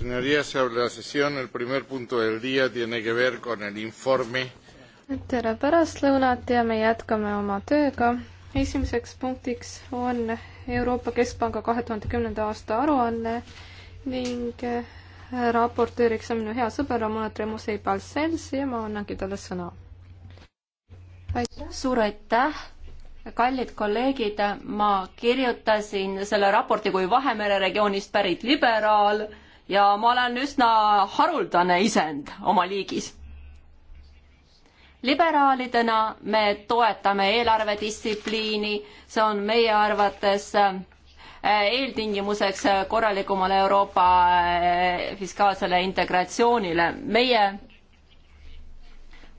Señorías, sobre la sesión, el primer punto del día tiene que ver con el informe. tere pärastlõunat ja me jätkame oma tööga. esimeseks punktiks on Euroopa Keskpanga kahe tuhande kümnenda aasta aruanne ning äh, raportööriks on minu hea sõber Ramona Tremuse Balsels ja ma annangi talle sõna. suur aitäh, kallid kolleegid, ma kirjutasin selle raporti kui Vahemere regioonist pärit liberaal ja ma olen üsna haruldane isend oma liigis. liberaalidena me toetame eelarvedistsipliini, see on meie arvates äh, eeltingimuseks korralikumale Euroopa äh, fiskaalsele integratsioonile. meie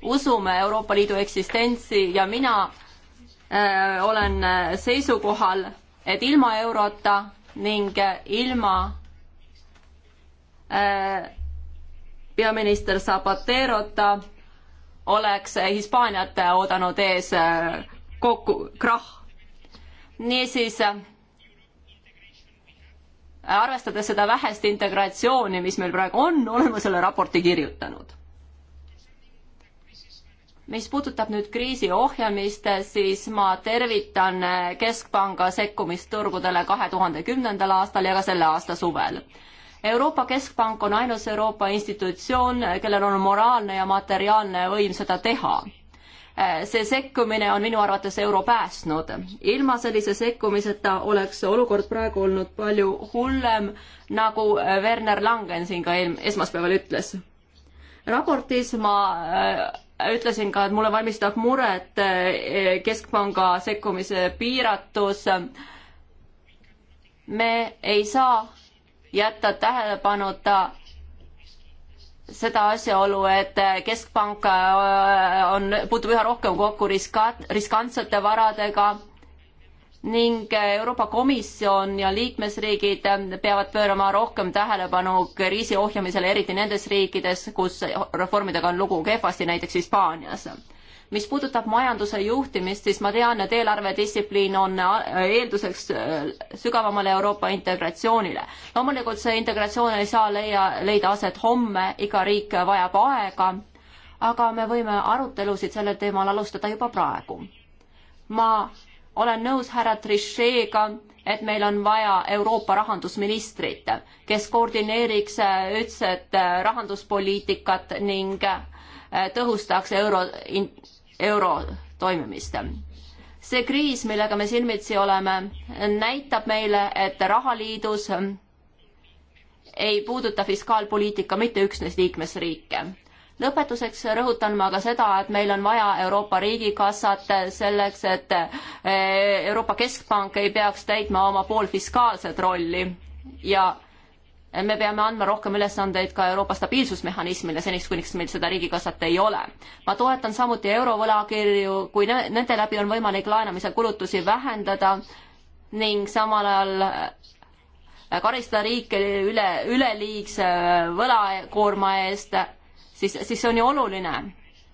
usume Euroopa Liidu eksistentsi ja mina äh, olen äh, seisukohal, et ilma eurota ning ilma Äh, peaminister Zapaterot oleks Hispaaniat oodanud ees äh, kokku, krahh. niisiis, äh, arvestades seda vähest integratsiooni, mis meil praegu on, olen ma selle raporti kirjutanud. mis puudutab nüüd kriisi ohjamist, siis ma tervitan Keskpanga sekkumist turgudele kahe tuhande kümnendal aastal ja ka selle aasta suvel Euroopa Keskpank on ainus Euroopa institutsioon, kellel on moraalne ja materiaalne võim seda teha see sekkumine on minu arvates euro päästnud. ilma sellise sekkumiseta oleks olukord praegu olnud palju hullem, nagu Werner Langen siin ka esmaspäeval ütles. raportis ma äh, ütlesin ka, et mulle valmistab muret äh, keskpanga sekkumise piiratus. me ei saa jätta tähelepanuta seda asjaolu, et keskpank äh, on, puutub üha rohkem kokku riska-, riskantsete varadega ning Euroopa Komisjon ja liikmesriigid peavad pöörama rohkem tähelepanu kriisi ohjamisele, eriti nendes riikides, kus reformidega on lugu kehvasti, näiteks Hispaanias mis puudutab majanduse juhtimist, siis ma tean, et eelarvedistsipliin on äh, eelduseks äh, sügavamale Euroopa integratsioonile. loomulikult see integratsioon ei saa leia, leida aset homme, iga riik vajab aega, aga me võime arutelusid sellel teemal alustada juba praegu. ma olen nõus härra Trichet'ga, et meil on vaja Euroopa rahandusministrit, kes koordineeriks äh, ühtset rahanduspoliitikat ning tõhustaks euro in, euro toimimist. see kriis, millega me silmitsi oleme, näitab meile, et rahaliidus ei puuduta fiskaalpoliitika mitte üksnes liikmesriike. lõpetuseks rõhutan ma ka seda, et meil on vaja Euroopa riigikassat selleks, et eh, Euroopa Keskpank ei peaks täitma oma poolfiskaalset rolli ja me peame andma rohkem ülesandeid ka Euroopa stabiilsusmehhanismile, seniks kuniks meil seda riigikassat ei ole. ma toetan samuti eurovõlakirju, kui nende läbi on võimalik laenamise kulutusi vähendada ning samal ajal äh, karistada riike üle, üleliigse äh, võlakoorma eest, siis, siis see on ju oluline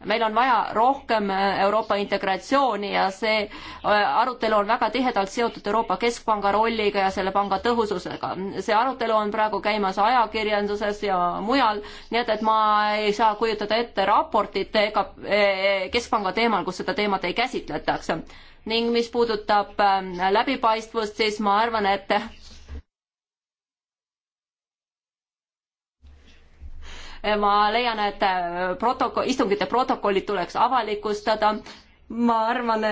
meil on vaja rohkem äh, Euroopa integratsiooni ja see äh, arutelu on väga tihedalt seotud Euroopa Keskpanga rolliga ja selle panga tõhususega. see arutelu on praegu käimas ajakirjanduses ja mujal, nii et, et ma ei saa kujutada ette raportit ega äh, Keskpanga teemal, kus seda teemat ei käsitletaks. ning mis puudutab läbipaistvust, siis ma arvan, et ma leian, et äh, protoko-, istungite protokollid tuleks avalikustada. ma arvan,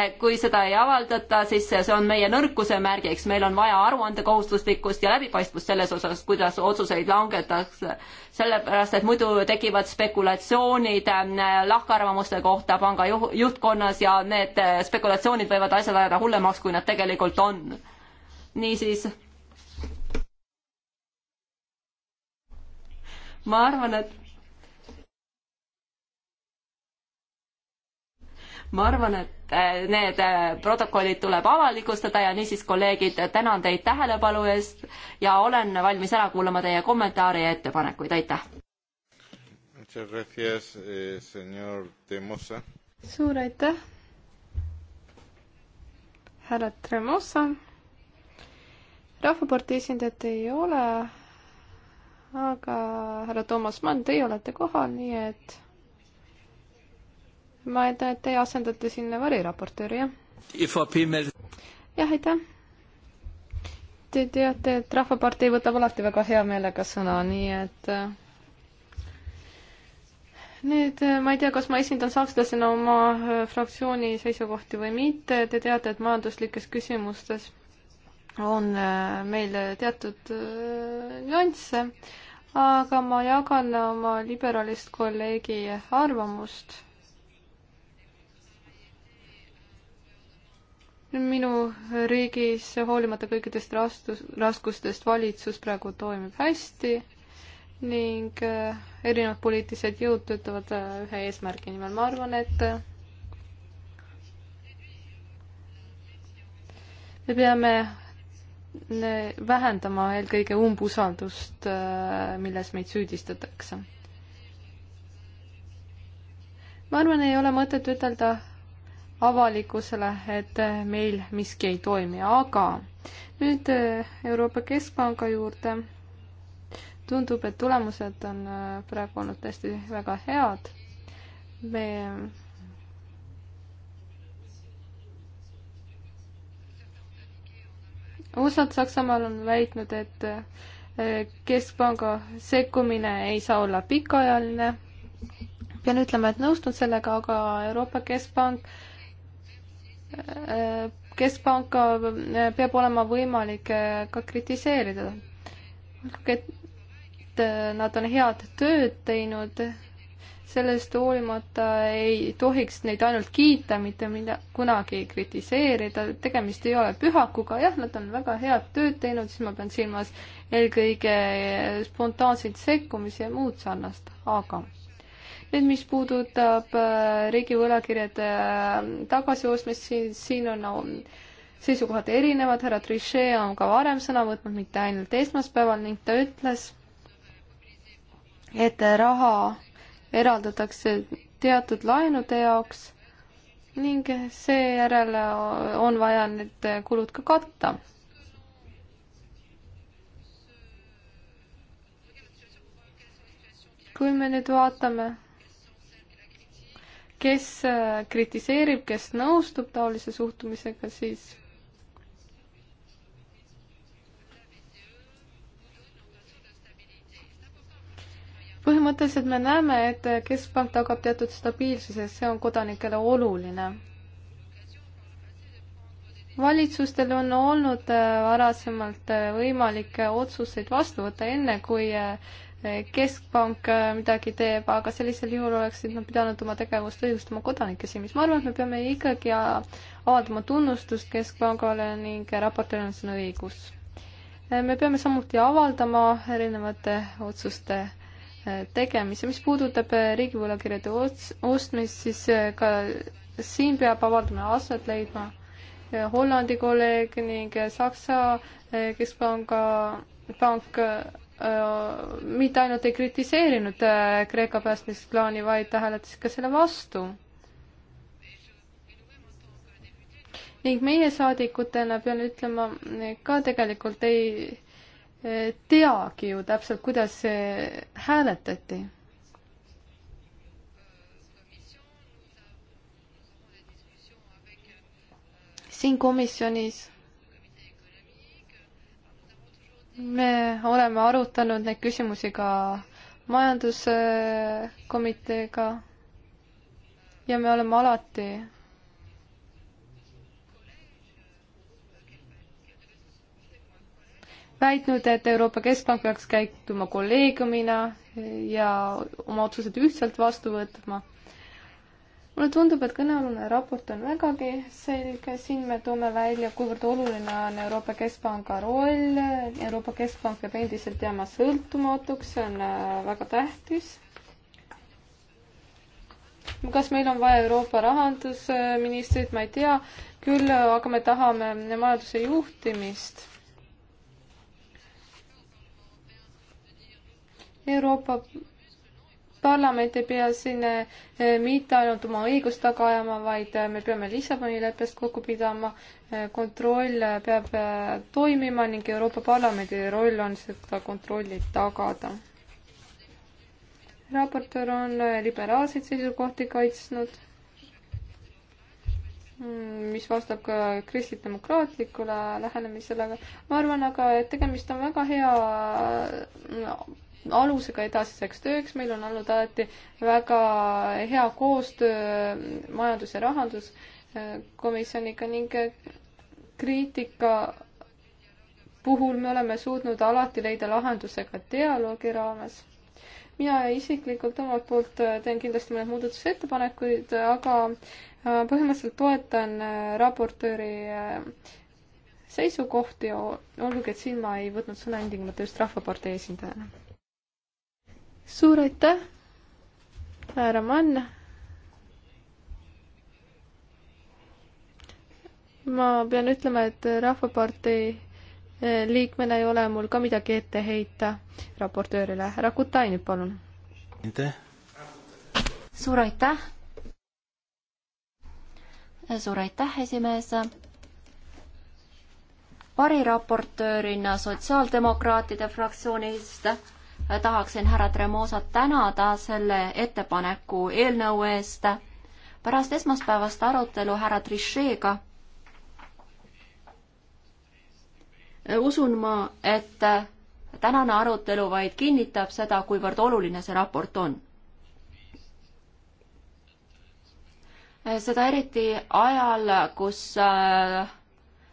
et kui seda ei avaldata, siis see on meie nõrkuse märgiks, meil on vaja aruandekohustuslikkust ja läbipaistvust selles osas, kuidas otsuseid langetatakse. sellepärast, et muidu tekivad spekulatsioonid äh, lahkarvamuste kohta panga juhtkonnas ja need äh, spekulatsioonid võivad asjad ajada hullemaks, kui nad tegelikult on. niisiis ma arvan, et ma arvan, et äh, need äh, protokollid tuleb avalikustada ja niisiis, kolleegid, tänan teid tähelepanu eest ja olen valmis ära kuulama teie kommentaare ja ettepanekuid, aitäh! Eh, suur aitäh, härra Tremosa! rahvapartei esindajat ei ole aga härra Toomas Mann, teie olete kohal, nii et ma eeldan, et teie asendate siin variraportööri, jah? jah, aitäh. Te teate, et Rahvapartei võtab alati väga hea meelega sõna, nii et äh, nüüd äh, ma ei tea, kas ma esindan sakslasena oma äh, fraktsiooni seisukohti või mitte, te teate, et majanduslikes küsimustes on äh, meil teatud äh, nüansse, aga ma jagan oma liberaalist kolleegi arvamust. minu riigis, hoolimata kõikidest rastus, raskustest, valitsus praegu toimib hästi ning äh, erinevad poliitilised jõud töötavad ühe eesmärgi nimel. ma arvan, et me peame vähendama eelkõige umbusaldust, äh, milles meid süüdistatakse. ma arvan, ei ole mõtet ütelda avalikkusele, et äh, meil miski ei toimi, aga nüüd äh, Euroopa Keskpanga juurde tundub, et tulemused on praegu olnud tõesti väga head. me osad Saksamaal on väitnud, et eh, keskpanga sekkumine ei saa olla pikaajaline. pean ütlema, et nõustun sellega, aga Euroopa Keskpank, eh, keskpanka eh, peab olema võimalik ka kritiseerida. et nad on head tööd teinud sellest hoolimata ei tohiks neid ainult kiita, mitte mida kunagi kritiseerida, tegemist ei ole pühakuga, jah, nad on väga head tööd teinud, siis ma pean silmas eelkõige spontaanseid sekkumisi ja muud sarnast, aga nüüd, mis puudutab äh, riigi võlakirjade äh, tagasiostmist, siis siin on no, seisukohad erinevad, härra Trichet on ka varem sõna võtnud, mitte ainult esmaspäeval ning ta ütles, et raha eraldatakse teatud laenude jaoks ning seejärel on vaja need kulud ka katta. kui me nüüd vaatame, kes kritiseerib, kes nõustub taolise suhtumisega, siis põhimõtteliselt me näeme, et keskpank tagab teatud stabiilsuse, see on kodanikele oluline. valitsustel on olnud äh, varasemalt äh, võimalik otsuseid vastu võtta, enne kui äh, keskpank midagi teeb, aga sellisel juhul oleksid nad pidanud oma tegevust õigustama kodanike silmis. ma arvan, et me peame ikkagi avaldama tunnustust Keskpangale ning raportil on siin õigus. me peame samuti avaldama erinevate otsuste tegemise. mis puudutab äh, riigivõlakirjade ostmist, siis äh, ka siin peab avaldama aset leidma Hollandi kolleeg ning äh, Saksa keskpanga pank mitte ainult ei kritiseerinud Kreeka päästmisplaani, vaid ta hääletas ka selle vastu. ning meie saadikutena pean ütlema, ka tegelikult ei teagi ju täpselt, kuidas hääletati. siin komisjonis me oleme arutanud neid küsimusi ka majanduskomiteega ja me oleme alati väitnud, et Euroopa Keskpank peaks käituma kolleegiumina ja oma otsused ühtselt vastu võtma. mulle tundub, et kõnealune raport on vägagi selge, siin me toome välja, kuivõrd oluline on Euroopa Keskpanga roll, Euroopa Keskpank peab endiselt jääma sõltumatuks, see on äh, väga tähtis kas meil on vaja Euroopa rahandusministrit, ma ei tea, küll aga me tahame majanduse juhtimist. Euroopa parlament ei pea siin eh, mitte ainult oma õigust taga ajama, vaid eh, me peame Lissaboni leppest kokku pidama, eh, kontroll peab toimima ning Euroopa Parlamendi roll on seda kontrolli tagada. raportöör on liberaalseid seisukohti kaitsnud, mm, mis vastab ka kristlik-demokraatlikule lähenemisele, aga ma arvan aga, et tegemist on väga hea no, mm, alusega edasiseks tööks, meil on olnud alati väga hea koostöö majandus- ja rahanduskomisjoniga ning kriitika puhul me oleme suutnud alati leida lahenduse ka dialoogi raames. mina isiklikult omalt poolt teen kindlasti mõned muudatusettepanekuid, aga äh, põhimõtteliselt toetan äh, raportööri äh, seisukohti, olgugi et siin ma ei võtnud sõna endinimata just Rahvapartei esindajana suur aitäh, härra Mann. ma pean ütlema, et Rahvapartei eh, liikmena ei ole mul ka midagi ette heita raportöörile. härra Kutainen, palun. aitäh. suur aitäh. suur aitäh, esimees. variraportöörina sotsiaaldemokraatide fraktsioonist tahaksin härra Tremosat tänada selle ettepaneku eelnõu eest. pärast esmaspäevast arutelu härra Trichet'ga usun ma, et tänane arutelu vaid kinnitab seda, kuivõrd oluline see raport on. seda eriti ajal, kus äh,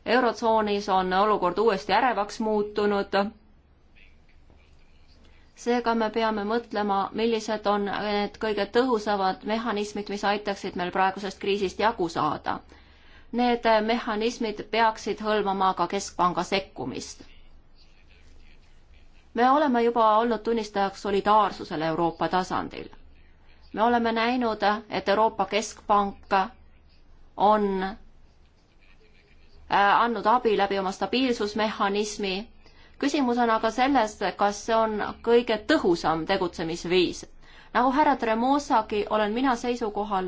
eurotsoonis on olukord uuesti ärevaks muutunud seega me peame mõtlema, millised on need kõige tõhusamad mehhanismid, mis aitaksid meil praegusest kriisist jagu saada. Need mehhanismid peaksid hõlmama ka Keskpanga sekkumist. me oleme juba olnud tunnistajaks solidaarsusele Euroopa tasandil. me oleme näinud, et Euroopa Keskpank on äh, andnud abi läbi oma stabiilsusmehhanismi küsimus on aga selles, kas see on kõige tõhusam tegutsemisviis. nagu härra Tremosagi, olen mina seisukohal,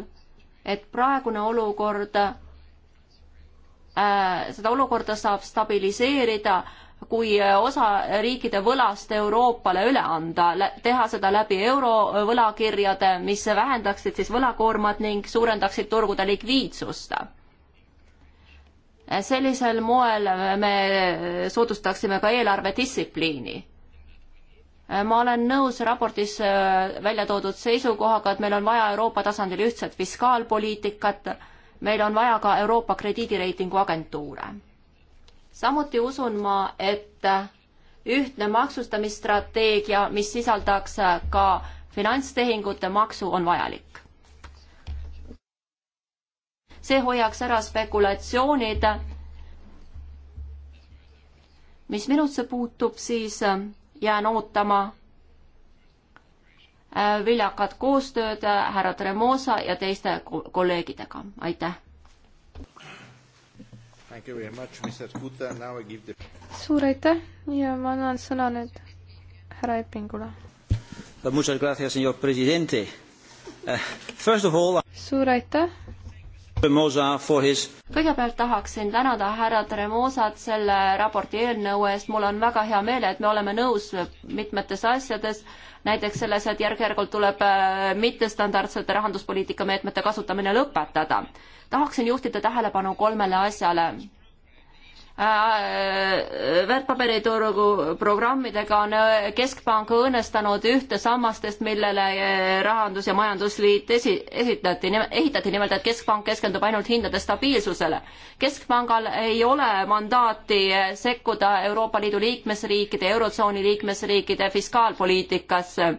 et praegune olukord äh,, seda olukorda saab stabiliseerida, kui osa riikide võlast Euroopale üle anda, teha seda läbi eurovõlakirjade, mis vähendaksid siis võlakoormat ning suurendaksid turgude likviidsust sellisel moel me soodustaksime ka eelarvedistsipliini. ma olen nõus raportis äh, välja toodud seisukohaga, et meil on vaja Euroopa tasandil ühtset fiskaalpoliitikat, meil on vaja ka Euroopa krediidireitingu agentuure. samuti usun ma, et ühtne maksustamisstrateegia, mis sisaldaks ka finantstehingute maksu, on vajalik see hoiaks ära spekulatsioonid. mis minusse puutub, siis äh, jään ootama äh, viljakat koostööd äh, härra Tremosa ja teiste kolleegidega, aitäh! The... suur aitäh ja ma annan sõna nüüd härra Eppingule. Eh, all... suur aitäh, kõigepealt tahaksin tänada härra Tremosat selle raporti eelnõu eest, mul on väga hea meel, et me oleme nõus mitmetes asjades, näiteks selles, et järk-järgult tuleb äh, mittestandardsete rahanduspoliitika meetmete kasutamine lõpetada. tahaksin juhtida tähelepanu kolmele asjale Äh, äh, väärtpaberiturgu programmidega on äh, Keskpank õõnestanud ühte sammastest, millele Rahandus- ja Majandusliit esi-, esitati, ehitati nimelt, et Keskpank keskendub ainult hindade stabiilsusele. keskpangal ei ole mandaati sekkuda Euroopa Liidu liikmesriikide, Eurotsooni liikmesriikide fiskaalpoliitikasse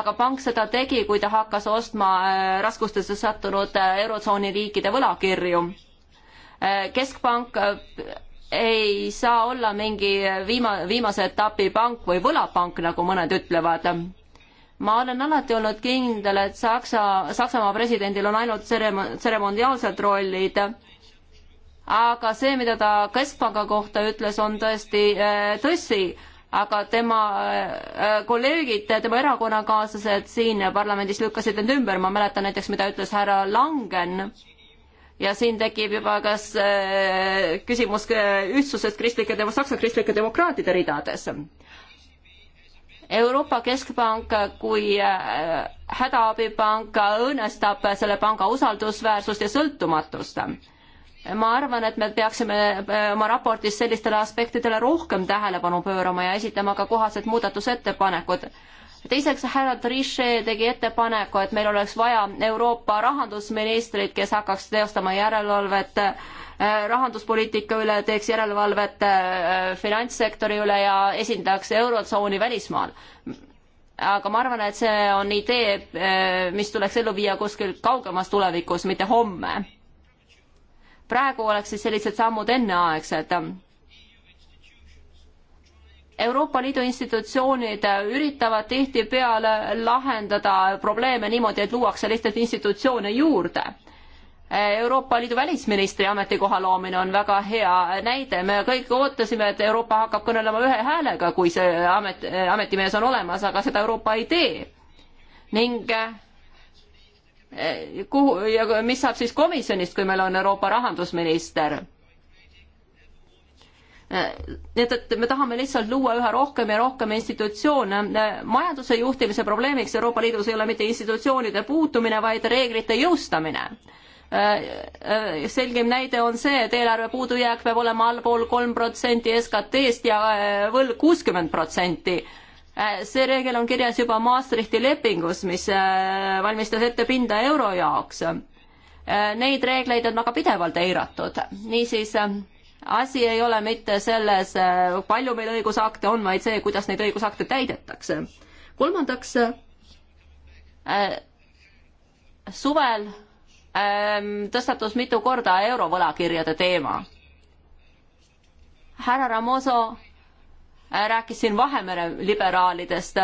aga pank seda tegi, kui ta hakkas ostma raskustesse sattunud Eurotsooni riikide võlakirju Äh, keskpank äh, ei saa olla mingi viima-, viimase etapi pank või võlapank, nagu mõned ütlevad. ma olen alati olnud kindel, et Saksa, Saksamaa presidendil on ainult tseremo-, tseremoniaalsed rollid, aga see, mida ta keskpanga kohta ütles, on tõesti äh, tõsi aga tema kolleegid, tema erakonnakaaslased siin parlamendis lükkasid end ümber, ma mäletan näiteks, mida ütles härra Langen ja siin tekib juba kas äh, küsimus äh, ühtsusest kristlike, saksa kristlike demokraatide ridades. Euroopa Keskpank kui äh, hädaabipank õõnestab selle panga usaldusväärsust ja sõltumatust. ma arvan, et me peaksime oma raportis sellistele aspektidele rohkem tähelepanu pöörama ja esitama ka kohased muudatusettepanekud teiseks, härra Trichet tegi ettepaneku, et meil oleks vaja Euroopa rahandusministrit, kes hakkaks teostama järelevalvet äh, rahanduspoliitika üle, teeks järelevalvet äh, finantssektori üle ja esindaks Eurotsooni välismaal. aga ma arvan, et see on idee, äh, mis tuleks ellu viia kuskil kaugemas tulevikus, mitte homme. praegu oleks siis sellised sammud enneaegsed Euroopa Liidu institutsioonid üritavad tihtipeale lahendada probleeme niimoodi, et luuakse lihtsalt institutsioone juurde. Euroopa Liidu välisministri ametikoha loomine on väga hea näide, me kõik ootasime, et Euroopa hakkab kõnelema ühe häälega, kui see amet, ametimees on olemas, aga seda Euroopa ei tee. ning eh, kuhu ja mis saab siis komisjonist, kui meil on Euroopa rahandusminister? nii et, et me tahame lihtsalt luua üha rohkem ja rohkem institutsioone. majanduse juhtimise probleemiks Euroopa Liidus ei ole mitte institutsioonide puutumine, vaid reeglite jõustamine. Äh, äh, selgem näide on see, et eelarve puudujääk peab olema allpool kolm protsenti SKT-st ja äh, võlg kuuskümmend protsenti see reegel on kirjas juba Maastrichti lepingus, mis valmistas ette pinda euro jaoks. Neid reegleid on aga pidevalt eiratud, niisiis asi ei ole mitte selles, äh, palju meil õigusakte on, vaid see, kuidas neid õigusakte täidetakse. kolmandaks äh,, suvel äh, tõstatus mitu korda eurovõlakirjade teema. härra Ramoso äh, rääkis siin Vahemere liberaalidest.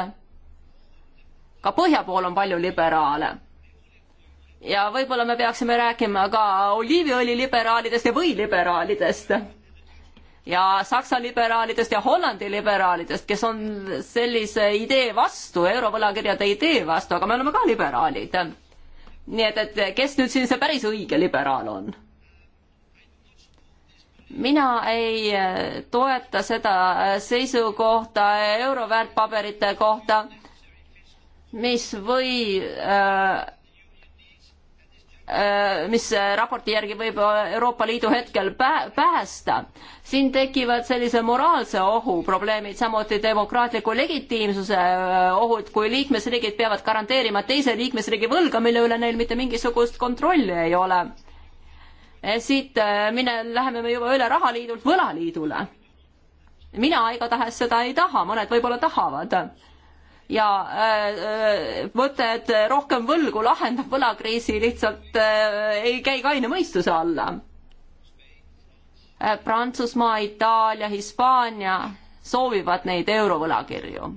ka põhja pool on palju liberaale ja võib-olla me peaksime rääkima ka oliiviõli liberaalidest ja võiliberaalidest ja Saksa liberaalidest ja Hollandi liberaalidest, kes on sellise idee vastu, eurovõlakirjade idee vastu, aga me oleme ka liberaalid. nii et, et kes nüüd siin see päris õige liberaal on? mina ei eh, toeta seda eh, seisukohta euroväärtpaberite kohta, mis või äh, Äh, mis äh, raporti järgi võib Euroopa Liidu hetkel päästa. siin tekivad sellise moraalse ohu probleemid, samuti demokraatliku legitiimsuse äh, ohud, kui liikmesriigid peavad garanteerima teise liikmesriigi võlga, mille üle neil mitte mingisugust kontrolli ei ole. siit mine, läheme me juba üle rahaliidult võlaliidule. mina igatahes seda ei taha, mõned võib-olla tahavad ja äh, äh, mõte, et rohkem võlgu lahendab võlakriisi, lihtsalt äh, ei käi kaine mõistuse alla. Prantsusmaa, Itaalia, Hispaania soovivad neid eurovõlakirju.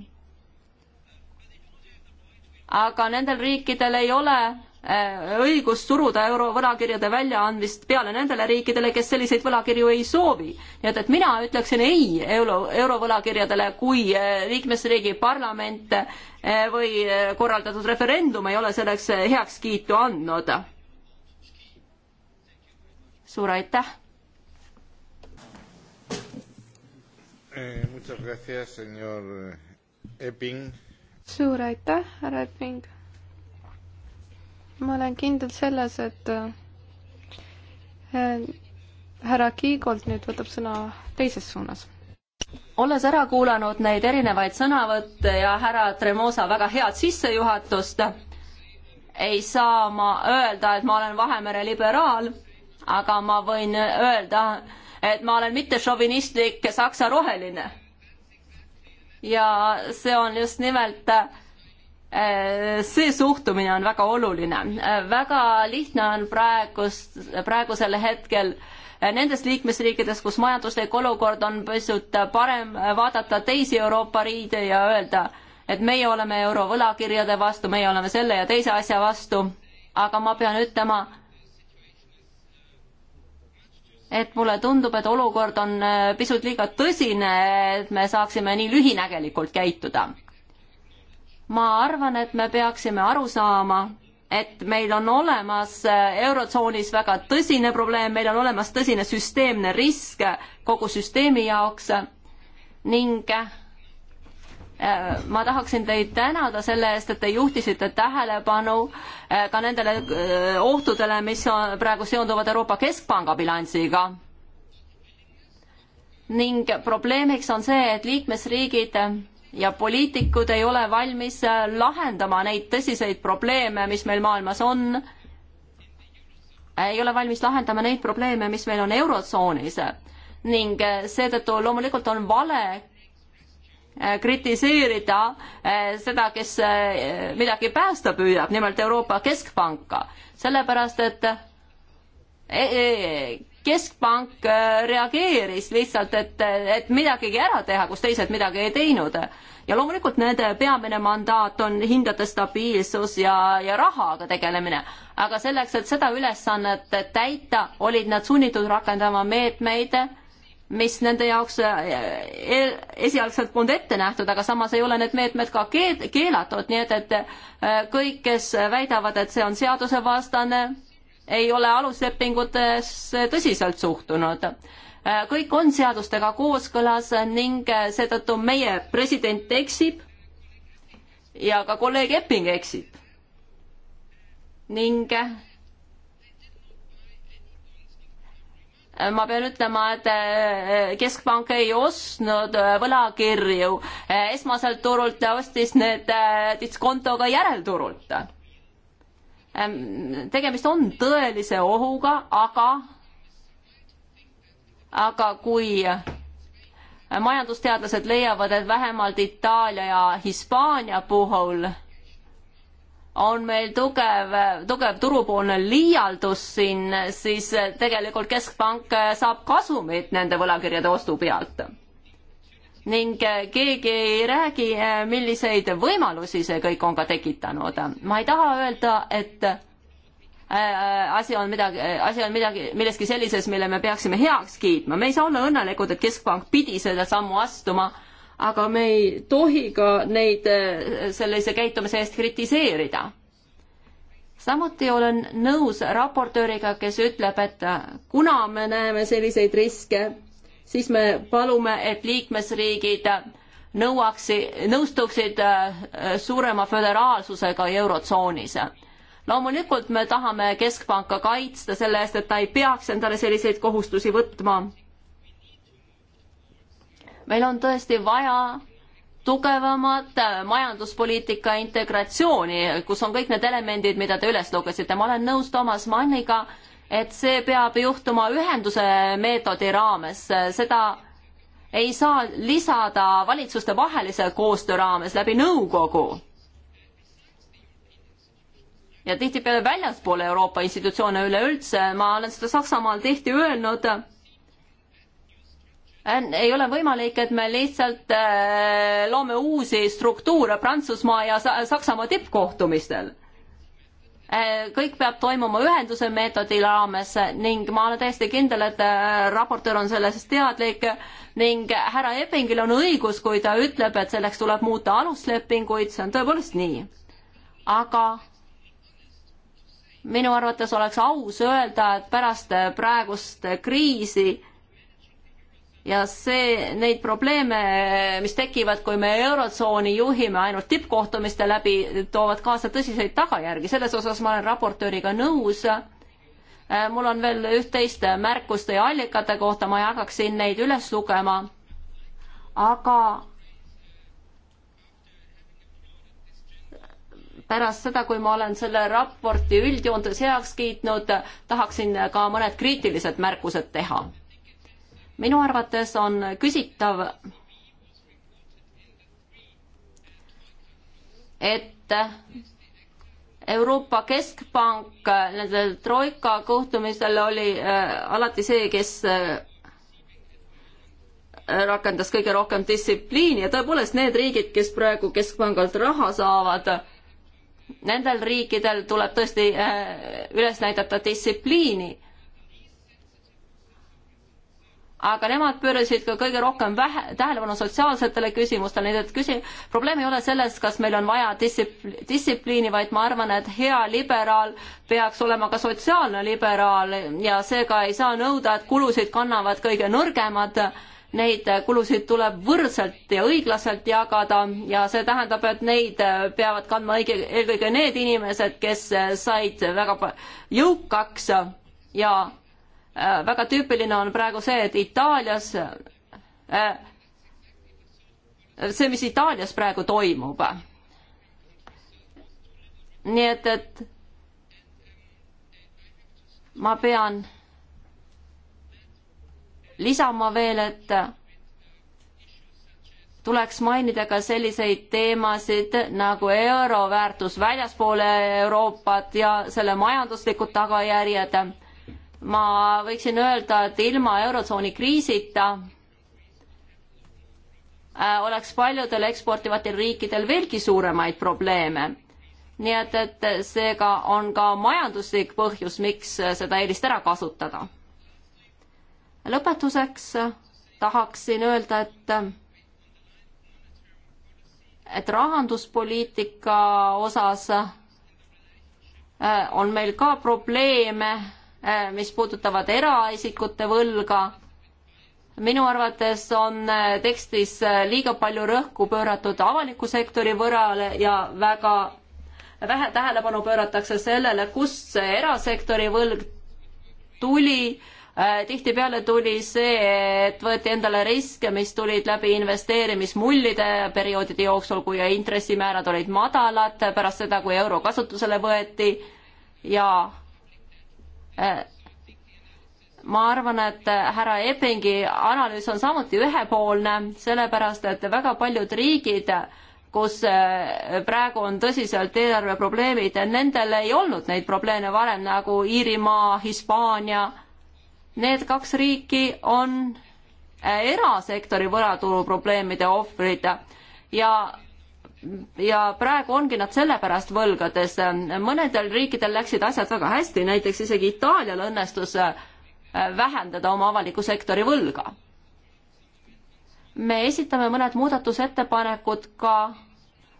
aga nendel riikidel ei ole Äh, õigust suruda eurovõlakirjade väljaandmist peale nendele riikidele, kes selliseid võlakirju ei soovi. nii et, et mina ütleksin ei euro, eurovõlakirjadele, kui äh, liikmesriigi parlament äh, või korraldatud referendum ei ole selleks heakskiitu andnud. suur aitäh! Eh, eh, suur aitäh, härra Epping! ma olen kindel selles, et äh, härra Kiigolt nüüd võtab sõna teises suunas. olles ära kuulanud neid erinevaid sõnavõtte ja härra Tremosa väga head sissejuhatust, ei saa ma öelda, et ma olen Vahemere liberaal, aga ma võin öelda, et ma olen mitte šovinistlik saksa roheline. ja see on just nimelt äh, Äh, see suhtumine on väga oluline. Äh, väga lihtne on praegust, praegusel hetkel äh, nendes liikmesriikides, kus majanduslik olukord on pisut parem, vaadata teisi Euroopa riide ja öelda, et meie oleme eurovõlakirjade vastu, meie oleme selle ja teise asja vastu, aga ma pean ütlema, et mulle tundub, et olukord on pisut liiga tõsine, et me saaksime nii lühinägelikult käituda ma arvan, et me peaksime aru saama, et meil on olemas äh, Eurotsoonis väga tõsine probleem, meil on olemas tõsine süsteemne risk kogu süsteemi jaoks ning äh, ma tahaksin teid tänada selle eest, et te juhtisite tähelepanu äh, ka nendele ohtudele, mis praegu seonduvad Euroopa Keskpanga bilansiga. ning probleemiks on see, et liikmesriigid ja poliitikud ei ole valmis äh, lahendama neid tõsiseid probleeme, mis meil maailmas on, äh, ei ole valmis lahendama neid probleeme, mis meil on Eurotsoonis. ning äh, seetõttu loomulikult on vale kritiseerida seda, kes midagi päästa püüab, nimelt Euroopa Keskpanka, sellepärast et keskpank äh, reageeris lihtsalt, et, et midagigi ära teha, kus teised midagi ei teinud. ja loomulikult nende peamine mandaat on hindade stabiilsus ja, ja rahaga tegelemine. aga selleks, et seda ülesannet täita, olid nad sunnitud rakendama meetmeid, mis nende jaoks äh, e-, esialgselt polnud ette nähtud, aga samas ei ole need meetmed ka keelatud, nii et, et äh, kõik, kes väidavad, et see on seadusevastane, ei ole aluslepingutesse tõsiselt suhtunud. kõik on seadustega kooskõlas ning seetõttu meie president eksib ja ka kolleeg Epping eksib. ning ma pean ütlema, et eh, Keskpank ei ostnud eh, võlakirju, eh, esmaselt turult ostis need diskontoga järelturult Ehm, tegemist on tõelise ohuga, aga, aga kui majandusteadlased leiavad, et vähemalt Itaalia ja Hispaania puhul on meil tugev, tugev turupoolne liialdus siin, siis tegelikult Keskpank saab kasumit nende võlakirjade ostu pealt ning äh, keegi ei räägi, äh, milliseid võimalusi see kõik on ka tekitanud. ma ei taha öelda, et äh, asi on midagi, asi on midagi, milleski sellises, mille me peaksime heaks kiitma. me ei saa olla õnnelikud, et Keskpank pidi seda sammu astuma, aga me ei tohi ka neid sellise käitumise eest kritiseerida. samuti olen nõus raportööriga, kes ütleb, et kuna me näeme selliseid riske, siis me palume, et liikmesriigid nõuaks, nõustuksid äh, suurema föderaalsusega Eurotsoonis. loomulikult me tahame Keskpanka kaitsta selle eest, et ta ei peaks endale selliseid kohustusi võtma. meil on tõesti vaja tugevamat äh, majanduspoliitika integratsiooni, kus on kõik need elemendid, mida te üles lugesite. ma olen nõus Toomas Manniga, et see peab juhtuma ühenduse meetodi raames, seda ei saa lisada valitsuste vahelise koostöö raames läbi nõukogu. ja tihtipeale väljaspool Euroopa institutsioone üleüldse, ma olen seda Saksamaal tihti öelnud, ei ole võimalik, et me lihtsalt äh, loome uusi struktuure Prantsusmaa ja Saksamaa tippkohtumistel Äh, kõik peab toimuma ühenduse meetodi raames ning ma olen täiesti kindel, et äh, raportöör on sellest teadlik ning härra Eppingil on õigus, kui ta ütleb, et selleks tuleb muuta aluslepinguid, see on tõepoolest nii. aga minu arvates oleks aus öelda, et pärast praegust kriisi ja see, neid probleeme, mis tekivad, kui me Eurotsooni juhime ainult tippkohtumiste läbi, toovad kaasa tõsiseid tagajärgi, selles osas ma olen raportööriga nõus. Äh, mul on veel üht-teist märkust teie allikate kohta, ma ei hakkaks siin neid üles lugema, aga pärast seda, kui ma olen selle raporti üldjoontes heaks kiitnud, tahaksin ka mõned kriitilised märkused teha minu arvates on küsitav, et Euroopa Keskpank nendel troika kohtumisel oli äh, alati see, kes äh, rakendas kõige rohkem distsipliini ja tõepoolest need riigid, kes praegu keskpangalt raha saavad, nendel riikidel tuleb tõesti äh, üles näidata distsipliini aga nemad pöörasid ka kõige rohkem vähe, tähelepanu sotsiaalsetele küsimustele, nii et küsi-, probleem ei ole selles, kas meil on vaja dissipli-, distsipliini, vaid ma arvan, et hea liberaal peaks olema ka sotsiaalne liberaal ja seega ei saa nõuda, et kulusid kannavad kõige nõrgemad, neid kulusid tuleb võrdselt ja õiglaselt jagada ja see tähendab, et neid peavad kandma õige, eelkõige need inimesed, kes said väga jõukaks ja Äh, väga tüüpiline on praegu see, et Itaalias, äh, see, mis Itaalias praegu toimub. nii et, et ma pean lisama veel, et tuleks mainida ka selliseid teemasid nagu euro väärtus väljaspoole Euroopat ja selle majanduslikud tagajärjed ma võiksin öelda, et ilma Eurotsooni kriisita äh, oleks paljudel eksportivatel riikidel veelgi suuremaid probleeme. nii et, et seega on ka majanduslik põhjus, miks seda eelist ära kasutada. lõpetuseks tahaksin öelda, et et rahanduspoliitika osas äh, on meil ka probleeme Äh, mis puudutavad eraisikute võlga. minu arvates on äh, tekstis äh, liiga palju rõhku pööratud avaliku sektori võrale ja väga vähe tähelepanu pööratakse sellele, kust see erasektori võlg tuli. tihtipeale tuli see, et võeti endale riske, mis tulid läbi investeerimismullide perioodide jooksul, kui intressimäärad olid madalad, pärast seda, kui euro kasutusele võeti ja Äh, ma arvan, et äh, härra Eppingi analüüs on samuti ühepoolne, sellepärast et väga paljud riigid, kus äh, praegu on tõsiselt eelarveprobleemid, nendel ei olnud neid probleeme varem, nagu Iirimaa, Hispaania. Need kaks riiki on erasektori võlaturuprobleemide ohvrid ja ja praegu ongi nad sellepärast võlgades. mõnedel riikidel läksid asjad väga hästi, näiteks isegi Itaalial õnnestus äh, vähendada oma avaliku sektori võlga. me esitame mõned muudatusettepanekud ka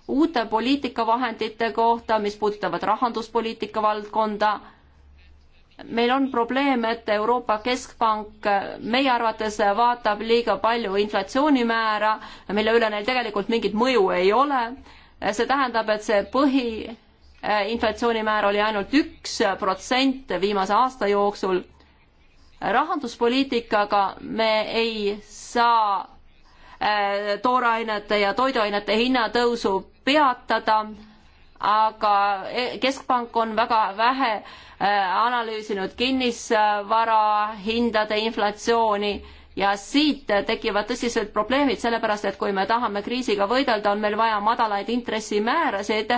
uute poliitikavahendite kohta, mis puudutavad rahanduspoliitika valdkonda meil on probleem, et Euroopa Keskpank meie arvates vaatab liiga palju inflatsioonimäära, mille üle neil tegelikult mingit mõju ei ole. see tähendab, et see põhiinflatsioonimäär äh, oli ainult üks protsent viimase aasta jooksul. rahanduspoliitikaga me ei saa äh, toorainete ja toiduainete hinnatõusu peatada aga e-, keskpank on väga vähe äh, analüüsinud kinnisvara hindade inflatsiooni ja siit tekivad tõsised probleemid, sellepärast et kui me tahame kriisiga võidelda, on meil vaja madalaid intressimäärasid,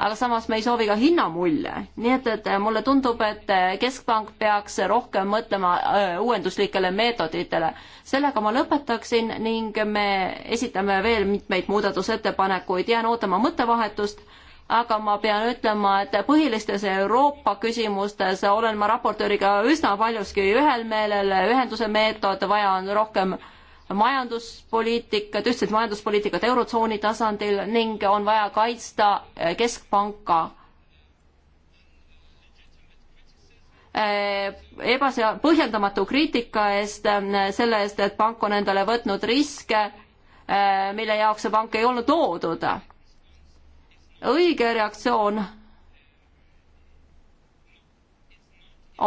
aga samas me ei soovi ka hinnamulle. nii et, et mulle tundub, et Keskpank peaks rohkem mõtlema äh, uuenduslikele meetoditele. sellega ma lõpetaksin ning me esitame veel mitmeid muudatusettepanekuid, jään ootama mõttevahetust aga ma pean ütlema, et põhilistes Euroopa küsimustes olen ma raportööriga üsna paljuski ühel meelel, ühenduse meetod, vaja on rohkem majanduspoliitikat, ühtset majanduspoliitikat Eurotsooni tasandil ning on vaja kaitsta keskpanka ebasea-, põhjendamatu kriitika eest, selle eest, et pank on endale võtnud riske, mille jaoks see pank ei olnud loodud õige reaktsioon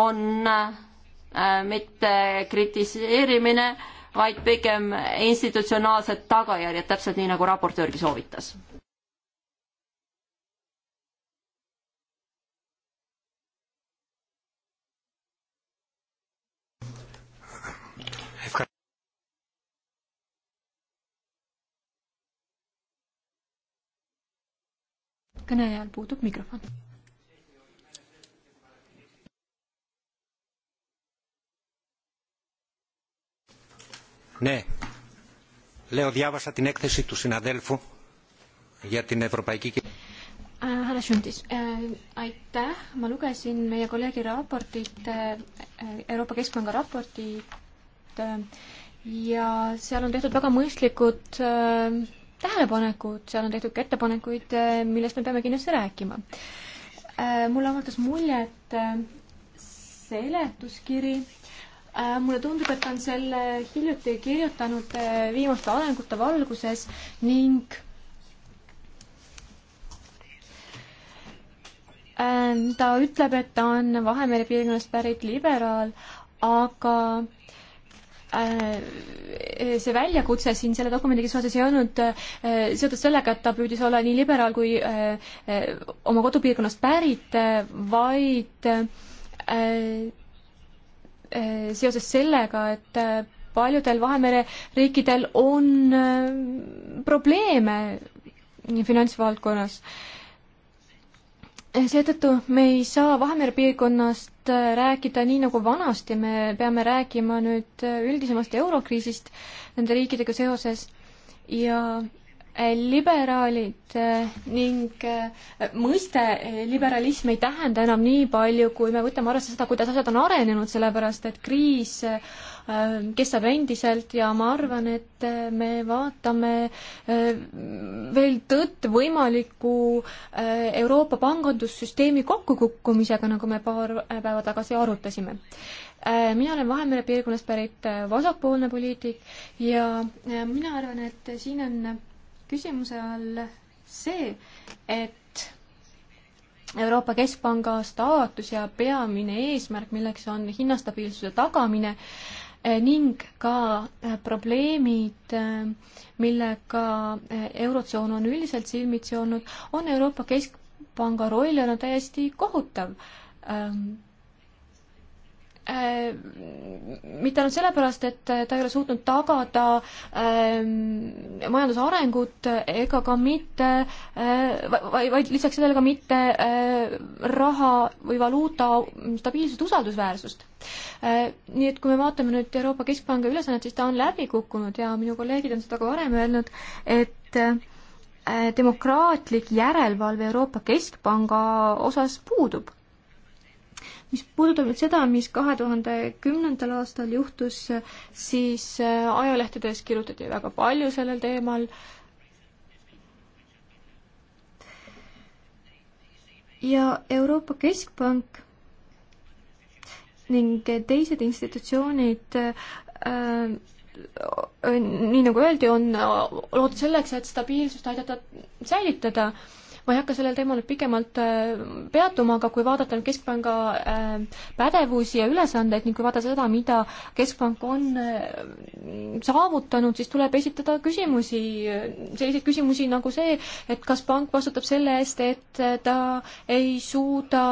on äh, mitte kritiseerimine, vaid pigem institutsionaalsed tagajärjed, täpselt nii, nagu raportöörgi soovitas kõnelejal puudub mikrofon. Ναι, λέω διάβασα την έκθεση του συναδέλφου για την Ευρωπαϊκή Κοινωνία. härra Šuntis äh,, aitäh, ma lugesin meie kolleegi raportit äh, äh,, Euroopa Keskpanga raportit äh, ja seal on tehtud väga mõistlikud äh, tähelepanekud, seal on tehtud ka ettepanekuid, äh, millest me peame kindlasti rääkima. Äh, mulle avaldas mulje, et äh, seletuskiri mulle tundub, et ta on selle hiljuti kirjutanud viimaste arengute valguses ning ta ütleb, et ta on Vahemere piirkonnast pärit liberaal, aga Äh, see väljakutse siin selle dokumendiga seoses ei olnud äh, seotud sellega, et ta püüdis olla nii liberaal kui äh, oma kodupiirkonnast pärit, vaid seoses sellega, et paljudel Vahemere riikidel on probleeme finantsvaldkonnas äh, seetõttu me ei saa Vahemere piirkonnast äh, rääkida nii nagu vanasti, me peame rääkima nüüd äh, üldisemast eurokriisist nende riikidega seoses ja äh, liberaalid ning mõiste liberalism ei tähenda enam nii palju, kui me võtame arvesse seda, kuidas asjad on arenenud, sellepärast et kriis Ähm, kestab endiselt ja ma arvan, et äh, me vaatame äh, veel tõtt võimaliku äh, Euroopa pangandussüsteemi kokkukukkumisega, nagu me paar päeva tagasi arutasime mina olen Vahemere piirkonnast pärit vasakpoolne poliitik ja mina arvan, et siin on küsimuse all see, et Euroopa Keskpanga staatus ja peamine eesmärk, milleks on hinnastabiilsuse tagamine äh,, Eh, ning ka eh, probleemid, eh, millega Eurotsoon on üldiselt silmitsi olnud, on Euroopa Keskpanga roll olnud täiesti kohutav ähm, Äh, mitte ainult sellepärast, et ta ei ole suutnud tagada ähm, majanduse arengut ega ka mitte äh,, vaid, vaid lisaks sellele ka mitte äh, raha või valuuta stabiilsust, usaldusväärsust äh,. Nii et kui me vaatame nüüd Euroopa Keskpanga ülesannet, siis ta on läbi kukkunud ja minu kolleegid on seda ka varem öelnud, et äh, demokraatlik järelevalve Euroopa Keskpanga osas puudub mis puudutab nüüd seda, mis kahe tuhande kümnendal aastal juhtus, siis äh, ajalehtedes kirjutati väga palju sellel teemal. ja Euroopa Keskpank ning teised institutsioonid äh, äh nii nagu öeldi, on loodud selleks, et stabiilsust aidata säilitada äh, ma ei hakka sellel teemal nüüd pikemalt äh, peatuma, aga kui vaadata nüüd Keskpanga äh, pädevusi ja ülesandeid ning kui vaadata seda, mida Keskpank on äh, saavutanud, siis tuleb esitada küsimusi, selliseid küsimusi nagu see, et kas pank vastutab selle eest, et ta ei suuda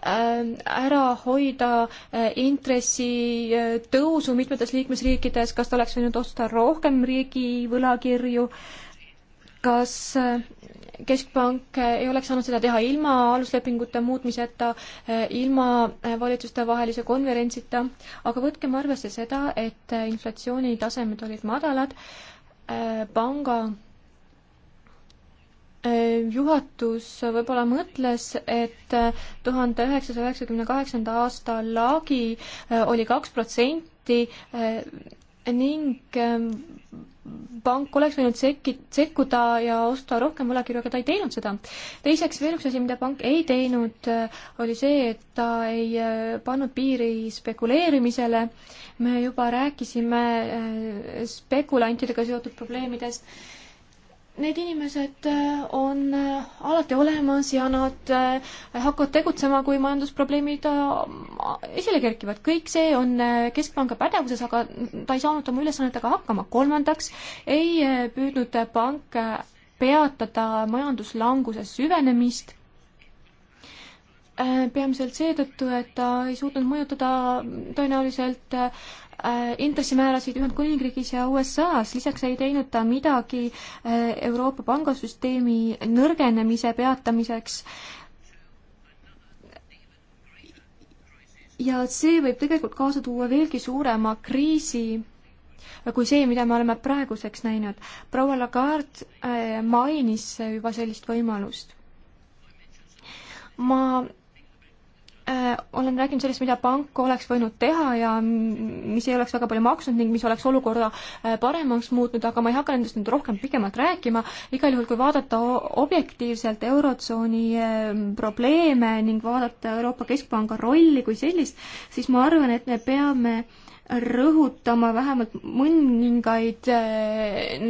ära hoida intressi tõusu mitmetes liikmesriikides, kas ta oleks võinud osta rohkem riigi võlakirju, kas keskpank ei oleks saanud seda teha ilma aluslepingute muutmiseta, ilma valitsustevahelise konverentsita, aga võtkem arvesse seda, et inflatsioonitasemed olid madalad, panga äh, juhatus võib-olla mõtles, et tuhande üheksasaja üheksakümne kaheksanda aasta lagi äh, oli kaks protsenti äh, ning pank oleks võinud sekki, sekkuda ja osta rohkem võlakirju, aga ta ei teinud seda. teiseks, veel üks asi, mida pank ei teinud, äh, oli see, et ta ei äh, pannud piiri spekuleerimisele. me juba rääkisime äh, spekulantidega seotud probleemidest Need inimesed äh, on äh, alati olemas ja nad äh, hakkavad tegutsema, kui majandusprobleemid esile kerkivad. kõik see on Keskpanga pädevuses, aga ta ei saanud oma ülesannetega hakkama. kolmandaks ei püüdnud pank peatada majanduslanguse süvenemist Äh, peamiselt seetõttu, et ta ei suutnud mõjutada tõenäoliselt äh, intressimäärasid Ühendkuningriigis ja USA-s, lisaks ei teinud ta midagi äh, Euroopa pangasüsteemi nõrgenemise peatamiseks. ja see võib tegelikult kaasa tuua veelgi suurema kriisi kui see, mida me oleme praeguseks näinud. proua Lagarde mainis juba sellist võimalust. ma Äh, olen rääkinud sellest, mida pank oleks võinud teha ja mis ei oleks väga palju maksnud ning mis oleks olukorda äh, paremaks muutnud, aga ma ei hakka nendest nüüd rohkem pikemalt rääkima. igal juhul, kui vaadata objektiivselt Eurotsooni äh, probleeme ning vaadata Euroopa Keskpanga rolli kui sellist, siis ma arvan, et me peame rõhutama vähemalt mõningaid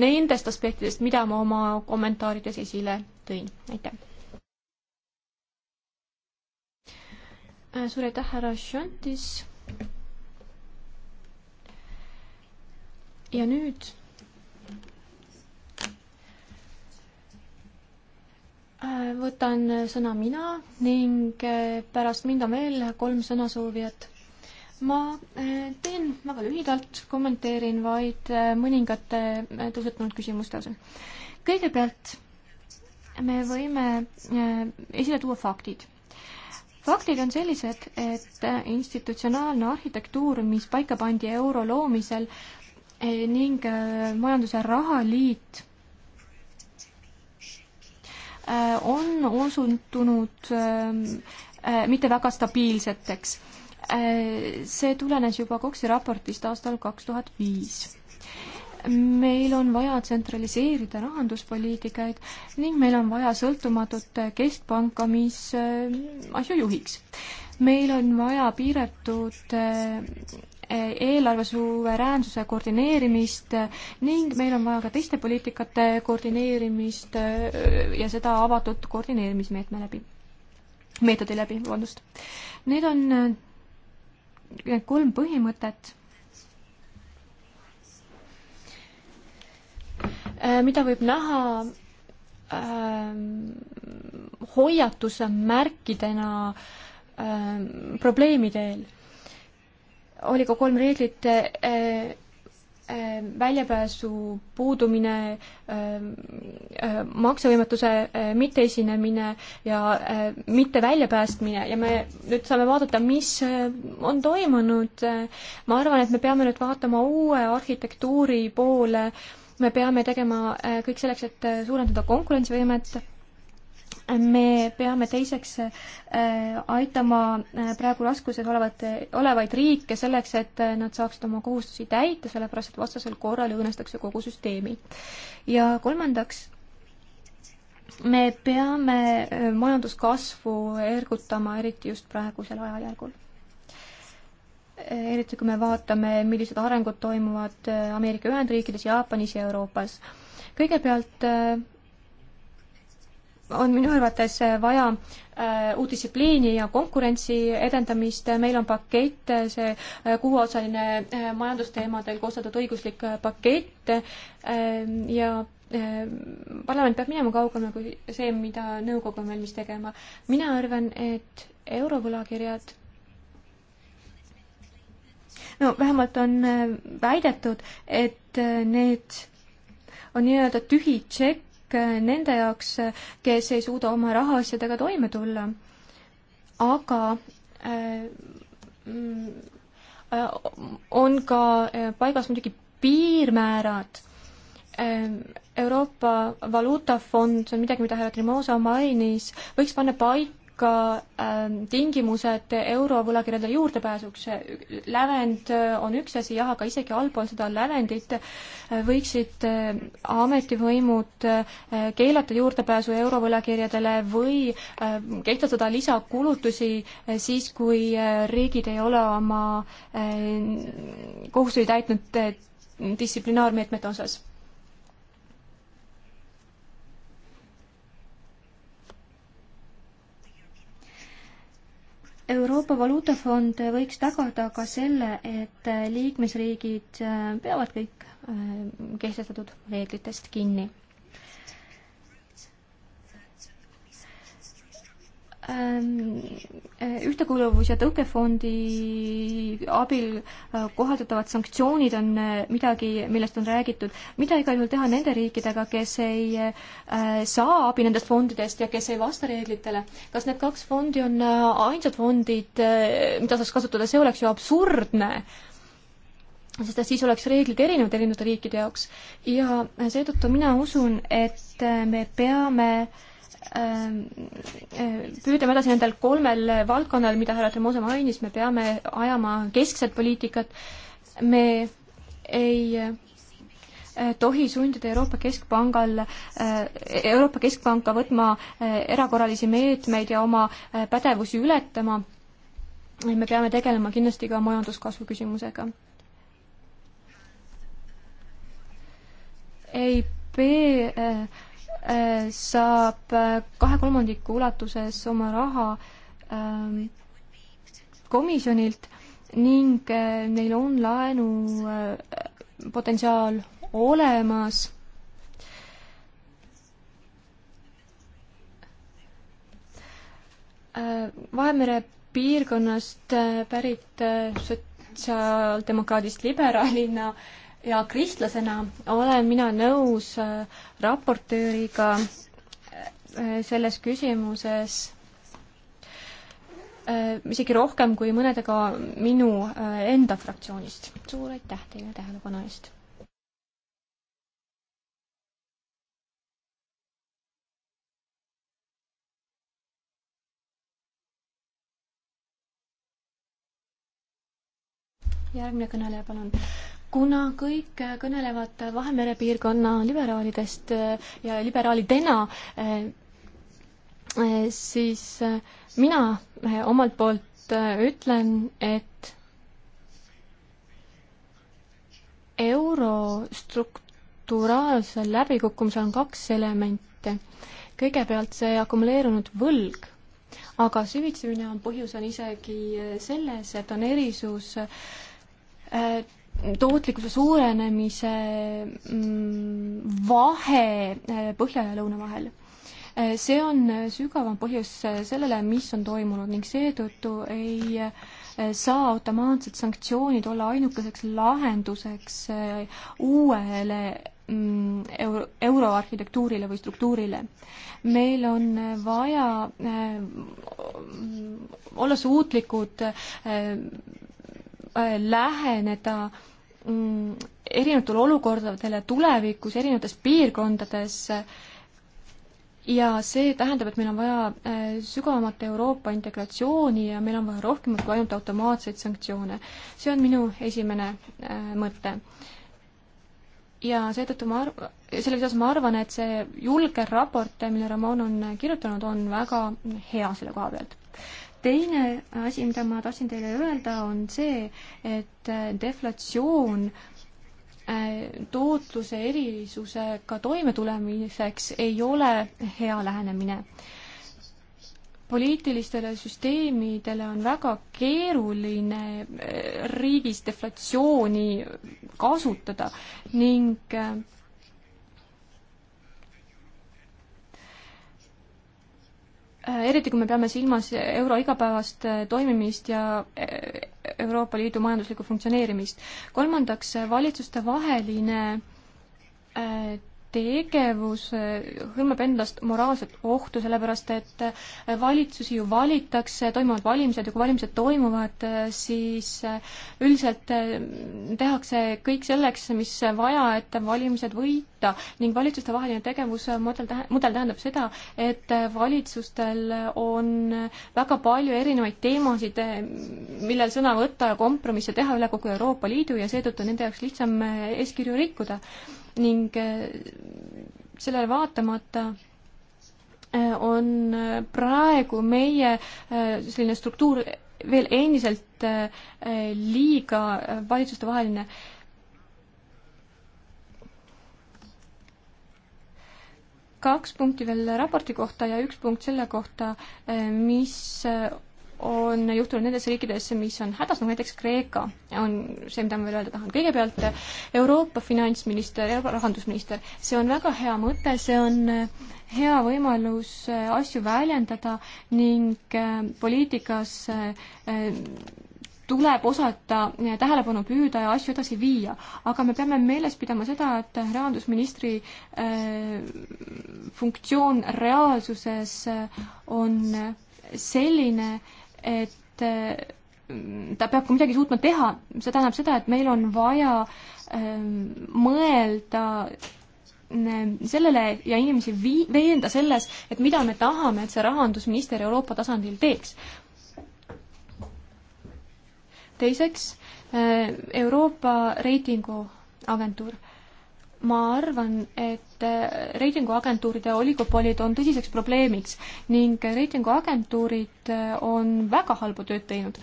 nendest aspektidest, mida ma oma kommentaarides esile tõin. aitäh! Äh, suur aitäh, härra Šontis. ja nüüd äh, võtan sõna mina ning äh, pärast mind on veel kolm sõnasoovijat. ma teen väga lühidalt, kommenteerin vaid mõningate tõusetunud küsimuste osas. kõigepealt me võime esile tuua faktid faktid on sellised, et äh, institutsionaalne arhitektuur, mis paika pandi euro loomisel äh, ning äh, majandus- ja rahaliit on osutunud mitte väga stabiilseteks. see tulenes juba Coxi raportist aastal kaks tuhat viis meil on vaja tsentraliseerida rahanduspoliitikaid ning meil on vaja sõltumatut keskpanka, mis äh, asju juhiks. meil on vaja piiratud äh, eelarve suveräänsuse koordineerimist ning meil on vaja ka teiste poliitikate koordineerimist äh, ja seda avatud koordineerimismeetme läbi, meetodi läbi, vabandust. Need on need kolm põhimõtet, Äh, mida võib näha ähm, hoiatuse märkidena ähm, probleemi teel. oli ka kolm reeglit, äh, äh, väljapääsu puudumine, ähm, maksevõimetuse mitteesinemine ja mitte väljapäästmine ja me nüüd saame vaadata, mis on toimunud. ma arvan, et me peame nüüd vaatama uue arhitektuuri poole äh, me peame tegema äh, kõik selleks, et äh, suurendada konkurentsivõimet. me peame teiseks äh, aitama praegu raskuses olevat, olevaid riike selleks, et nad saaksid oma kohustusi täita, sellepärast et vastasel korral õõnestakse kogu süsteemi. ja kolmandaks, me peame majanduskasvu ergutama, eriti just praegusel ajajärgul eriti kui me vaatame, millised arengud toimuvad äh, Ameerika Ühendriikides, Jaapanis ja Euroopas. kõigepealt äh, on minu arvates vaja äh, uut distsipliini ja konkurentsi edendamist, meil on pakett, see kuueosaline majandusteemadel koostatud õiguslik pakett ähm, ja parlament peab minema kaugemale kui see, mida nõukogu on valmis tegema. mina arvan, et eurovõlakirjad no vähemalt on äh, väidetud, et äh, need on nii-öelda tühi tšekk äh, nende jaoks, kes ei suuda oma rahaasjadega toime tulla. aga äh, mm, on ka paigas muidugi piirmäärad ähm, Euroopa Valuutafond, see on midagi, mida härra Trimosa mainis, võiks panna paika ka ähm, tingimused eurovõlakirjadele juurdepääsuks. lävend äh, on üks asi jah, aga isegi allpool seda lävendit äh, võiksid äh, ametivõimud keelata juurdepääsu eurovõlakirjadele või kehtestada lisakulutusi siis, kui riigid ei ole oma kohustusi täitnud distsiplinaarmeetmete osas Euroopa Valuutafond võiks tagada ka selle, et liikmesriigid äh, peavad kõik äh, kehtestatud reeglitest kinni Ähm, äh, ühtekuuluvus- ja tõukefondi abil äh, kohaldatavad sanktsioonid on äh, midagi, millest on räägitud. mida igal juhul teha nende riikidega, kes ei saa abi nendest fondidest ja kes ei vasta reeglitele? kas need kaks fondi on ainsad fondid, mida saaks kasutada, see oleks ju absurdne sest et siis oleks reeglid erinevad erinevate riikide jaoks. ja seetõttu mina usun, et me peame äh, Ähm, äh, püüdleme edasi nendel kolmel valdkonnal, mida härra Tremosa mainis, me peame ajama keskset poliitikat, me ei äh, tohi sundida Euroopa Keskpangal, äh, Euroopa Keskpanka võtma erakorralisi meetmeid ja oma pädevusi ületama. me peame tegelema kindlasti ka majanduskasvu küsimusega. ei pea Äh, saab äh, kahe kolmandiku ulatuses oma raha ähm, komisjonilt ning äh, neil on laenu potentsiaal olemas. Vahemere piirkonnast pärit sotsiaaldemokraadist liberaalina äh, ja kristlasena olen mina nõus äh, raportööriga äh, selles küsimuses äh, isegi rohkem kui mõnedega minu enda fraktsioonist. suur aitäh teile tähelepanu eest! järgmine kõneleja, palun kuna kõik kõnelevad Vahemere piirkonna liberaalidest äh, ja liberaalidena, äh, äh, siis mina omalt poolt ütlen, et euro strukturaalsel läbikukkumisel on kaks elementi. kõigepealt see akumuleerunud võlg aga süvitsemine on põhjus on isegi selles, et on erisus tootlikkuse suurenemise mm, vahe äh, põhja ja lõuna vahel. Äh, see on äh, sügavam põhjus sellele, mis on toimunud ning seetõttu ei saa automaatsed sanktsioonid olla ainukeseks lahenduseks uuele mm, euro, euroarhitektuurile või struktuurile. meil on vaja olla suutlikud Äh, läheneda mm, erinevatele olukordadele tulevikus erinevates piirkondades ja see tähendab, et meil on vaja äh, sügavamat Euroopa integratsiooni ja meil on vaja rohkemat kui ainult automaatseid sanktsioone. see on minu esimene äh, mõte. ja seetõttu ma arv-, selle osas ma arvan, et see julge raport, mille Ramon on kirjutanud, on väga hea selle koha pealt teine asi, mida ma tahtsin teile öelda, on see, et deflatsioon äh, tootluse erisusega toimetulemiseks ei ole hea lähenemine. poliitilistele süsteemidele on väga keeruline äh, riigis deflatsiooni kasutada ning äh, Äh, eriti kui me peame silmas euro igapäevast äh, toimimist ja äh, Euroopa Liidu majanduslikku funktsioneerimist. kolmandaks, valitsustevaheline tegevus hõlmab endast moraalset ohtu, sellepärast et äh, valitsusi ju valitakse, toimuvad valimised ja kui valimised toimuvad, äh, siis äh, üldiselt tehakse kõik selleks, mis vaja, et valimised võita ning valitsustevaheline tegevusmudel tähe-, mudel tähendab seda, et valitsustel on väga palju erinevaid teemasid, millel sõna võtta ja kompromisse teha üle kogu Euroopa Liidu ja seetõttu on nende jaoks lihtsam eeskirju rikkuda ning äh, sellele vaatamata äh, on äh, praegu meie selline struktuur veel endiselt liiga valitsustevaheline kaks punkti veel raporti kohta ja üks punkt selle kohta, mis on juhtunud nendes riikides, mis on hädas, nagu näiteks Kreeka, on see, mida ma veel öelda tahan. kõigepealt Euroopa finantsminister, rahandusminister, see on väga hea mõte, see on hea võimalus äh, asju väljendada ning äh, poliitikas äh, tuleb osata tähelepanu püüda ja asju edasi viia. aga me peame meeles pidama seda, et rahandusministri funktsioon reaalsuses on selline, et äh, ta peab ka midagi suutma teha, see tähendab seda, et meil on vaja äh, mõelda äh, sellele ja inimesi vii-, veenda selles, et mida me tahame, et see rahandusminister Euroopa tasandil teeks. teiseks, Euroopa reitinguagentuur ma arvan, et äh, reitinguagentuuride oligopolid on tõsiseks probleemiks ning reitinguagentuurid äh, on väga halba tööd teinud.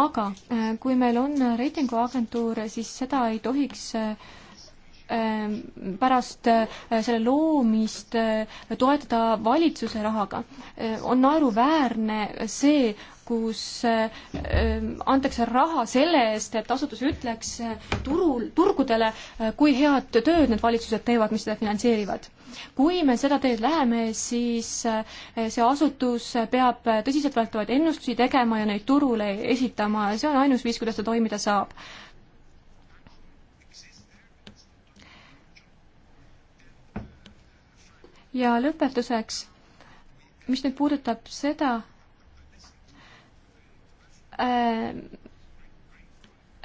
aga äh, kui meil on reitinguagentuur, siis seda ei tohiks äh, Ähm, pärast äh, selle loomist äh, toetada valitsuse rahaga. Äh, on naeruväärne see, kus ähm, antakse raha selle eest, et asutus ütleks turul, turgudele, kui head tööd need valitsused teevad, mis seda finantseerivad. kui me seda teed läheme, siis see asutus peab tõsiseltvõetavaid ennustusi tegema ja neid turule esitama ja see on ainus viis, kuidas ta toimida saab ja lõpetuseks, mis nüüd puudutab seda äh,,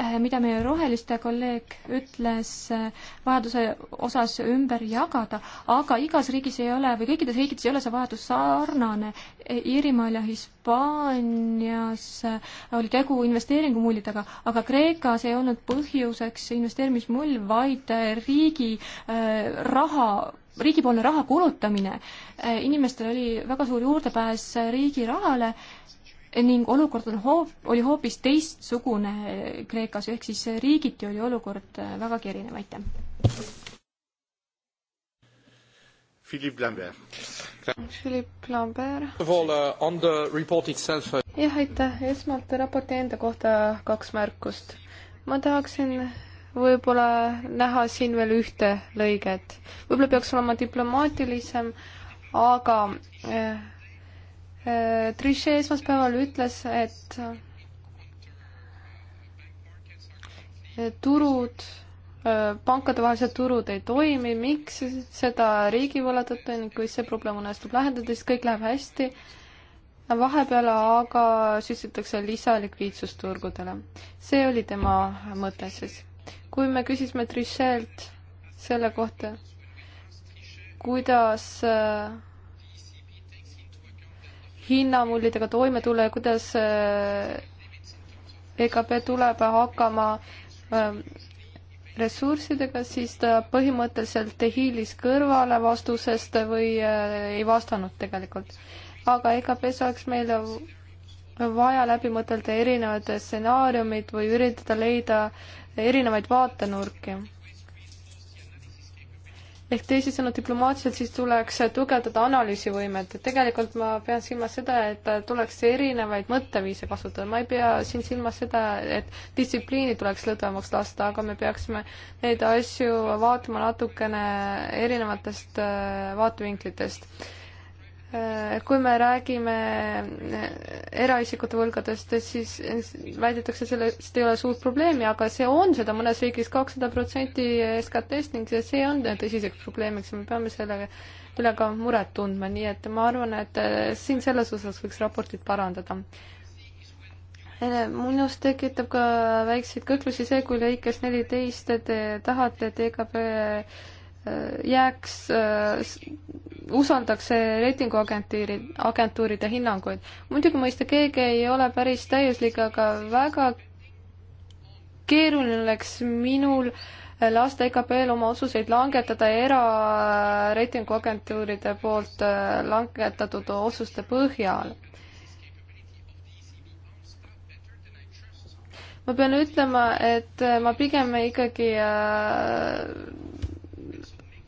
äh mida meie roheliste kolleeg ütles äh, vajaduse osas ümber jagada, aga igas riigis ei ole või kõikides riikides ei ole see vajadus sarnane. Iirimaal ja Hispaanias äh, oli tegu investeeringumullidega, aga Kreekas ei olnud põhjuseks investeerimismull, vaid riigi äh, raha riigipoolne raha kulutamine. Eh, inimestel oli väga suur juurdepääs riigi rahale ning olukord on hoop-, oli hoopis teistsugune eh, Kreekas, ehk siis riigiti oli olukord eh, vägagi erinev, aitäh. Philippe Lambert. Philippe Lambert. Uh, uh, jah, aitäh, esmalt raporti enda kohta kaks märkust. ma tahaksin võib-olla näha siin veel ühte lõiget. võib-olla peaks olema diplomaatilisem, aga äh, äh, Trichet esmaspäeval ütles, et äh, turud äh,, pankadevahelised turud ei toimi, miks seda riigivõla tõttu ning kui see probleem õnnestub lahendada, siis kõik läheb hästi vahepeal aga süstitakse lisalikviidsust turgudele. see oli tema mõte siis kui me küsisime Trichelt selle kohta, kuidas äh, hinnamullidega toime tulla ja kuidas äh, EKP tuleb hakkama ähm, ressurssidega, siis ta põhimõtteliselt hiilis kõrvale vastusest või äh, ei vastanud tegelikult. aga EKP saaks meile vaja läbi mõtelda erinevad stsenaariumid või üritada leida erinevaid vaatenurki. ehk teisisõnu, diplomaatiliselt siis tuleks tugevdada analüüsivõimet, et tegelikult ma pean silmas seda, et tuleks erinevaid mõtteviise kasutada, ma ei pea siin silmas seda, et distsipliini tuleks lõdvemaks lasta, aga me peaksime neid asju vaatama natukene erinevatest vaatevinklitest Äh, kui me räägime äh, eraisikute võlgadest, siis väidetakse, sellest ei ole suurt probleemi, aga see on seda mõnes riigis kakssada protsenti SKT-st ning see on tõsiseks probleemiks ja me peame selle üle ka muret tundma, nii et ma arvan, et äh, siin selles osas võiks raportit parandada. minus tekitab ka väikseid kõhklusi see, kui lõikes neliteist te tahate, et EKP jääks, äh, usaldaks reitinguagentuuri, agentuuride hinnanguid. muidugi mõista keegi ei ole päris täiuslik, aga väga keeruline oleks minul äh, lasta EKP-l oma otsuseid langetada erareitinguagentuuride poolt äh, langetatud otsuste põhjal ma pean ütlema, et ma pigem ikkagi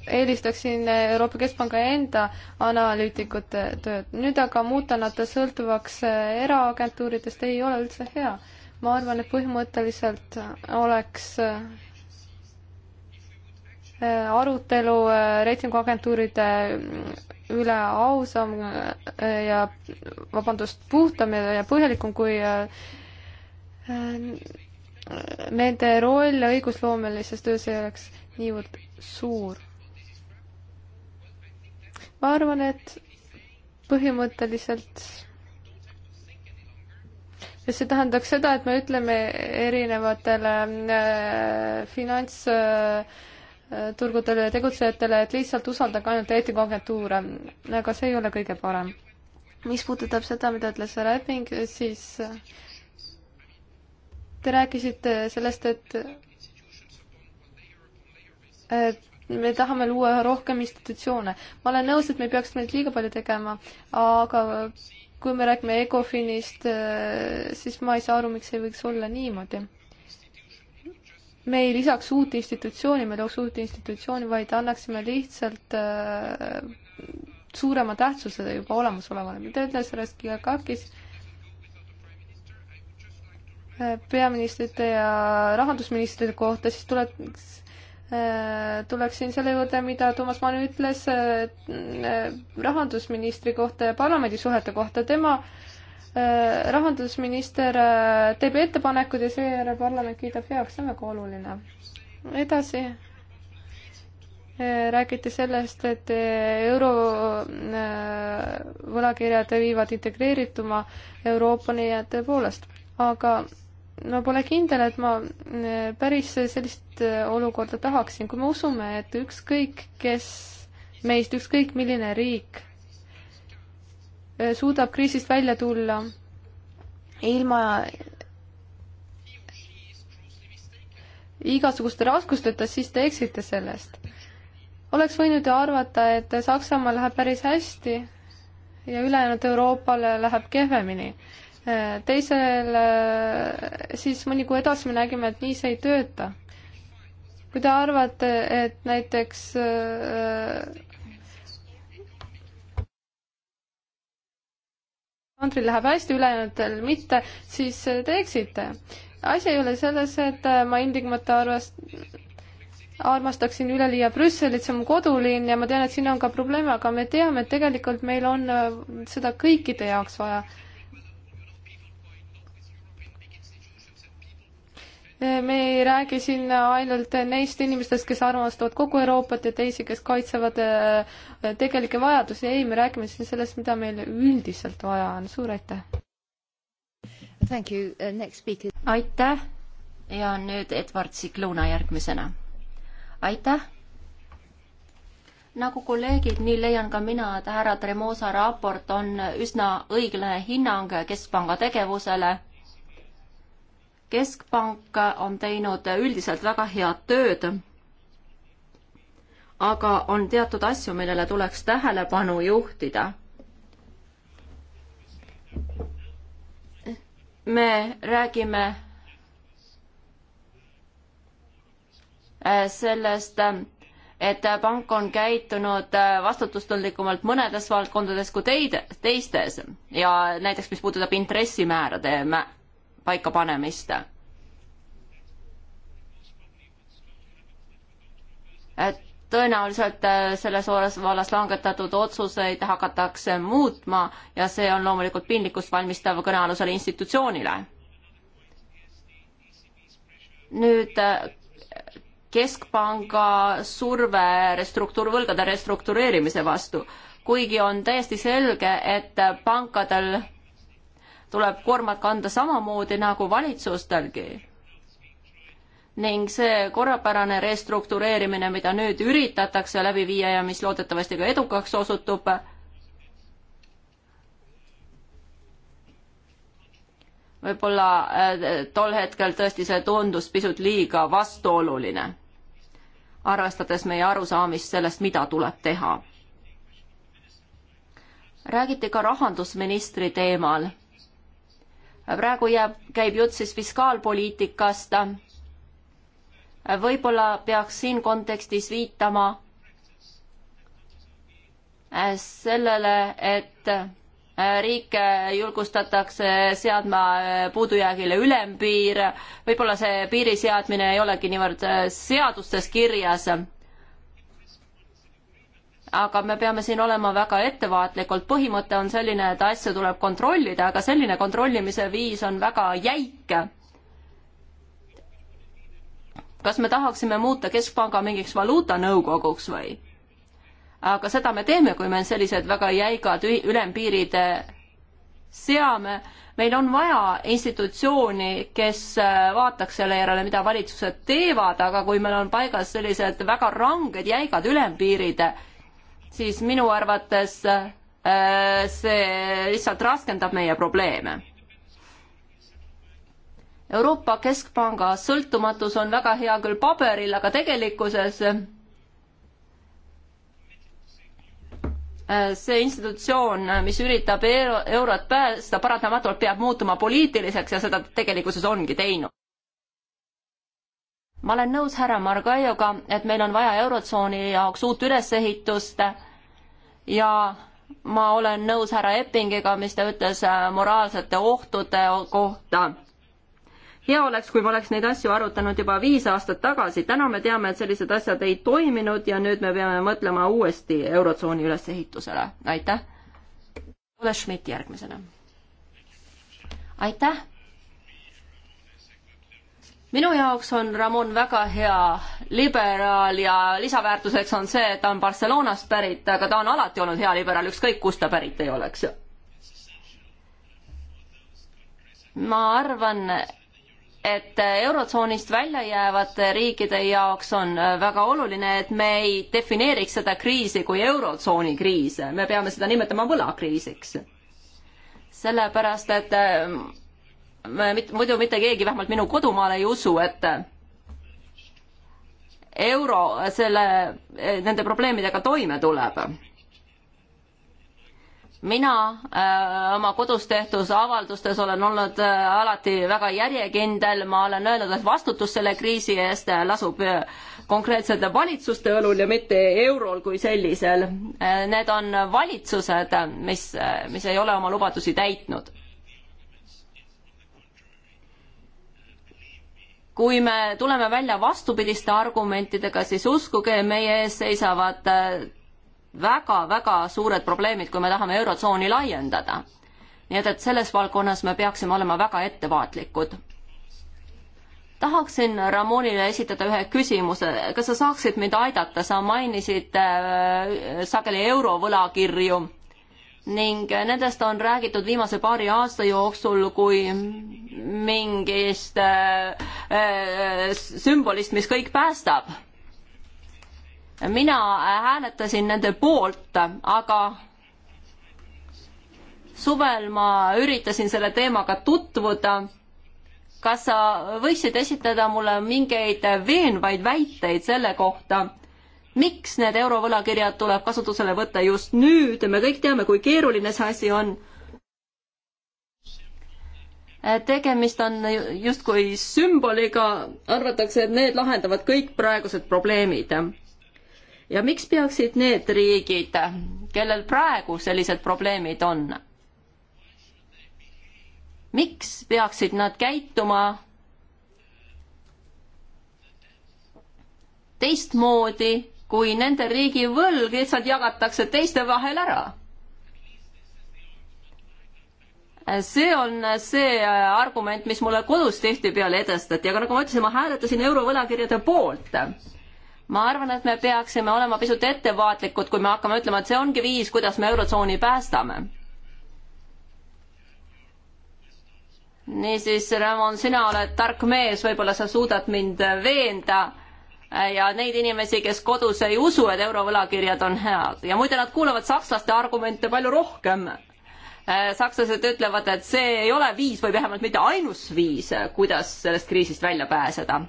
eelistaksin Euroopa Keskpanga enda analüütikute tööd. nüüd aga muuta nad sõltuvaks eraagentuuridest ei ole üldse hea. ma arvan, et põhimõtteliselt oleks äh, arutelu äh, reitinguagentuuride üle ausam äh, ja vabandust, puhtam ja põhjalikum kui nende roll õigusloomelises töös ei oleks niivõrd suur ma arvan, et põhimõtteliselt ja see tähendaks seda, et me ütleme erinevatele äh, finantsturgudele äh, tegutsejatele, et lihtsalt usaldage ainult reitinguagentuure, aga see ei ole kõige parem. mis puudutab seda, mida ütles Räping, siis äh, te rääkisite sellest, et et me tahame luua rohkem institutsioone. ma olen nõus, et me ei peaks neid liiga palju tegema, aga kui me räägime Ecofinist, äh, siis ma ei saa aru, miks ei võiks olla niimoodi me ei lisaks uut institutsiooni, me ei looks uut institutsiooni, vaid annaksime lihtsalt äh, suurema tähtsuse juba olemasolevale. mida ütles Raskigakakis äh, peaministrite ja rahandusministrite kohta, siis tuleks Äh, tuleksin selle juurde, mida Toomas Mann ütles äh, äh, rahandusministri kohta ja parlamendisuhete kohta. tema rahandusminister teeb ettepanekud ja seejärel parlament kiidab heaks, see on väga oluline. edasi räägiti sellest, et euro võlakirjad viivad integreerituma Euroopani ja tõepoolest, aga ma pole kindel, et ma eh, päris sellist eh, olukorda tahaksin, kui me usume, et ükskõik kes meist, ükskõik milline riik eh, suudab kriisist välja tulla ilma igasuguste raskusteta, siis te eksite sellest. oleks võinud ju arvata, et Saksamaal läheb päris hästi ja ülejäänud Euroopale läheb kehvemini teisel äh, siis mõni kuu edasi me nägime, et nii see ei tööta. kui te arvate, et näiteks äh, mandril läheb hästi, ülejäänutel mitte, siis te eksite. asi ei ole selles, et äh, ma ilmtingimata arvast-, armastaksin üleliia Brüsselit, see on mu kodulinn ja ma tean, et siin on ka probleeme, aga me teame, et tegelikult meil on seda kõikide jaoks vaja. me ei räägi siin ainult neist inimestest, kes armastavad kogu Euroopat ja teisi, kes kaitsevad äh, tegelikke vajadusi, ei, me räägime siin sellest, mida meil üldiselt vaja on, suur aitäh! Uh, aitäh ja nüüd Edward Sikluna järgmisena. aitäh! nagu kolleegid, nii leian ka mina, et härra Tremosa raport on üsna õiglane hinnang Keskpanga tegevusele keskpank on teinud üldiselt väga head tööd, aga on teatud asju, millele tuleks tähelepanu juhtida. me räägime sellest, et pank on käitunud vastutustundlikumalt mõnedes valdkondades kui teide, teistes ja näiteks, mis puudutab intressimäärade mä-, paikapanemist. tõenäoliselt äh, selles vallas langetatud otsuseid hakatakse muutma ja see on loomulikult piinlikkust valmistav kõnealusele institutsioonile. nüüd äh, keskpanga surve restruktuur, võlgade restruktureerimise vastu, kuigi on täiesti selge, et pankadel tuleb koormat kanda samamoodi nagu valitsustelgi. ning see korrapärane restruktureerimine, mida nüüd üritatakse läbi viia ja mis loodetavasti ka edukaks osutub, võib-olla äh, tol hetkel tõesti see tundus pisut liiga vastuoluline, arvestades meie arusaamist sellest, mida tuleb teha räägiti ka rahandusministri teemal praegu jääb, käib jutt siis fiskaalpoliitikast. võib-olla peaks siin kontekstis viitama äh, sellele, et äh, riike julgustatakse seadma äh, puudujäägile ülempiir, võib-olla see piiri seadmine ei olegi niivõrd seadustes kirjas aga me peame siin olema väga ettevaatlikult, põhimõte on selline, et asju tuleb kontrollida, aga selline kontrollimise viis on väga jäik. kas me tahaksime muuta Keskpanga mingiks valuutanõukoguks või? aga seda me teeme, kui me sellised väga jäigad ülempiirid seame, meil on vaja institutsiooni, kes äh, vaataks selle järele, mida valitsused teevad, aga kui meil on paigas sellised väga ranged jäigad ülempiirid, siis minu arvates äh, see lihtsalt raskendab meie probleeme. Euroopa Keskpanga sõltumatus on väga hea küll paberil, aga tegelikkuses äh, see institutsioon, mis üritab eurot päästa, paratamatult peab muutuma poliitiliseks ja seda tegelikkuses ongi teinud ma olen nõus härra Margaioga, et meil on vaja Eurotsooni jaoks uut ülesehitust ja ma olen nõus härra Eppingiga, mis ta ütles äh, moraalsete ohtude kohta. hea oleks, kui me oleks neid asju arutanud juba viis aastat tagasi, täna me teame, et sellised asjad ei toiminud ja nüüd me peame mõtlema uuesti Eurotsooni ülesehitusele, aitäh. Ole Schmidt järgmisena. aitäh minu jaoks on Ramon väga hea liberaal ja lisaväärtuseks on see, et ta on Barcelonast pärit, aga ta on alati olnud hea liberaal, ükskõik kust ta pärit ei oleks. ma arvan, et Eurotsoonist välja jäävate riikide jaoks on väga oluline, et me ei defineeriks seda kriisi kui Eurotsooni kriise, me peame seda nimetama võlakriisiks. sellepärast, et muidu mitte keegi, vähemalt minu kodumaal ei usu, et euro selle, nende probleemidega toime tuleb. mina öö, äh, oma kodus tehtud avaldustes olen olnud öö, äh, alati väga järjekindel, ma olen öelnud, et vastutus selle kriisi eest lasub öö, äh, konkreetsete valitsuste õlul ja mitte eurol kui sellisel. Need on valitsused, mis, mis ei ole oma lubadusi täitnud kui me tuleme välja vastupidiste argumentidega, siis uskuge, meie ees seisavad väga-väga äh, suured probleemid, kui me tahame Eurotsooni laiendada. nii et, et selles valdkonnas me peaksime olema väga ettevaatlikud. tahaksin Ramonile esitada ühe küsimuse, kas sa saaksid mind aidata, sa mainisid äh, sageli eurovõlakirju ning nendest on räägitud viimase paari aasta jooksul kui mingist äh, äh, sümbolist, mis kõik päästab. mina hääletasin nende poolt, aga suvel ma üritasin selle teemaga tutvuda. kas sa võiksid esitada mulle mingeid veenvaid väiteid selle kohta, miks need eurovõlakirjad tuleb kasutusele võtta just nüüd, me kõik teame, kui keeruline see asi on. tegemist on justkui sümboliga, arvatakse, et need lahendavad kõik praegused probleemid. ja miks peaksid need riigid, kellel praegu sellised probleemid on, miks peaksid nad käituma teistmoodi kui nende riigi võlg lihtsalt jagatakse teiste vahel ära. see on see argument, mis mulle kodus tihtipeale edestati, aga nagu ma ütlesin, ma hääletasin eurovõlakirjade poolt ma arvan, et me peaksime olema pisut ettevaatlikud, kui me hakkame ütlema, et see ongi viis, kuidas me eurotsooni päästame. niisiis, Ramon, sina oled tark mees, võib-olla sa suudad mind veenda ja neid inimesi, kes kodus ei usu, et eurovõlakirjad on head ja muide, nad kuulavad sakslaste argumente palju rohkem. Äh, sakslased ütlevad, et see ei ole viis või vähemalt mitte ainus viis, kuidas sellest kriisist välja pääseda.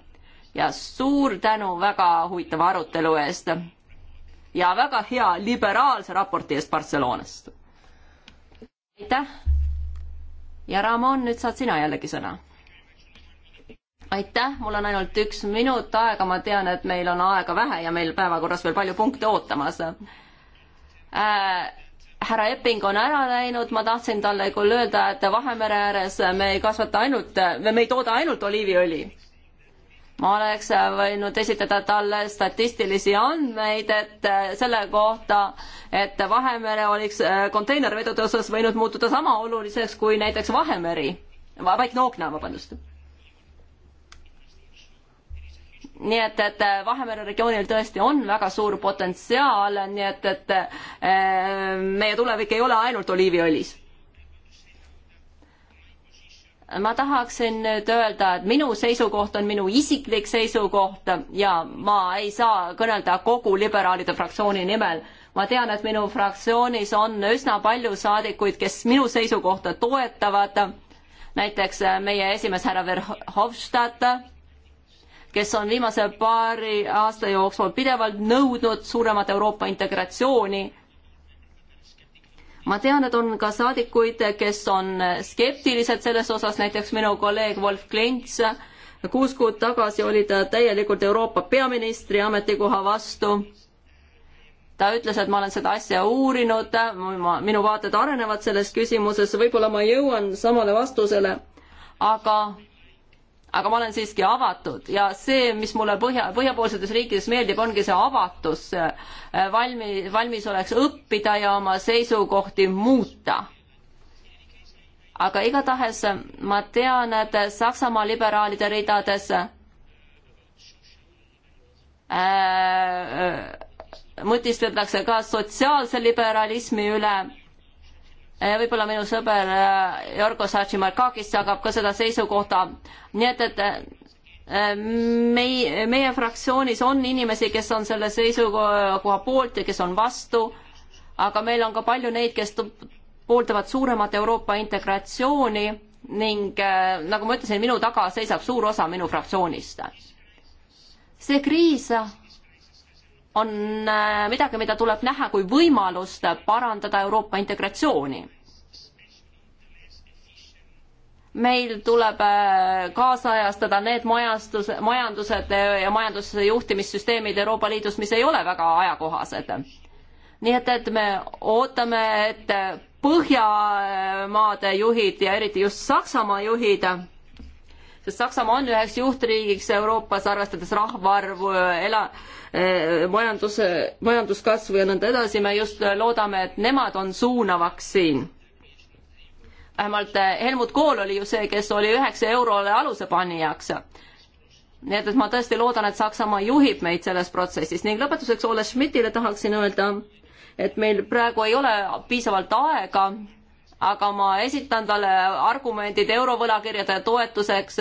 ja suur tänu väga huvitava arutelu eest ja väga hea liberaalse raporti eest Barcelonast. aitäh. ja Ramon, nüüd saad sina jällegi sõna aitäh, mul on ainult üks minut aega, ma tean, et meil on aega vähe ja meil päevakorras veel palju punkte ootamas äh,. härra Epping on ära läinud, ma tahtsin talle küll öelda, et Vahemere ääres me ei kasvata ainult, me ei tooda ainult oliiviõli. ma oleks võinud esitada talle statistilisi andmeid, et äh, selle kohta, et Vahemere oleks äh, konteinervedude osas võinud muutuda sama oluliseks kui näiteks Vahemeri, Vaikne ookean, vabandust nii et, et äh, Vahemere regioonil tõesti on väga suur potentsiaal, nii et, et äh, meie tulevik ei ole ainult oliiviõlis. ma tahaksin nüüd öelda, et minu seisukoht on minu isiklik seisukoht ja ma ei saa kõnelda kogu liberaalide fraktsiooni nimel ma tean, et minu fraktsioonis on üsna palju saadikuid, kes minu seisukohta toetavad, näiteks äh, meie esimees härra Verhofstadt kes on viimase paari aasta jooksul pidevalt nõudnud suuremat Euroopa integratsiooni. ma tean, et on ka saadikuid, kes on skeptilised selles osas, näiteks minu kolleeg Wolf Klints, kuus kuud tagasi oli ta täielikult Euroopa peaministri ametikoha vastu ta ütles, et ma olen seda asja uurinud, minu vaated arenevad selles küsimuses, võib-olla ma jõuan samale vastusele, aga aga ma olen siiski avatud ja see, mis mulle põhja, põhjapoolsetes riikides meeldib, ongi see avatus, äh, valmi, valmisoleks õppida ja oma seisukohti muuta. aga igatahes ma tean, et Saksamaa liberaalide ridades äh, äh mõtiskletakse ka sotsiaalse liberalismi üle Eh, võib-olla minu sõber eh, Jorgo Saatšimarkakis jagab ka seda seisukohta. nii et, et eh, meie, meie fraktsioonis on inimesi, kes on selle seisukoha poolt ja kes on vastu, aga meil on ka palju neid, kes pooldavad suuremat Euroopa integratsiooni ning nagu ma ütlesin, minu taga seisab suur osa minu fraktsioonist. see kriis on äh, midagi, mida tuleb näha kui võimalust parandada Euroopa integratsiooni. meil tuleb äh, kaasajastada need majastus, majandused äh, ja majandusjuhtimissüsteemid Euroopa Liidus, mis ei ole väga ajakohased. nii et, et me ootame, et Põhjamaade juhid ja eriti just Saksamaa juhid sest Saksamaa on üheks juhtriigiks Euroopas, arvestades rahvaarvu, ela-, Eh, majanduse, majanduskasvu ja nõnda edasi, me just loodame, et nemad on suunavaks siin. vähemalt eh, Helmut Kohl oli ju see, kes oli üheksa eurole aluse panijaks nii et, et ma tõesti loodan, et Saksamaa juhib meid selles protsessis ning lõpetuseks Ole Schmidtile tahaksin öelda, et meil praegu ei ole piisavalt aega, aga ma esitan talle argumendid eurovõlakirjade toetuseks.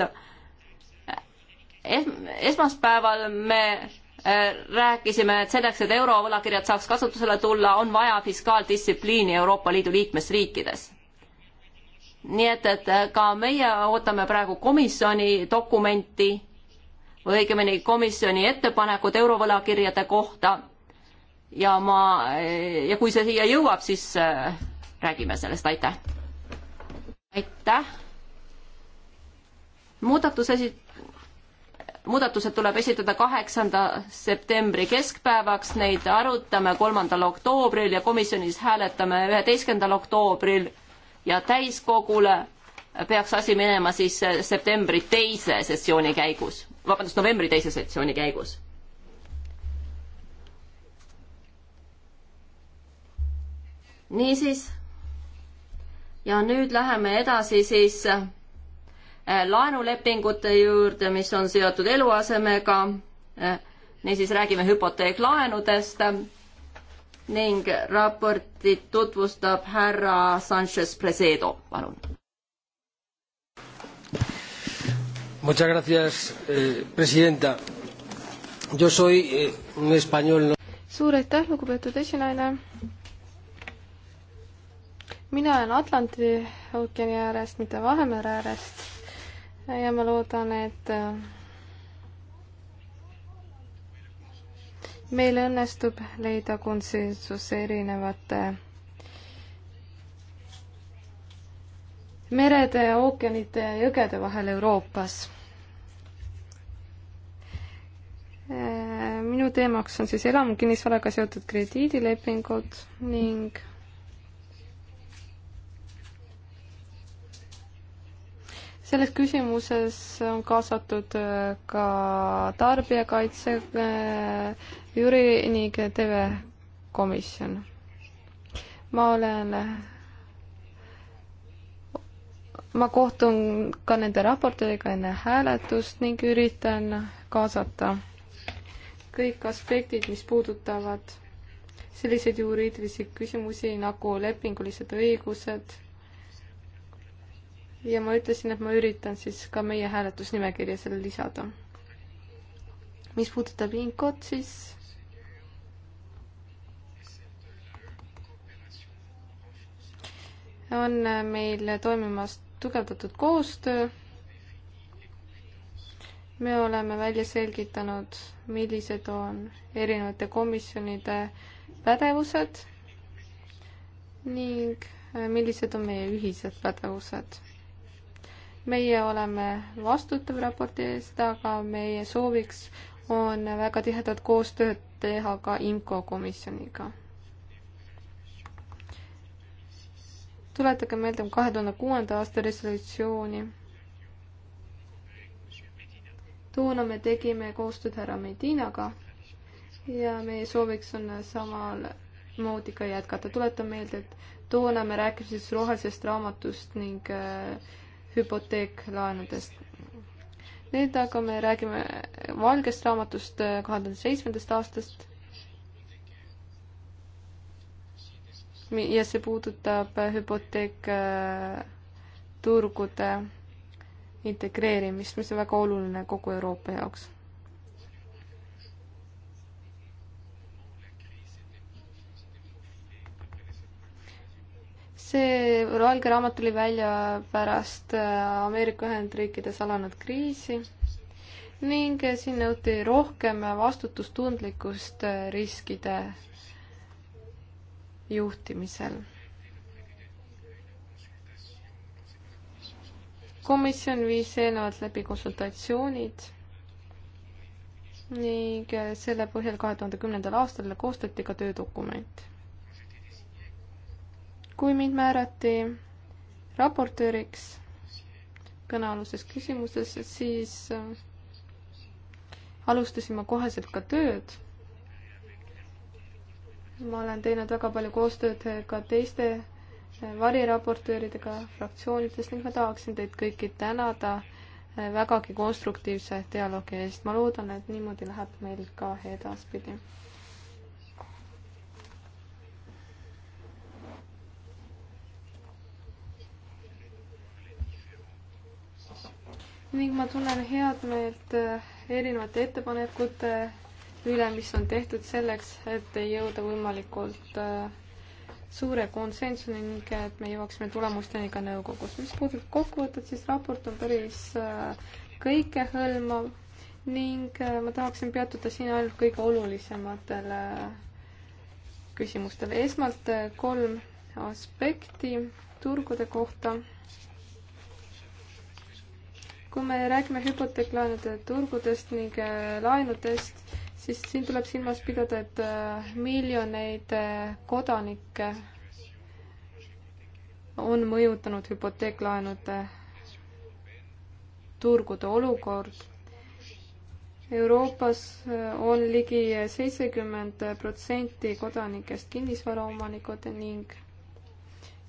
esmaspäeval me rääkisime, et selleks, et eurovõlakirjad saaks kasutusele tulla, on vaja fiskaaldistsipliini Euroopa Liidu liikmesriikides. nii et, et ka meie ootame praegu komisjoni dokumenti või õigemini komisjoni ettepanekud eurovõlakirjade kohta ja ma, ja kui see siia jõuab, siis äh, räägime sellest, aitäh! aitäh! muudatus esi-, muudatused tuleb esitada kaheksanda septembri keskpäevaks, neid arutame kolmandal oktoobril ja komisjonis hääletame üheteistkümnendal oktoobril ja täiskogule peaks asi minema siis septembri teise sessiooni käigus, vabandust, novembri teise sessiooni käigus. niisiis, ja nüüd läheme edasi siis Äh, laenulepingute juurde, mis on seotud eluasemega. Äh, niisiis räägime hüpoteeklaenudest ning raportit tutvustab härra Sanchez Presedo, palun. Muchas gracias eh,, presidenta. Yo soy eh, un español no.... suur aitäh, lugupeetud esinaine. mina olen Atlandi ookeani äärest, mitte Vahemere äärest ja ma loodan, et äh, meil õnnestub leida konsensus erinevate merede, ookeanide ja jõgede vahel Euroopas. Äh, minu teemaks on siis elamukinnisvaraga seotud krediidilepingud ning selles küsimuses on kaasatud äh, ka tarbijakaitse äh, jüri ning TV komisjon. ma olen, ma kohtun ka nende raportidega enne hääletust ning üritan kaasata kõik aspektid, mis puudutavad selliseid juriidilisi küsimusi nagu lepingulised õigused ja ma ütlesin, et ma üritan siis ka meie hääletusnimekirja selle lisada. mis puudutab inkot, siis on meil toimimas tugevdatud koostöö. me oleme välja selgitanud, millised on erinevate komisjonide pädevused ning millised on meie ühised pädevused meie oleme vastutav raporti eest, aga meie sooviks on väga tihedat koostööd teha ka IMCO komisjoniga. tuletage meelde kahe tuhande kuuenda aasta resolutsiooni. toona me tegime koostööd härra Medinaga ja meie sooviks on samal moodi ka jätkata. tuletan meelde, et toona me rääkisime siis rohelisest raamatust ning äh, hüpoteeklaenudest. nüüd aga me räägime valgest raamatust äh, kahe tuhande seitsmendast aastast. ja see puudutab äh, hüpoteekturgude äh, integreerimist, mis on väga oluline kogu Euroopa jaoks see valge raamat tuli välja pärast äh, Ameerika Ühendriikides alanud kriisi ning siin nõuti rohkem vastutustundlikkust äh, riskide juhtimisel. komisjon viis eelnevalt läbi konsultatsioonid ning äh, selle põhjal kahe tuhande kümnendal aastal koostati ka töödokument kui mind määrati raportööriks kõnealuses küsimuses, siis äh, alustasin ma koheselt ka tööd. ma olen teinud väga palju koostööd ka teiste äh, variraportööridega fraktsioonidest ning ma tahaksin teid kõiki tänada äh, vägagi konstruktiivse dialoogi eest. ma loodan, et niimoodi läheb meil ka edaspidi ning ma tunnen head meelt eh, erinevate ettepanekute üle, mis on tehtud selleks, et jõuda võimalikult eh, suure konsensuseni ning et me jõuaksime tulemusteni ka nõukogus. mis puudutab kokkuvõtet, siis raport on päris eh, kõikehõlmav ning ma tahaksin peatuda siin ainult kõige olulisematele küsimustele. esmalt kolm aspekti turgude kohta kui me räägime hüpoteeklaenude turgudest ning äh, laenudest, siis siin tuleb silmas pidada, et äh, miljoneid äh, kodanikke on mõjutanud hüpoteeklaenude turgude olukord. Euroopas on ligi seitsekümmend protsenti kodanikest kinnisvaraomanikud ning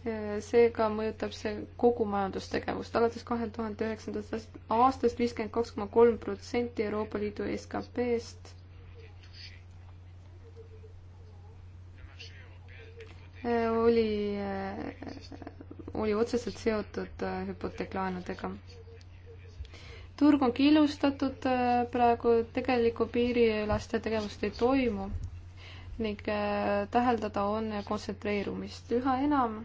seega mõjutab see kogu majandustegevust. alates kahe tuhande üheksandast aastast viiskümmend kaks koma kolm protsenti Euroopa Liidu SKP-st oli, oli otseselt seotud hüpoteeklaenudega. turg on killustatud praegu, tegelikku piiriülaste tegevust ei toimu ning eh, täheldada on kontsentreerumist üha enam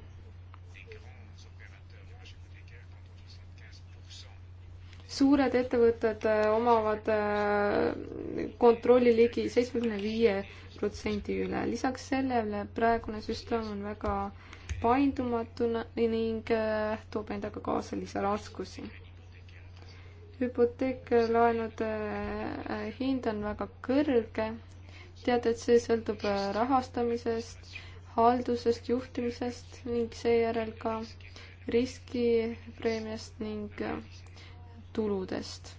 suured ettevõtted äh, omavad äh, kontrolli ligi seitsmekümne viie protsendi üle. lisaks sellele praegune süsteem on väga paindumatuna ning äh, toob endaga kaasa lisaraskusi. hüpoteeklaenude hind on väga kõrge. tead, et see sõltub rahastamisest, haldusest, juhtimisest ning seejärel ka riskipreemiast ning tuludest.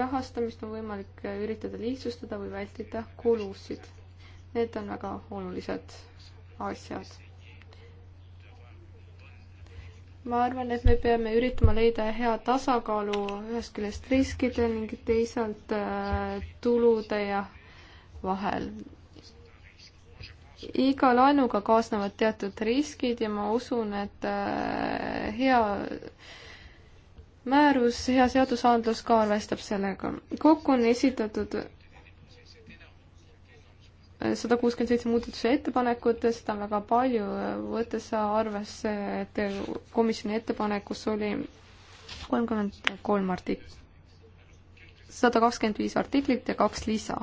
rahastamist on võimalik üritada lihtsustada või vältida kulusid. Need on väga olulised asjad ma arvan, et me peame üritama leida hea tasakaalu ühest küljest riskide ning teisalt äh, tulude ja vahel iga laenuga kaasnevad teatud riskid ja ma usun, et äh, hea määrus, hea seadusandlus ka arvestab sellega. kokku on esitatud äh, sada kuuskümmend seitse muudatuse ettepanekut, seda on väga palju, võttes arvesse, et komisjoni ettepanekus oli kolmkümmend kolm artik-, sada kakskümmend viis artiklit ja kaks lisa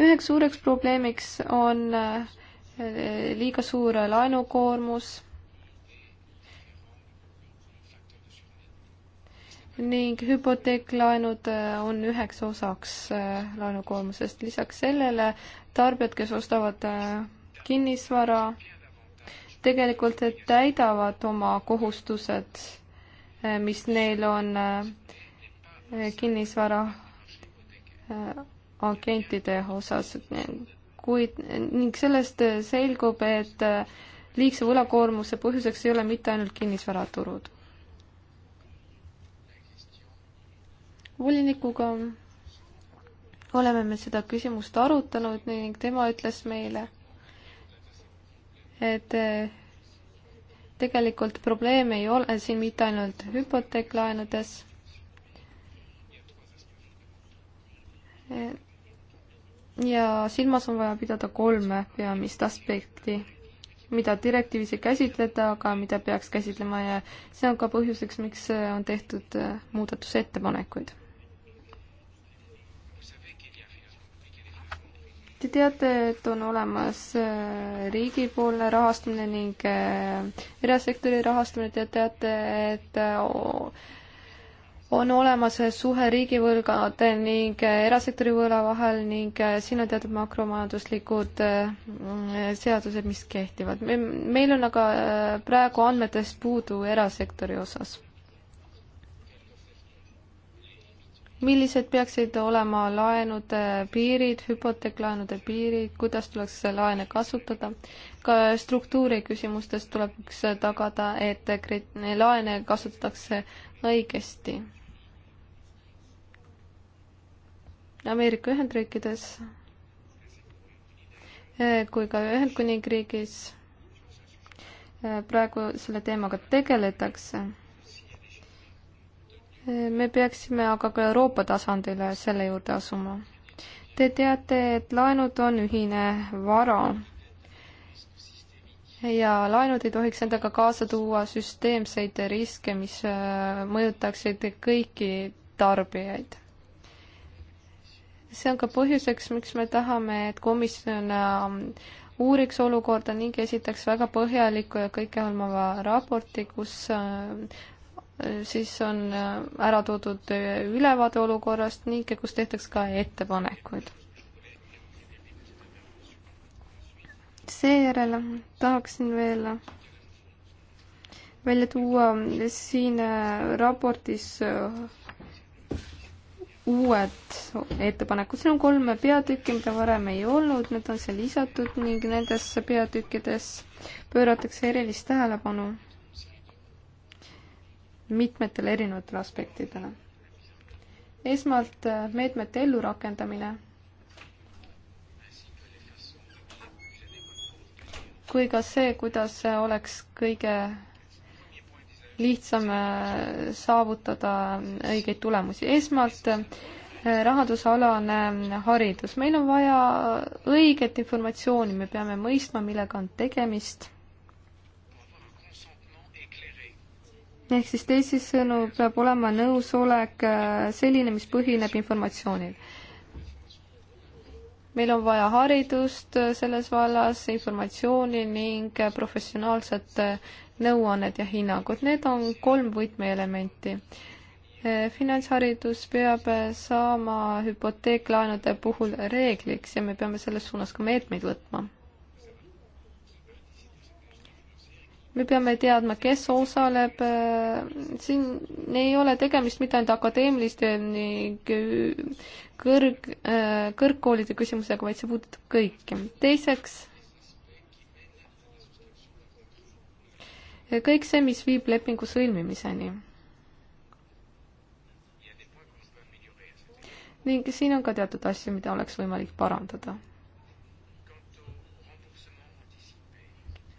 üheks suureks probleemiks on äh, liiga suur laenukoormus ning hüpoteeklaenud äh, on üheks osaks äh, laenukoormusest. lisaks sellele tarbijad, kes ostavad kinnisvara, tegelikult täidavad oma kohustused, mis neil on kinnisvara agentide osas, kuid ning sellest selgub, et liigse võlakoormuse põhjuseks ei ole mitte ainult kinnisvaraturud. volinikuga oleme me seda küsimust arutanud ning tema ütles meile, et tegelikult probleem ei ole siin mitte ainult hüpoteeklaenudes, ja silmas on vaja pidada kolme peamist aspekti, mida direktiivis ei käsitleta, aga mida peaks käsitlema ja see on ka põhjuseks, miks on tehtud äh, muudatusettepanekuid. Te teate, et on olemas äh, riigipoolne rahastamine ning äh, erasektori rahastamine, te teate, et on olemas suhe riigivõlgade ning erasektori võla vahel ning siin on teatud makromajanduslikud mm, seadused, mis kehtivad. meil on aga äh, praegu andmetest puudu erasektori osas. millised peaksid olema laenude piirid, hüpoteeklaenude piirid, kuidas tuleks laene kasutada? ka struktuuri küsimustes tuleks tagada, et laene kasutatakse õigesti Ameerika Ühendriikides eh, kui ka Ühendkuningriigis eh, praegu selle teemaga tegeletakse. Eh, me peaksime aga ka Euroopa tasandile selle juurde asuma. Te teate, et laenud on ühine vara ja laenud ei tohiks endaga kaasa tuua süsteemseid riske, mis mõjutaksid kõiki tarbijaid see on ka põhjuseks, miks me tahame, et komisjon ähm, uuriks olukorda ning esitaks väga põhjaliku ja kõikehõlmava raporti, kus äh, siis on äh, ära toodud äh, ülevaade olukorrast ning kus tehtaks ka ettepanekuid. seejärel tahaksin veel välja tuua siin raportis uued ettepanekud, siin on kolme peatükki, mida varem ei olnud, need on siia lisatud ning nendes peatükkides pööratakse erilist tähelepanu mitmetele erinevatele aspektidele. esmalt äh, meetmete ellurakendamine kui ka see, kuidas oleks kõige lihtsam äh, saavutada õigeid tulemusi. esmalt äh, rahandusalane haridus. meil on vaja õiget informatsiooni, me peame mõistma, millega on tegemist. ehk siis teisisõnu peab olema nõusolek äh, selline, mis põhineb informatsioonil meil on vaja haridust selles vallas, informatsiooni ning professionaalset nõuanned ja hinnangud, need on kolm võtmeelementi. E, finantsharidus peab saama hüpoteeklaenude puhul reegliks ja me peame selles suunas ka meetmeid võtma. me peame teadma, kes osaleb, e, siin ei ole tegemist mitte ainult akadeemiliste kõrg, e, kõrgkoolide küsimusega, vaid see puudutab kõiki. teiseks kõik see, mis viib lepingu sõlmimiseni. ning siin on ka teatud asju, mida oleks võimalik parandada.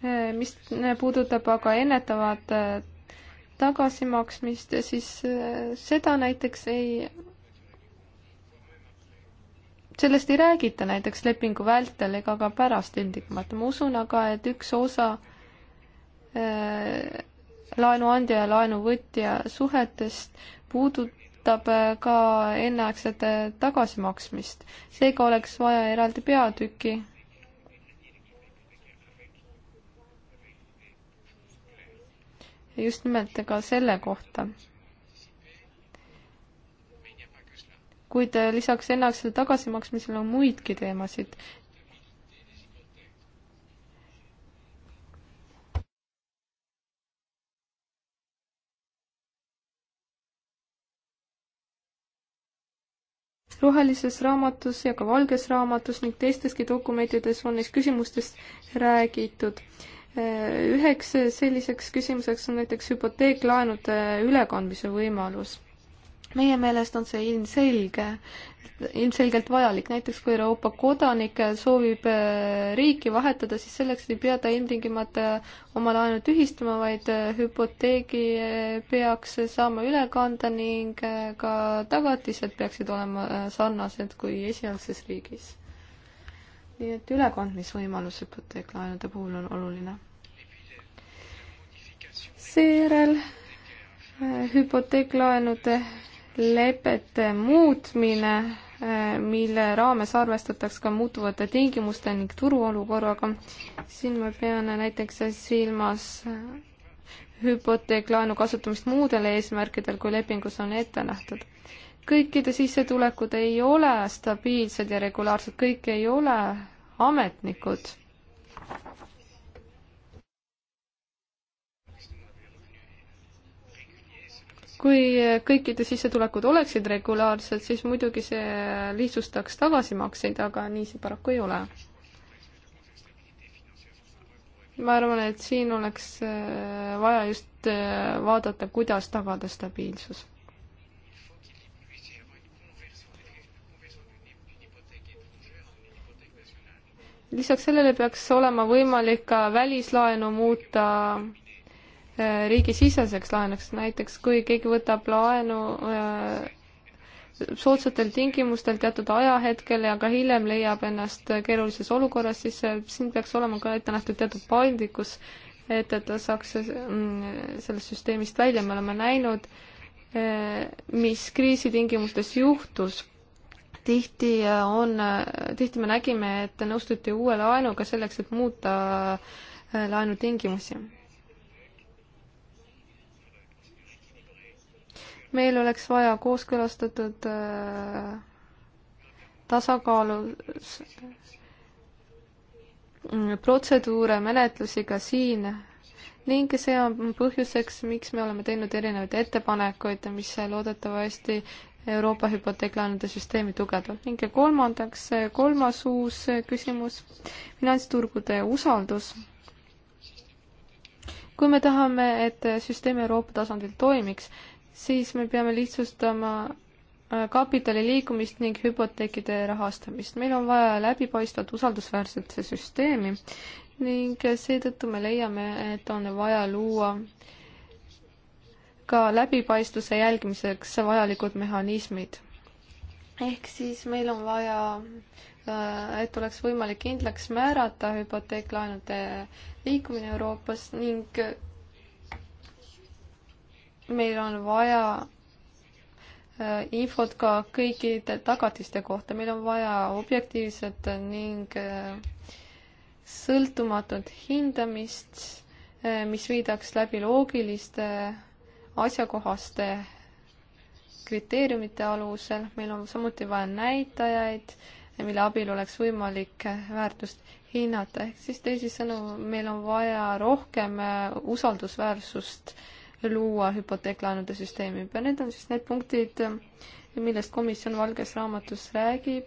Eh, mis puudutab aga ennetavat eh, tagasimaksmist, siis eh, seda näiteks ei, sellest ei räägita näiteks lepingu vältel ega ka pärast ilmtingimata. ma usun aga, et üks osa Äh, laenuandja ja laenuvõtja suhetest puudutab äh, ka enneaegsete tagasimaksmist. seega oleks vaja eraldi peatüki. just nimelt ka selle kohta. kuid äh, lisaks enneaegsele tagasimaksmisele on muidki teemasid rohelises raamatus ja ka valges raamatus ning teisteski dokumentides on neist küsimustest räägitud. üheks selliseks küsimuseks on näiteks hüpoteeklaenude ülekandmise võimalus meie meelest on see ilmselge, ilmselgelt vajalik, näiteks kui Euroopa kodanik soovib äh, riiki vahetada, siis selleks ei pea ta ilmtingimata äh, oma laenu tühistama, vaid äh, hüpoteegi peaks saama üle kanda ning ka tagatised peaksid olema sarnased kui esialgses riigis. nii et ülekandmisvõimalus hüpoteeklaenude puhul on oluline. seejärel hüpoteeklaenude lepete muutmine, eh, mille raames arvestatakse ka muutuvate tingimuste ning turuolukorraga. siin ma pean näiteks silmas hüpoteeklaenu kasutamist muudel eesmärkidel, kui lepingus on ette nähtud. kõikide sissetulekud ei ole stabiilsed ja regulaarsed, kõik ei ole ametnikud kui kõikide sissetulekud oleksid regulaarsed, siis muidugi see lihtsustaks tagasimakseid, aga nii see paraku ei ole. ma arvan, et siin oleks äh, vaja just äh, vaadata, kuidas tagada stabiilsus. lisaks sellele peaks olema võimalik ka välislaenu muuta Äh, riigisiseseks laenuks, näiteks kui keegi võtab laenu äh, soodsatel tingimustel teatud ajahetkel ja ka hiljem leiab ennast keerulises olukorras, siis äh, siin peaks olema ka ette nähtud teatud paindlikkus, et, et ta saaks sellest süsteemist välja, me oleme näinud, mis kriisitingimustes juhtus. tihti on, tihti me nägime, et nõustuti uue laenuga selleks, et muuta laenutingimusi meil oleks vaja kooskõlastatud äh, tasakaalus mm, protseduure, menetlusi ka siin ning see on põhjuseks, miks me oleme teinud erinevaid ettepanekuid, mis loodetavasti Euroopa hüpoteeklaenude süsteemi tugevdab ning kolmandaks, kolmas uus küsimus, finantsturgude usaldus. kui me tahame, et süsteem Euroopa tasandil toimiks, siis me peame lihtsustama äh, kapitali liikumist ning hüpoteekide rahastamist. meil on vaja läbipaistvat usaldusväärset süsteemi ning seetõttu me leiame, et on vaja luua ka läbipaistvuse jälgimiseks vajalikud mehhanismid. ehk siis meil on vaja, äh, et oleks võimalik kindlaks määrata hüpoteeklaenude liikumine Euroopas ning meil on vaja äh, infot ka kõikide tagatiste kohta, meil on vaja objektiivset ning äh, sõltumatut hindamist, äh, mis viidaks läbi loogiliste asjakohaste kriteeriumite alusel, meil on samuti vaja näitajaid, mille abil oleks võimalik väärtust hinnata, ehk siis teisisõnu, meil on vaja rohkem usaldusväärsust äh, luua hüpoteeklaenude süsteemi. Need on siis need punktid, millest komisjon Valges Raamatus räägib.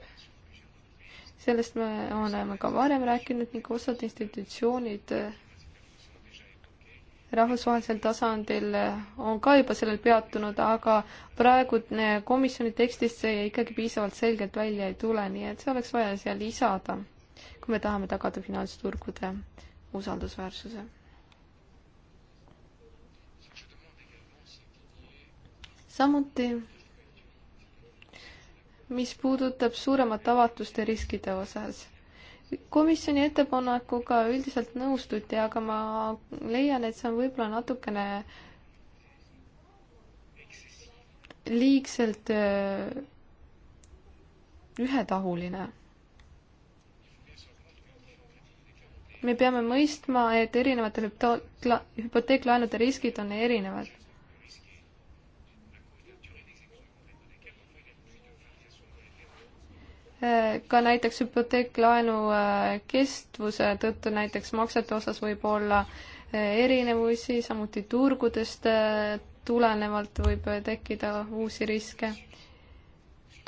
sellest me oleme ka varem rääkinud ning osad institutsioonid rahvusvahelisel tasandil on ka juba sellel peatunud, aga praegu komisjoni tekstist see ikkagi piisavalt selgelt välja ei tule, nii et see oleks vaja siia lisada, kui me tahame tagada finantsturgude usaldusväärsuse samuti, mis puudutab suuremat avatust ja riskide osas. komisjoni ettepanekuga üldiselt nõustuti, aga ma leian, et see on võib-olla natukene liigselt äh, ühetahuline. me peame mõistma, et erinevate hüpoteeklaenude riskid on erinevad. Äh, ka näiteks hüpoteeklaenu äh, kestvuse tõttu näiteks maksete osas võib olla äh, erinevusi, samuti turgudest tulenevalt võib tekkida uusi riske.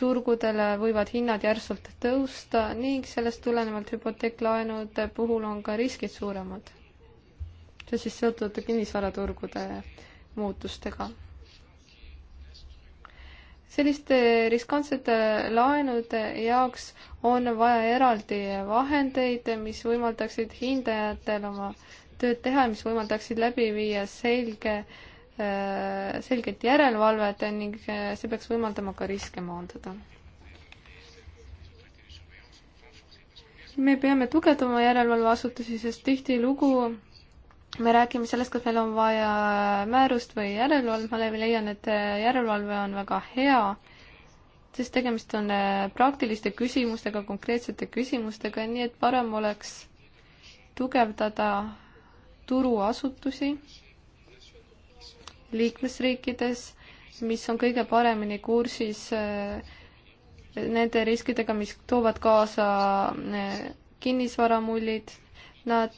turgudel võivad hinnad järsult tõusta ning sellest tulenevalt hüpoteeklaenude puhul on ka riskid suuremad. see siis sõltub kinnisvaraturgude muutustega selliste riskantsete laenude jaoks on vaja eraldi vahendeid, mis võimaldaksid hindajatel oma tööd teha ja mis võimaldaksid läbi viia selge, äh, selget järelevalvet ning äh, see peaks võimaldama ka riske maandada. me peame tugevdama järelevalveasutusi, sest tihtilugu me räägime sellest, kas meil on vaja määrust või järelevalve, ma leian, et järelevalve on väga hea, sest tegemist on äh, praktiliste küsimustega, konkreetsete küsimustega, nii et parem oleks tugevdada turuasutusi liikmesriikides, mis on kõige paremini kursis äh, nende riskidega, mis toovad kaasa äh, kinnisvaramullid, nad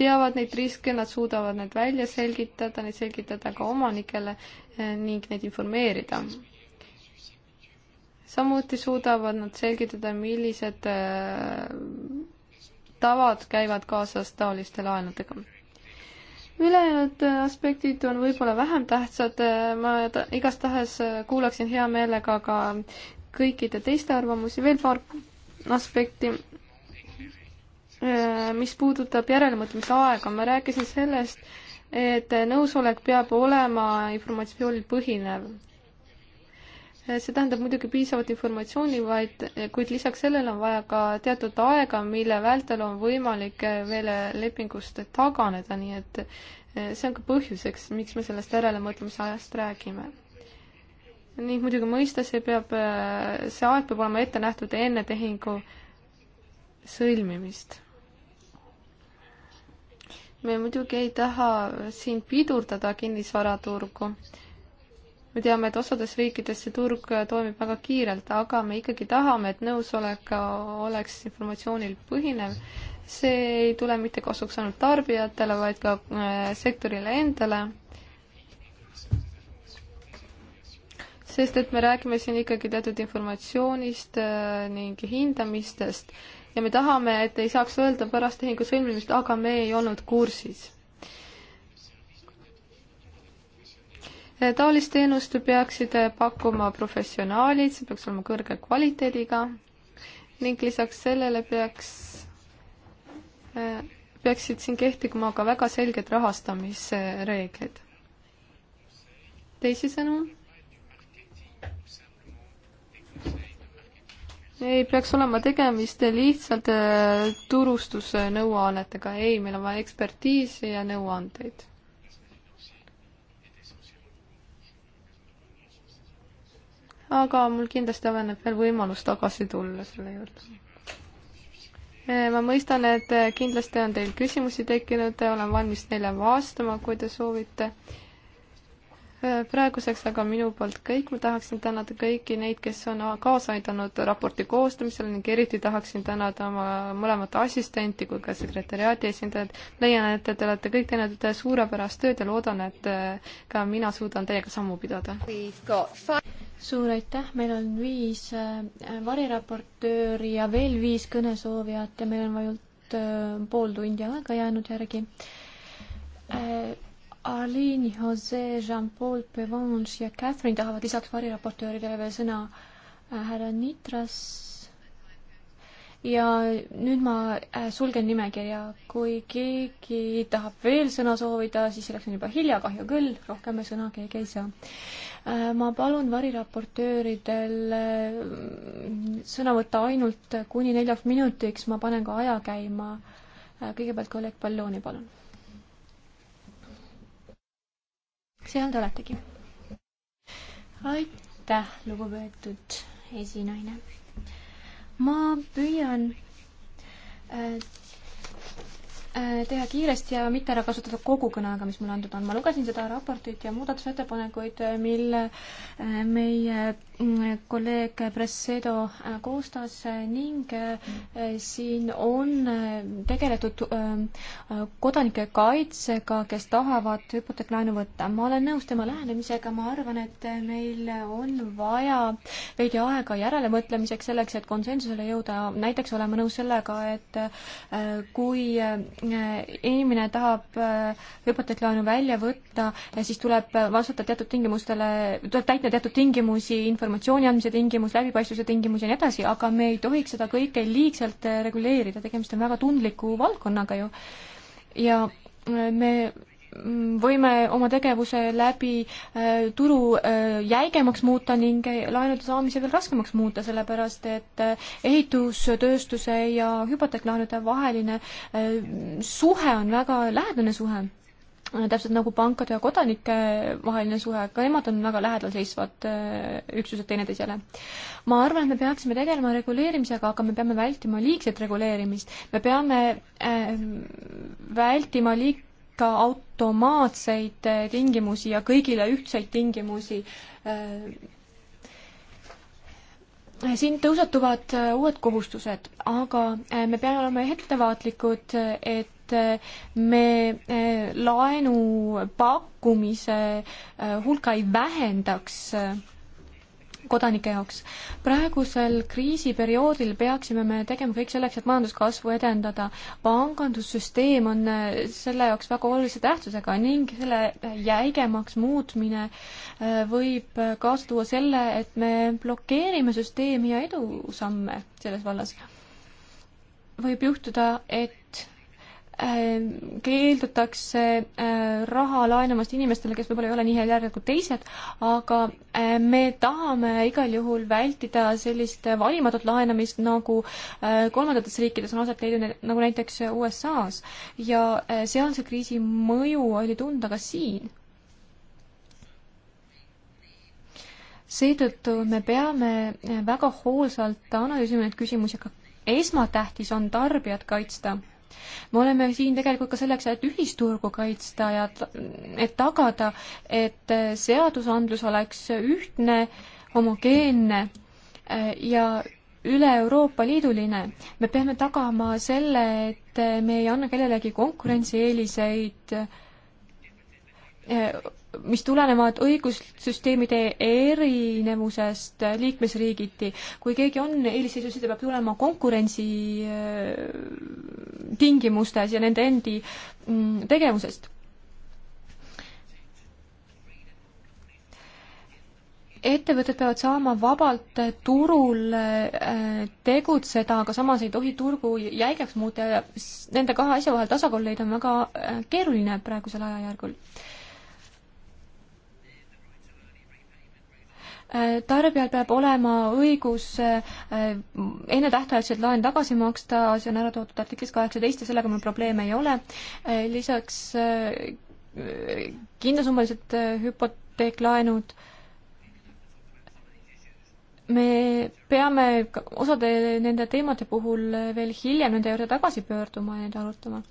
teavad neid riske, nad suudavad need välja selgitada, neid selgitada ka omanikele eh, ning neid informeerida. samuti suudavad nad selgitada, millised eh, tavad käivad kaasas taoliste laenudega. ülejäänud eh, aspektid on võib-olla vähem tähtsad, ma igastahes kuulaksin hea meelega ka kõikide teiste arvamusi, veel paar aspekti Äh, mis puudutab järelemõtlemisaega, ma rääkisin sellest, et nõusolek peab olema informatsioonil põhinev. Äh, see tähendab muidugi piisavat informatsiooni, vaid, äh, kuid lisaks sellele on vaja ka teatud aega, mille vältel on võimalik veel lepingust taganeda, nii et see on ka põhjuseks, miks me sellest järelemõtlemise ajast räägime ning muidugi mõista, see peab, see aeg peab olema ette nähtud enne tehingu sõlmimist me muidugi ei taha siin pidurdada kinnisvaraturgu. me teame, et osades riikides see turg toimib väga kiirelt, aga me ikkagi tahame, et nõusolek oleks informatsioonil põhinev. see ei tule mitte kasuks ainult tarbijatele, vaid ka äh, sektorile endale. sest et me räägime siin ikkagi teatud informatsioonist äh, ning hindamistest ja me tahame, et ei saaks öelda pärast tehingu sõlmimist, aga me ei olnud kursis. taolist teenust peaksid pakkuma professionaalid, see peaks olema kõrge kvaliteediga ning lisaks sellele peaks, peaksid siin kehtima ka väga selged rahastamisreeglid. teisisõnu ei peaks olema tegemist lihtsalt äh, turustusnõuannetega, ei, meil on vaja ekspertiisi ja nõuandeid. aga mul kindlasti avaneb veel võimalus tagasi tulla selle juurde. Äh, ma mõistan, et kindlasti on teil küsimusi tekkinud, olen valmis neile vastama, kui te soovite Äh, praeguseks aga minu poolt kõik, ma tahaksin tänada kõiki neid, kes on kaasa aidanud raporti koostamisel ning eriti tahaksin tänada oma mõlemat assistenti kui ka sekretäriaadi esindajat. leian, et te olete kõik teinud suurepärast tööd ja loodan, et äh, ka mina suudan teiega sammu pidada. suur aitäh, meil on viis äh, variraportööri ja veel viis kõnesoovijat ja meil on vajult pool tundi aega jäänud järgi Aliin, Jose, Jean-Paul, Pevange ja Catherine tahavad lisaks variraportööridele veel sõna äh, härra Nitras. ja nüüd ma äh, sulgen nimekirja, kui keegi tahab veel sõna soovida, siis selleks on juba hilja, kahju küll, rohkem me sõna keegi ei saa. Äh, ma palun variraportööridel sõna võtta ainult kuni neljaks minutiks, ma panen ka aja käima. kõigepealt kolleeg Palloni, palun seal te oletegi. aitäh, lugupeetud esinaine. ma püüan äh, Äh, teha kiiresti ja mitte ära kasutada kogu kõneaega, mis mulle antud on. ma lugesin seda raportit ja muudatusettepanekuid, äh, mille äh, meie mm, kolleeg Presedo koostas ning siin on tegeletud kodanike kaitsega, kes tahavad hüpoteeklaenu võtta. ma olen nõus tema lähenemisega, ma arvan, et meil on vaja veidi aega järelemõtlemiseks, selleks et konsensusele jõuda. näiteks olen ma nõus sellega, et kui inimene tahab äh, hüpoteeklaenu välja võtta, siis tuleb vastata teatud tingimustele, tuleb täita teatud tingimusi, informatsiooni andmise tingimus, läbipaistvuse tingimus ja nii edasi, aga me ei tohiks seda kõike liigselt äh, reguleerida, tegemist on väga tundliku valdkonnaga ju. ja äh, me võime oma tegevuse läbi äh, turu äh, jäigemaks muuta ning laenude saamise veel raskemaks muuta, sellepärast et äh, ehitustööstuse ja hüpoteeklaenude vaheline suhe on väga lähedane suhe täpselt nagu pankade ja kodanike vaheline suhe, ka nemad on väga lähedal seisvad üksused teineteisele. ma arvan, et me peaksime tegelema reguleerimisega, aga me peame vältima liigset reguleerimist. me peame äh, vältima liik-, paika automaatseid eh, tingimusi ja kõigile ühtseid tingimusi. Eh, siin tõusetuvad eh, uued kohustused, aga me peame olema ettevaatlikud, et me laenu pakkumise hulka ei vähendaks kodanike jaoks. praegusel kriisiperioodil peaksime me tegema kõik selleks, et majanduskasvu edendada. pangandussüsteem on äh, selle jaoks väga olulise tähtsusega ning selle jäigemaks muutmine äh, võib kaasa tuua selle, et me blokeerime süsteemi ja edusamme selles vallas. võib juhtuda, et Äh, keeldutakse äh, raha laenamast inimestele, kes võib-olla ei ole nii head järjed kui teised, aga äh, me tahame igal juhul vältida sellist valimatut laenamist, nagu kolmandates riikides on aset leidnud, nagu näiteks USA-s. ja sealse kriisi mõju oli tunda ka siin seetõttu me peame väga hoolsalt analüüsima neid küsimusi, aga esmatähtis on tarbijat kaitsta me oleme siin tegelikult ka selleks, et ühisturgu kaitsta ja et tagada, et seadusandlus oleks ühtne, homogeenne äh, ja üle Euroopa Liiduline. me peame tagama selle, et me ei anna kellelegi konkurentsieeliseid äh, mis tulenevad õigussüsteemide erinevusest liikmesriigiti. kui keegi on eelisseisus, siis ta peab tulema konkurentsi äh, tingimustes ja nende endi mm, tegevusest. ettevõtted peavad saama vabalt turul äh, tegutseda, aga samas ei tohi turgu jäigaks muuta ja nende kahe asja vahel tasakaal leida on väga äh, keeruline praegusel ajajärgul Äh, tarbijal peab olema õigus äh, ennetähtaegselt laen tagasi maksta, see on ära toodud artiklis kaheksateist ja sellega mul probleeme ei ole. Äh, lisaks kindlasummalised hüpoteeklaenud. me peame osade nende teemade puhul veel hiljem nende juurde tagasi pöörduma ja neid arutama.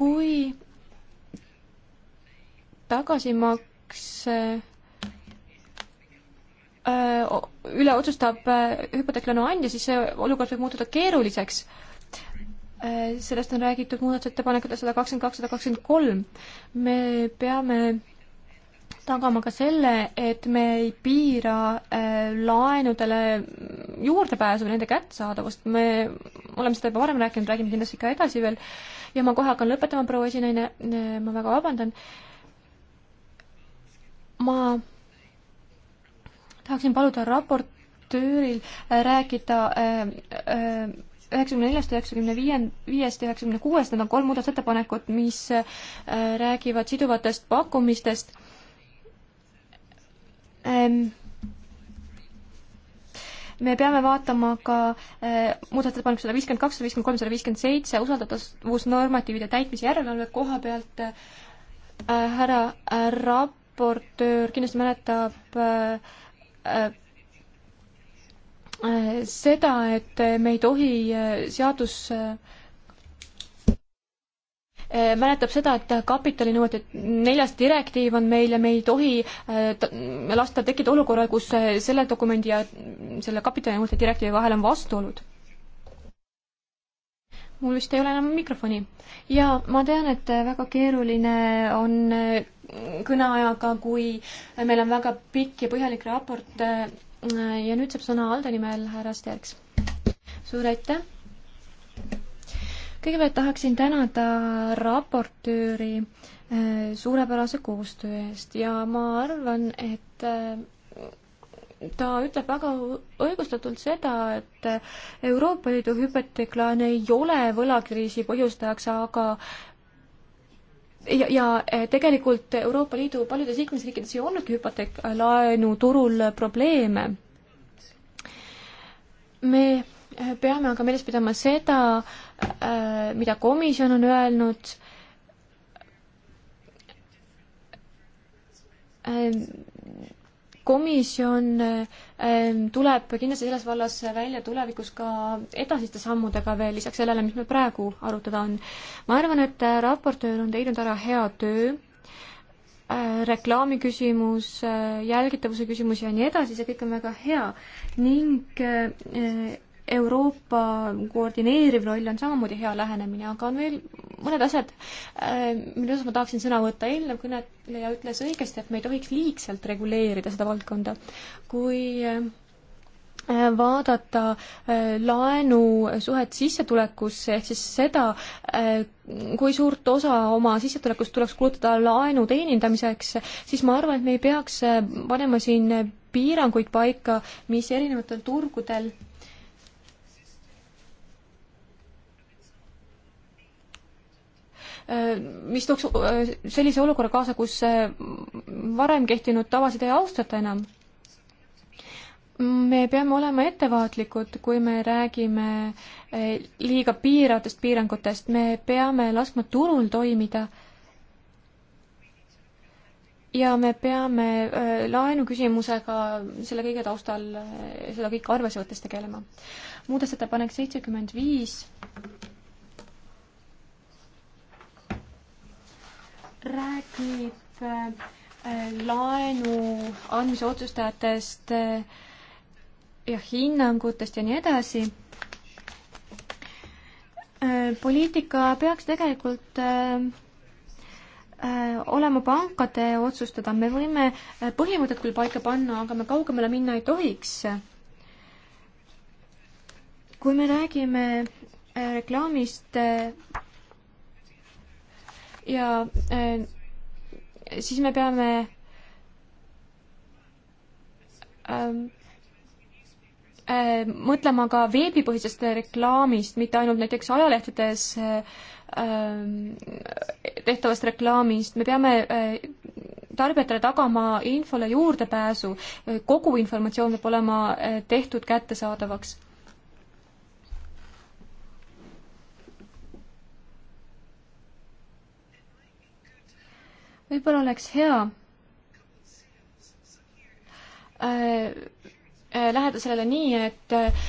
kui tagasimakse üle otsustab hüpoteeklaenuandja, siis see olukord võib muutuda keeruliseks. sellest on räägitud muudatusettepanekute sada kakskümmend kaks, sada kakskümmend kolm. me peame tagama ka selle, et me ei piira laenudele juurdepääsu, nende kättesaadavust, me oleme seda juba varem rääkinud, räägime kindlasti ka edasi veel, ja ma kohe hakkan lõpetama, proua esinaine, ma väga vabandan, ma tahaksin paluda raportööril äh, rääkida üheksakümne äh, neljast, äh, üheksakümne viien-, viiest ja üheksakümne kuuest, need on kolm muudatusettepanekut, mis räägivad siduvatest pakkumistest. Ehm, me peame vaatama ka muudatusettepanek sada viiskümmend kaks, sada viiskümmend kolm, sada viiskümmend seitse usaldatavusnormatiivide täitmise järelevalve koha pealt. härra raportöör kindlasti mäletab äh, seda, et me ei tohi äh, seadus äh, äh, mäletab seda, et kapitalinõuete neljas direktiiv on meil ja me ei tohi lasta tekkida olukorra, kus selle dokumendi ja selle kapitalinõuete direktiivi vahel on vastuolud. mul vist ei ole enam mikrofoni ja ma tean, et väga keeruline on kõneajaga, kui meil on väga pikk ja põhjalik raport äh, ja nüüd saab sõna Aldo nimel härra Sterks. suur aitäh! kõigepealt tahaksin tänada raportööri äh, suurepärase koostöö eest ja ma arvan, et äh, ta ütleb väga õigustatult seda, et Euroopa Liidu hüpoteeklaen ei ole võlakriisi põhjustajaks, aga ja, ja e, tegelikult Euroopa Liidu paljudes liikmesriikides ei olnudki hüpoteeklaenuturul probleeme. me e, peame aga meeles pidama seda, e, mida komisjon on öelnud, komisjon ähm, tuleb kindlasti selles vallas välja tulevikus ka edasiste sammudega veel lisaks sellele, mis meil praegu arutada on. ma arvan, et äh, raportöör on teinud ära hea töö, äh, reklaami küsimus, äh, jälgitavuse küsimus ja nii edasi, see kõik on väga hea ning Euroopa koordineeriv roll on samamoodi hea lähenemine, aga on veel mõned asjad, äh, mille osas ma tahaksin sõna võtta. eelnev kõneleja ütles õigesti, et me ei tohiks liigselt reguleerida seda valdkonda. kui äh, vaadata äh, laenusuhet sissetulekusse, ehk siis seda, kui suurt osa oma sissetulekust tuleks kulutada laenu teenindamiseks, siis ma arvan, et me ei peaks panema siin piiranguid paika, mis erinevatel turgudel mis tooks äh, sellise olukorra kaasa, kus äh, varem kehtinud tavasid ei austata enam. me peame olema ettevaatlikud, kui me räägime äh, liiga piiravatest piirangutest, me peame laskma turul toimida ja me peame laenuküsimusega selle kõige taustal seda kõike arvesse võttes tegelema. muudatusettepanek seitsekümmend viis räägib äh, laenu andmise otsustajatest äh, ja hinnangutest ja nii edasi äh, poliitika peaks tegelikult äh, äh, olema pankade otsustada, me võime põhimõtted küll paika panna, aga me kaugemale minna ei tohiks. kui me räägime reklaamist äh, ja äh, siis me peame ähm, äh, mõtlema ka veebipõhisest reklaamist, mitte ainult näiteks ajalehtedes ähm, tehtavast reklaamist, me peame äh, tarbijatele tagama infole juurdepääsu, kogu informatsioon peab olema tehtud kättesaadavaks võib-olla oleks hea äh, äh läheneda sellele nii, et äh,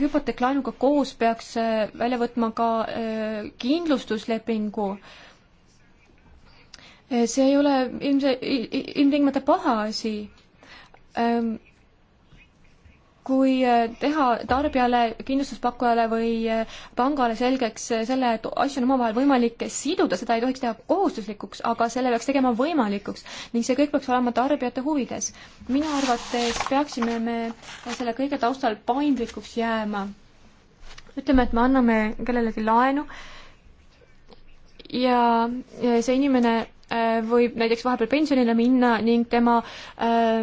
hüpoteeklaenuga koos peaks äh, välja võtma ka äh, kindlustuslepingu. Äh, see ei ole ilmse, ilmtingimata paha asi ähm, kui äh, teha tarbijale, kindlustuspakkujale või äh, pangale selgeks äh, selle, et asju on omavahel võimalik siduda, seda ei tohiks teha kohustuslikuks, aga selle peaks tegema võimalikuks ning see kõik peaks olema tarbijate huvides. minu arvates peaksime me selle kõige taustal paindlikuks jääma. ütleme, et me anname kellelegi laenu ja see inimene Äh, võib näiteks vahepeal pensionile minna ning tema äh,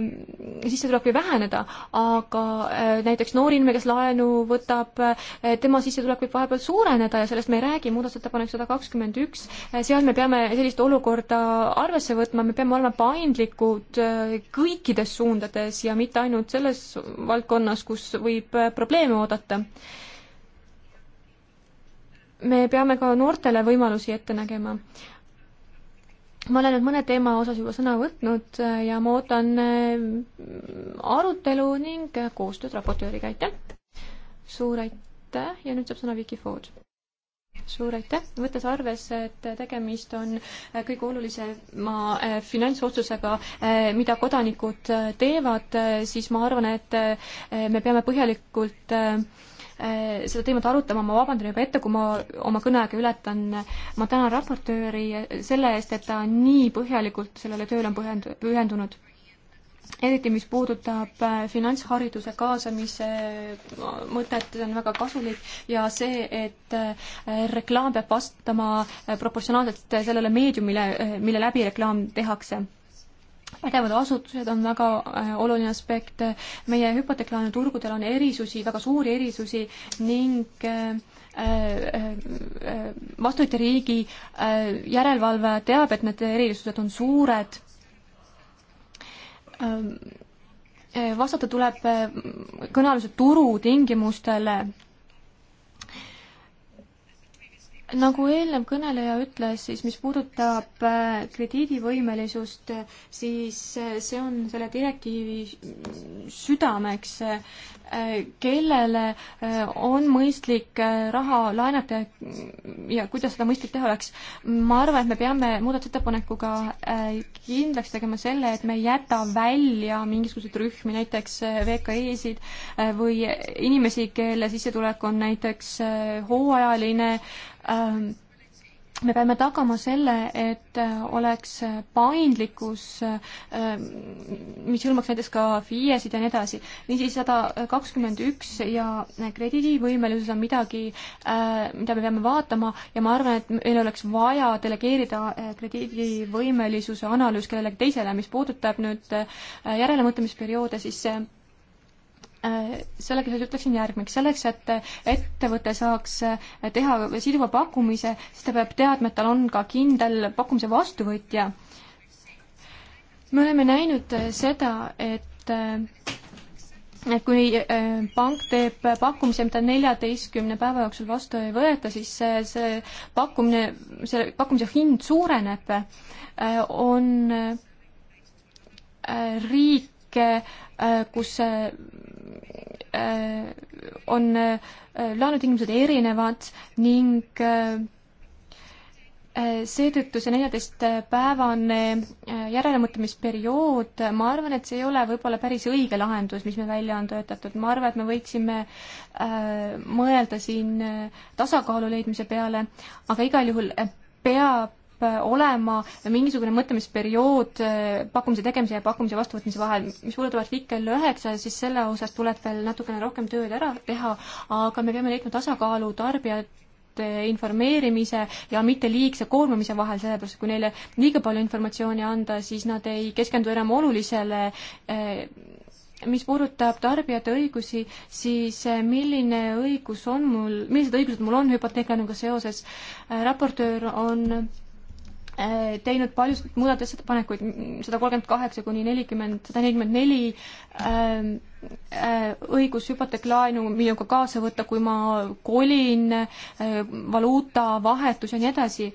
sissetulek võib väheneda, aga äh, näiteks noor inimene, kes laenu võtab äh,, tema sissetulek võib vahepeal suureneda ja sellest me ei räägi, muudatusettepanek sada kakskümmend üks, äh, seal me peame sellist olukorda arvesse võtma, me peame olema paindlikud äh, kõikides suundades ja mitte ainult selles valdkonnas, kus võib probleeme oodata me peame ka noortele võimalusi ette nägema ma olen nüüd mõne teema osas juba sõna võtnud äh, ja ma ootan äh, arutelu ning äh, koostööd raportööriga, aitäh! suur aitäh ja nüüd saab sõna Vicky Ford suur aitäh, võttes arvesse, et tegemist on kõige olulisema finantsotsusega, mida kodanikud teevad, siis ma arvan, et me peame põhjalikult Äh, seda teemat arutama, ma vabandan juba ette, kui ma oma kõneaega ületan. ma tänan raportööri selle eest, et ta nii põhjalikult sellele tööle on pühend-, pühendunud. eriti, mis puudutab äh, finantshariduse kaasamise mõtet, see on väga kasulik ja see, et äh, reklaam peab vastama proportsionaalselt sellele meediumile, mille läbi reklaam tehakse pädevad asutused on väga äh, oluline aspekt, meie hüpoteeklaenu turgudel on erisusi, väga suuri erisusi ning äh, äh, vastuvõtja riigi järelevalve teab, et need erisused on suured. Ähm, vastata tuleb kõnealuse turu tingimustele nagu eelnev kõneleja ütles, siis mis puudutab äh, krediidivõimelisust, siis äh, see on selle direktiivi südameks. Äh, kellele äh, on mõistlik äh, raha laenata ja kuidas seda mõistlik teha oleks. ma arvan, et me peame muudatusettepanekuga äh, kindlaks tegema selle, et me ei jäta välja mingisuguseid rühmi, näiteks VKE-sid või inimesi, kelle sissetulek on näiteks hooajaline ähm, me peame tagama selle, et äh, oleks äh, paindlikkus, äh, mis hõlmaks näiteks ka FIE-sid ja nii edasi. niisiis sada kakskümmend üks ja krediidivõimelisus on midagi, mida me peame vaatama ja ma arvan, et meil oleks vaja delegeerida krediidivõimelisuse analüüs kellelegi teisele. mis puudutab nüüd järelemõtlemisperioode, siis Äh, sellega seoses ütleksin järgmist, selleks, et äh, ettevõte saaks äh, teha siduva pakkumise, siis ta peab teadma, et tal on ka kindel pakkumise vastuvõtja. me oleme näinud seda, et et kui pank teeb pakkumise, mida neljateistkümne päeva jooksul vastu ei võeta, siis see, see pakkumine, selle pakkumise hind suureneb, on riike Äh, kus äh, äh, on laenutingimused erinevad ning seetõttu see neljateistpäevane järelemõtlemisperiood, ma arvan, et see ei ole võib-olla päris õige lahendus, mis me välja on töötatud, ma arvan, et me võiksime mõelda siin tasakaalu leidmise peale, aga igal juhul peab Äh, olema mingisugune mõtlemisperiood äh, pakkumise tegemise ja pakkumise vastuvõtmise vahel. mis puudutab artikkel üheksa, siis selle osas tuleb veel natukene rohkem tööd ära teha, aga me peame leidma tasakaalu tarbijate informeerimise ja mitte liigse koormamise vahel, sellepärast et kui neile liiga palju informatsiooni anda, siis nad ei keskendu enam olulisele äh, mis puudutab tarbijate õigusi, siis milline õigus on mul, millised õigused mul on hüpoteeklaenuga seoses? raportöör on Äh, teinud paljusid muudatusettepanekuid, sada kolmkümmend kaheksa kuni nelikümmend, sada nelikümmend neli, ähm, äh, õigus hüpoteeklaenu minuga kaasa võtta, kui ma kolin, äh, valuuta, vahetus ja nii edasi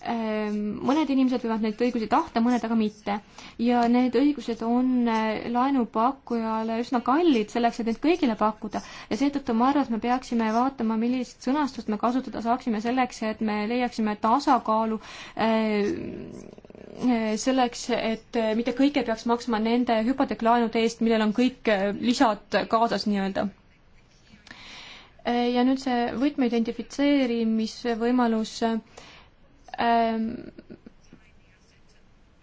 Ehm, mõned inimesed võivad neid õigusi tahta, mõned aga mitte. ja need õigused on eh, laenupakkujale üsna kallid selleks, et neid kõigile pakkuda ja seetõttu ma arvan, et me peaksime vaatama, millist sõnastust me kasutada saaksime selleks, et me leiaksime tasakaalu eh, eh, selleks, et mitte kõik ei peaks maksma nende hüpoteeklaenude eest, millel on kõik lisad kaasas nii-öelda ja nüüd see võtme identifitseerimisvõimalus äh, Ähm,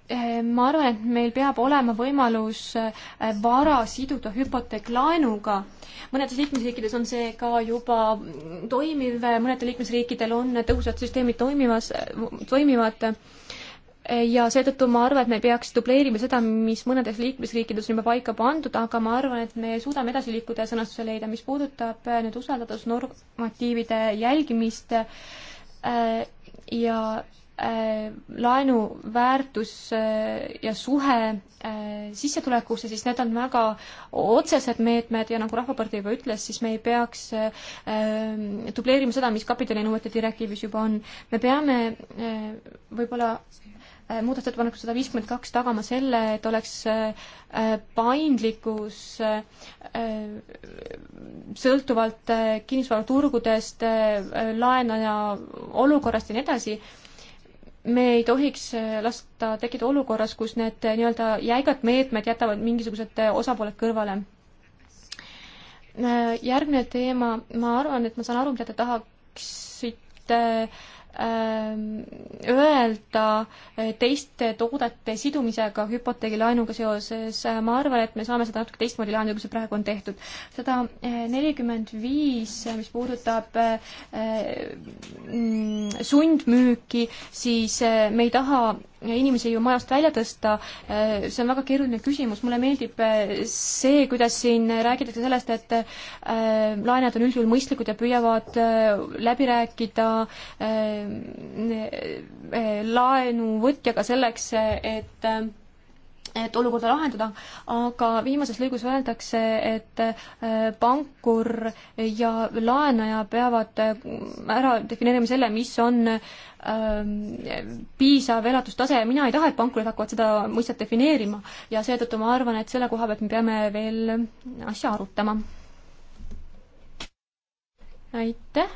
äh, ma arvan, et meil peab olema võimalus äh, vara siduda hüpoteeklaenuga. mõnedes liikmesriikides on see ka juba toimiv, mõnedel liikmesriikidel on tõhusad süsteemid toimimas, toimivad ja seetõttu ma arvan, et me peaks dubleerima seda, mis mõnedes liikmesriikides on juba paika pandud, aga ma arvan, et me suudame edasi liikuda ja sõnastuse leida. mis puudutab äh, nüüd usaldatusnormatiivide jälgimist, ja äh, laenu väärtus äh, ja suhe äh, sissetulekusse, siis need on väga otsesed meetmed ja nagu Rahvapartei juba ütles, siis me ei peaks äh, äh dubleerima seda, mis kapitalinõuete direktiivis juba on. me peame äh, võib-olla Äh, muudatusettepaneku sada viiskümmend kaks tagama selle, et oleks äh, paindlikkus äh, sõltuvalt kinnisvaraturgudest, laenaja olukorrast ja nii edasi, me ei tohiks lasta tekkida olukorras, kus need nii-öelda jäigad meetmed jätavad mingisugused osapooled kõrvale. järgmine teema, ma arvan, et ma saan aru, mida te tahaksite Ähm, öelda äh, teiste toodete sidumisega hüpoteegilaenuga seoses, äh, ma arvan, et me saame seda natuke teistmoodi lahendada, kui see praegu on tehtud. sada äh, nelikümmend viis, mis puudutab mm, sundmüüki, siis me ei taha inimesi ju majast välja tõsta, eh, see on väga keeruline küsimus, mulle meeldib eh, see, kuidas siin räägitakse sellest, et eh, laenajad on üldjuhul mõistlikud ja püüavad läbi rääkida laenuvõtjaga selleks, et et olukorda lahendada, aga viimases lõigus öeldakse, et äh, pankur ja laenaja peavad äh, ära defineerima selle, mis on ähm, piisav elatustase ja mina ei taha, et pankurid hakkavad seda mõistet defineerima ja seetõttu ma arvan, et selle koha pealt me peame veel asja arutama. aitäh,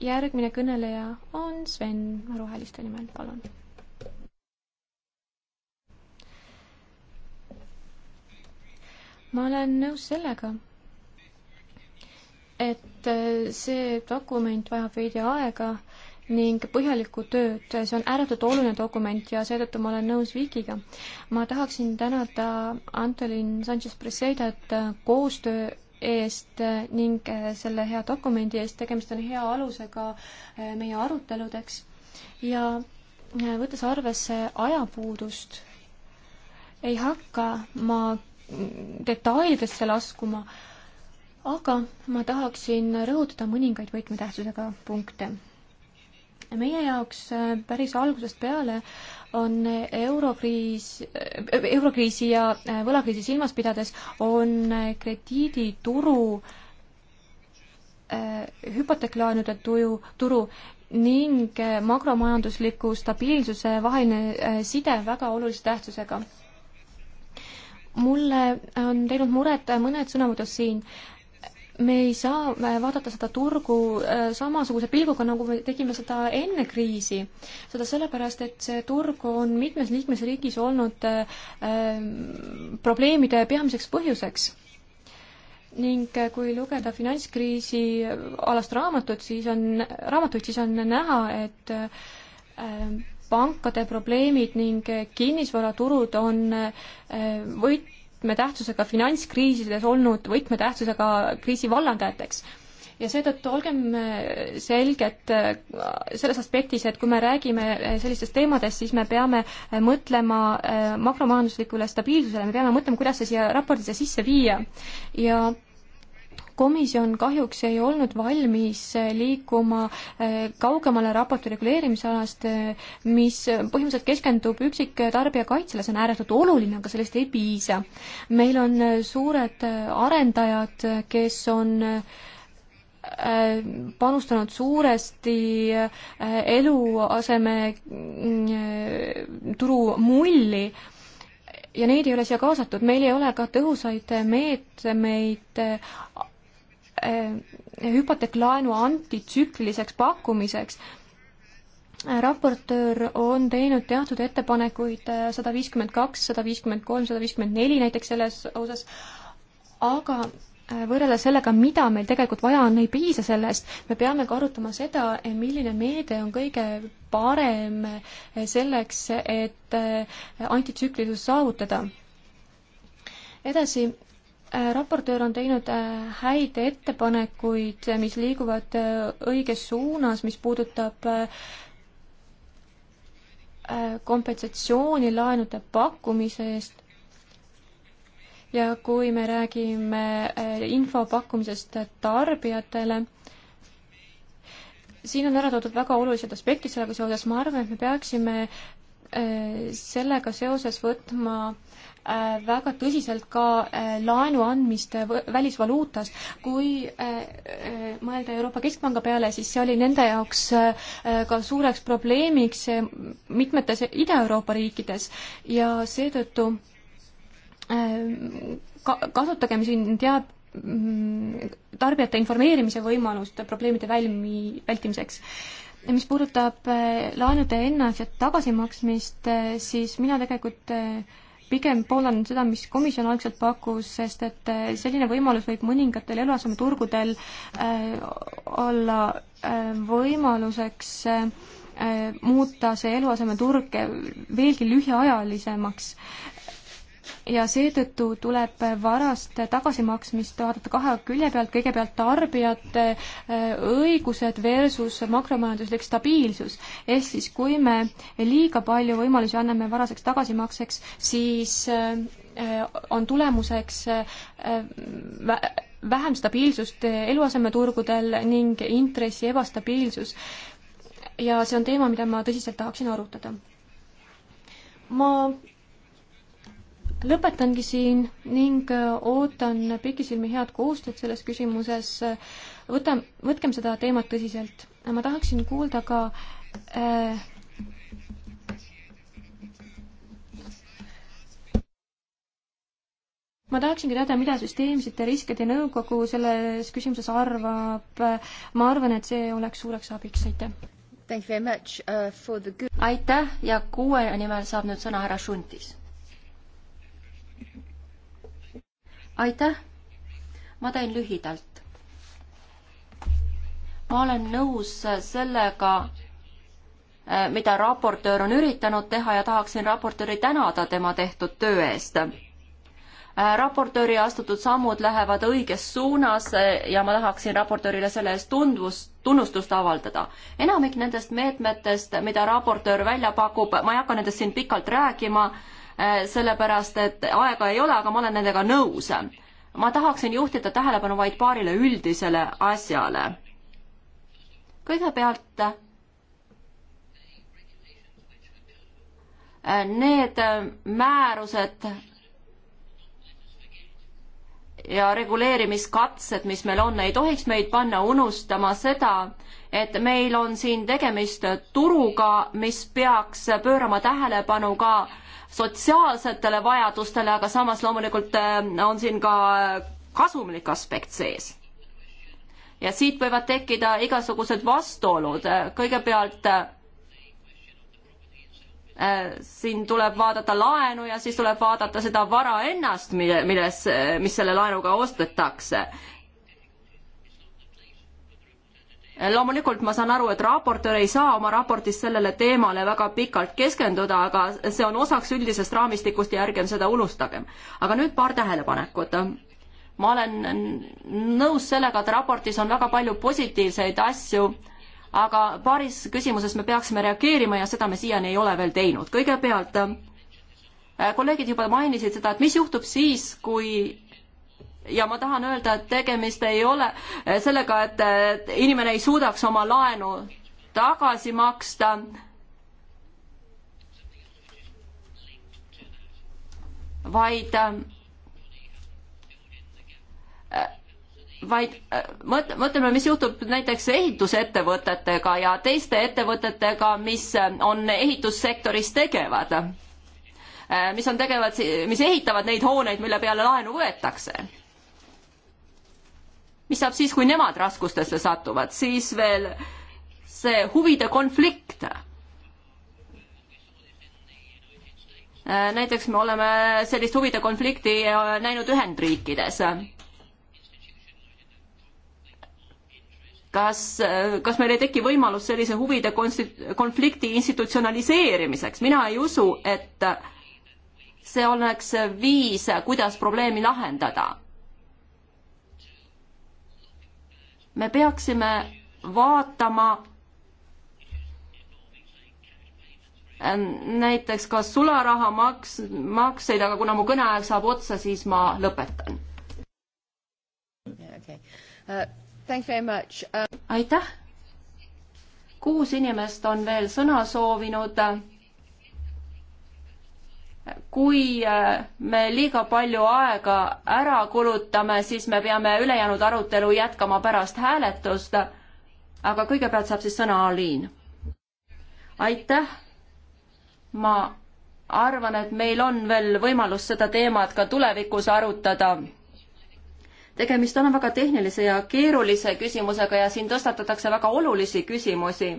järgmine kõneleja on Sven Roheliste nimel, palun ma olen nõus sellega, et äh, see dokument vajab veidi aega ning põhjalikku tööd, see on ääretult oluline dokument ja seetõttu ma olen nõus Vikiga. ma tahaksin tänada Antolin Sanchez-Presedat äh, koostöö eest äh, ning selle hea dokumendi eest, tegemist on hea alusega meie aruteludeks ja võttes arvesse ajapuudust, ei hakka ma detailidesse laskuma, aga ma tahaksin rõhutada mõningaid võtmetähtsusega punkte. meie jaoks äh, päris algusest peale on eurokriis, äh, eurokriisi ja äh, võlakriisi silmas pidades on krediidituru hüpoteeklaenude tuju, turu ning makromajandusliku stabiilsuse vaheline side väga olulise tähtsusega mulle on teinud muret mõned sõnavõtud siin. me ei saa vaadata seda turgu äh, samasuguse pilguga, nagu me tegime seda enne kriisi. seda sellepärast, et see turg on mitmes liikmesriigis olnud äh, probleemide peamiseks põhjuseks ning äh, kui lugeda finantskriisi alast raamatut, siis on, raamatuid, siis on näha, et äh, pankade probleemid ning kinnisvaraturud on eh, võtmetähtsusega finantskriisides olnud võtmetähtsusega kriisi vallandajateks ja seetõttu olgem eh, selged eh, selles aspektis, et kui me räägime sellistest teemadest, siis me peame mõtlema makromajanduslikule stabiilsusele, me peame mõtlema, kuidas see siia raportisse sisse viia ja komisjon kahjuks ei olnud valmis äh, liikuma äh, kaugemale raporti reguleerimisalast, äh, mis põhimõtteliselt keskendub üksiktarbija kaitsele, see on ääretult oluline, aga sellest ei piisa. meil on suured arendajad, kes on panustanud suuresti eluaseme mm, turu mulli ja neid ei ole siia kaasatud, meil ei ole ka tõhusaid meetmeid meet Äh, hüpoteeklaenu antitsükliliseks pakkumiseks. raportöör on teinud teatud ettepanekuid äh, sada viiskümmend kaks, sada viiskümmend kolm, sada viiskümmend neli näiteks selles osas, aga äh, võrreldes sellega, mida meil tegelikult vaja on, ei piisa sellest, me peame ka arutama seda, milline meede on kõige parem selleks, et antitsüklilisus saavutada. edasi, Äh, raportöör on teinud äh, häid ettepanekuid, äh, mis liiguvad õiges suunas, mis puudutab kompensatsiooni laenude pakkumise eest. ja kui me räägime info pakkumisest tarbijatele, siin on ära toodud väga olulised aspektid sellega seoses, ma arvan, et me peaksime sellega seoses võtma äh, Äh, väga tõsiselt ka äh, laenu andmist äh, välisvaluutas. kui mõelda Euroopa Keskpanga peale, siis see oli nende jaoks ka suureks probleemiks mitmetes Ida-Euroopa riikides ja seetõttu ka-, kasutagem siin teab-, mm, tarbijate informeerimise võimalust probleemide välmi, vältimiseks mis puudutab laenude ennast ja tagasimaksmist, siis mina tegelikult äh, pigem pooldan seda, mis komisjon algselt pakkus, sest et äh, selline võimalus võib mõningatel eluasemeturgudel äh, olla äh, võimaluseks äh, muuta see eluasemeturg äh, veelgi lühiajalisemaks ja seetõttu tuleb varast tagasimaksmist vaadata kahe külje pealt, kõigepealt tarbijate äh, õigused versus makromajanduslik stabiilsus. ehk siis, kui me liiga palju võimalusi anname varaseks tagasimakseks, siis äh, äh, on tulemuseks vähem stabiilsust eluasemeturgudel ning intressi ebastabiilsus. ja see on teema, mida ma tõsiselt tahaksin arutada. ma lõpetangi siin ning äh, ootan pikisilmi head koostööd selles küsimuses. võta, võtkem seda teemat tõsiselt. ma tahaksin kuulda ka äh, ma tahaksingi teada, mida süsteemsete riskide nõukogu selles küsimuses arvab. ma arvan, et see oleks suureks abiks, aitäh. Thank you very much uh, for the good aitäh ja kuue nimel saab nüüd sõna härra Šuntis aitäh, ma teen lühidalt. ma olen nõus sellega, eh, mida raportöör on üritanud teha ja tahaksin raportööri tänada tema tehtud töö eest. Eh, raportööri astutud sammud lähevad õiges suunas eh, ja ma tahaksin raportöörile selle eest tundvust, tunnustust avaldada. enamik nendest meetmetest, mida raportöör välja pakub, ma ei hakka nendest siin pikalt rääkima, Äh, sellepärast et aega ei ole, aga ma olen nendega nõus. ma tahaksin juhtida tähelepanu vaid paarile üldisele asjale. kõigepealt äh, need määrused, ja reguleerimiskatsed, mis meil on, ei tohiks meid panna unustama seda, et meil on siin tegemist turuga, mis peaks pöörama tähelepanu ka sotsiaalsetele vajadustele, aga samas loomulikult äh, on siin ka äh, kasumlik aspekt sees. ja siit võivad tekkida igasugused vastuolud, kõigepealt äh, Äh, siin tuleb vaadata laenu ja siis tuleb vaadata seda vara ennast, mille, milles, mis selle laenuga ostetakse. Äh, loomulikult ma saan aru, et raportöör ei saa oma raportis sellele teemale väga pikalt keskenduda, aga see on osaks üldisest raamistikust ja ärgem seda unustagem. aga nüüd paar tähelepanekut ma olen nõus sellega, et raportis on väga palju positiivseid asju aga paaris küsimuses me peaksime reageerima ja seda me siiani ei ole veel teinud. kõigepealt äh, kolleegid juba mainisid seda, et mis juhtub siis, kui ja ma tahan öelda, et tegemist ei ole äh, sellega, et äh, inimene ei suudaks oma laenu tagasi maksta. vaid vaid äh, mõt-, mõtleme, mis juhtub näiteks ehitusettevõtetega ja teiste ettevõtetega, mis äh, on ehitussektoris tegevad, äh, mis on tegevad, mis ehitavad neid hooneid, mille peale laenu võetakse. mis saab siis, kui nemad raskustesse satuvad, siis veel see huvide konflikt näiteks me oleme sellist huvide konflikti näinud Ühendriikides. kas, kas meil ei teki võimalus sellise huvide konflikti institutsionaliseerimiseks, mina ei usu, et see oleks viis, kuidas probleemi lahendada. me peaksime vaatama näiteks ka sularaha maks, makseid, aga kuna mu kõneaeg saab otsa, siis ma lõpetan yeah,. Okay. Uh Uh, aitäh! kuus inimest on veel sõna soovinud. kui äh, me liiga palju aega ära kulutame, siis me peame ülejäänud arutelu jätkama pärast hääletust. aga kõigepealt saab siis sõna Aliin. aitäh! ma arvan, et meil on veel võimalus seda teemat ka tulevikus arutada tegemist on väga tehnilise ja keerulise küsimusega ja siin tõstatatakse väga olulisi küsimusi.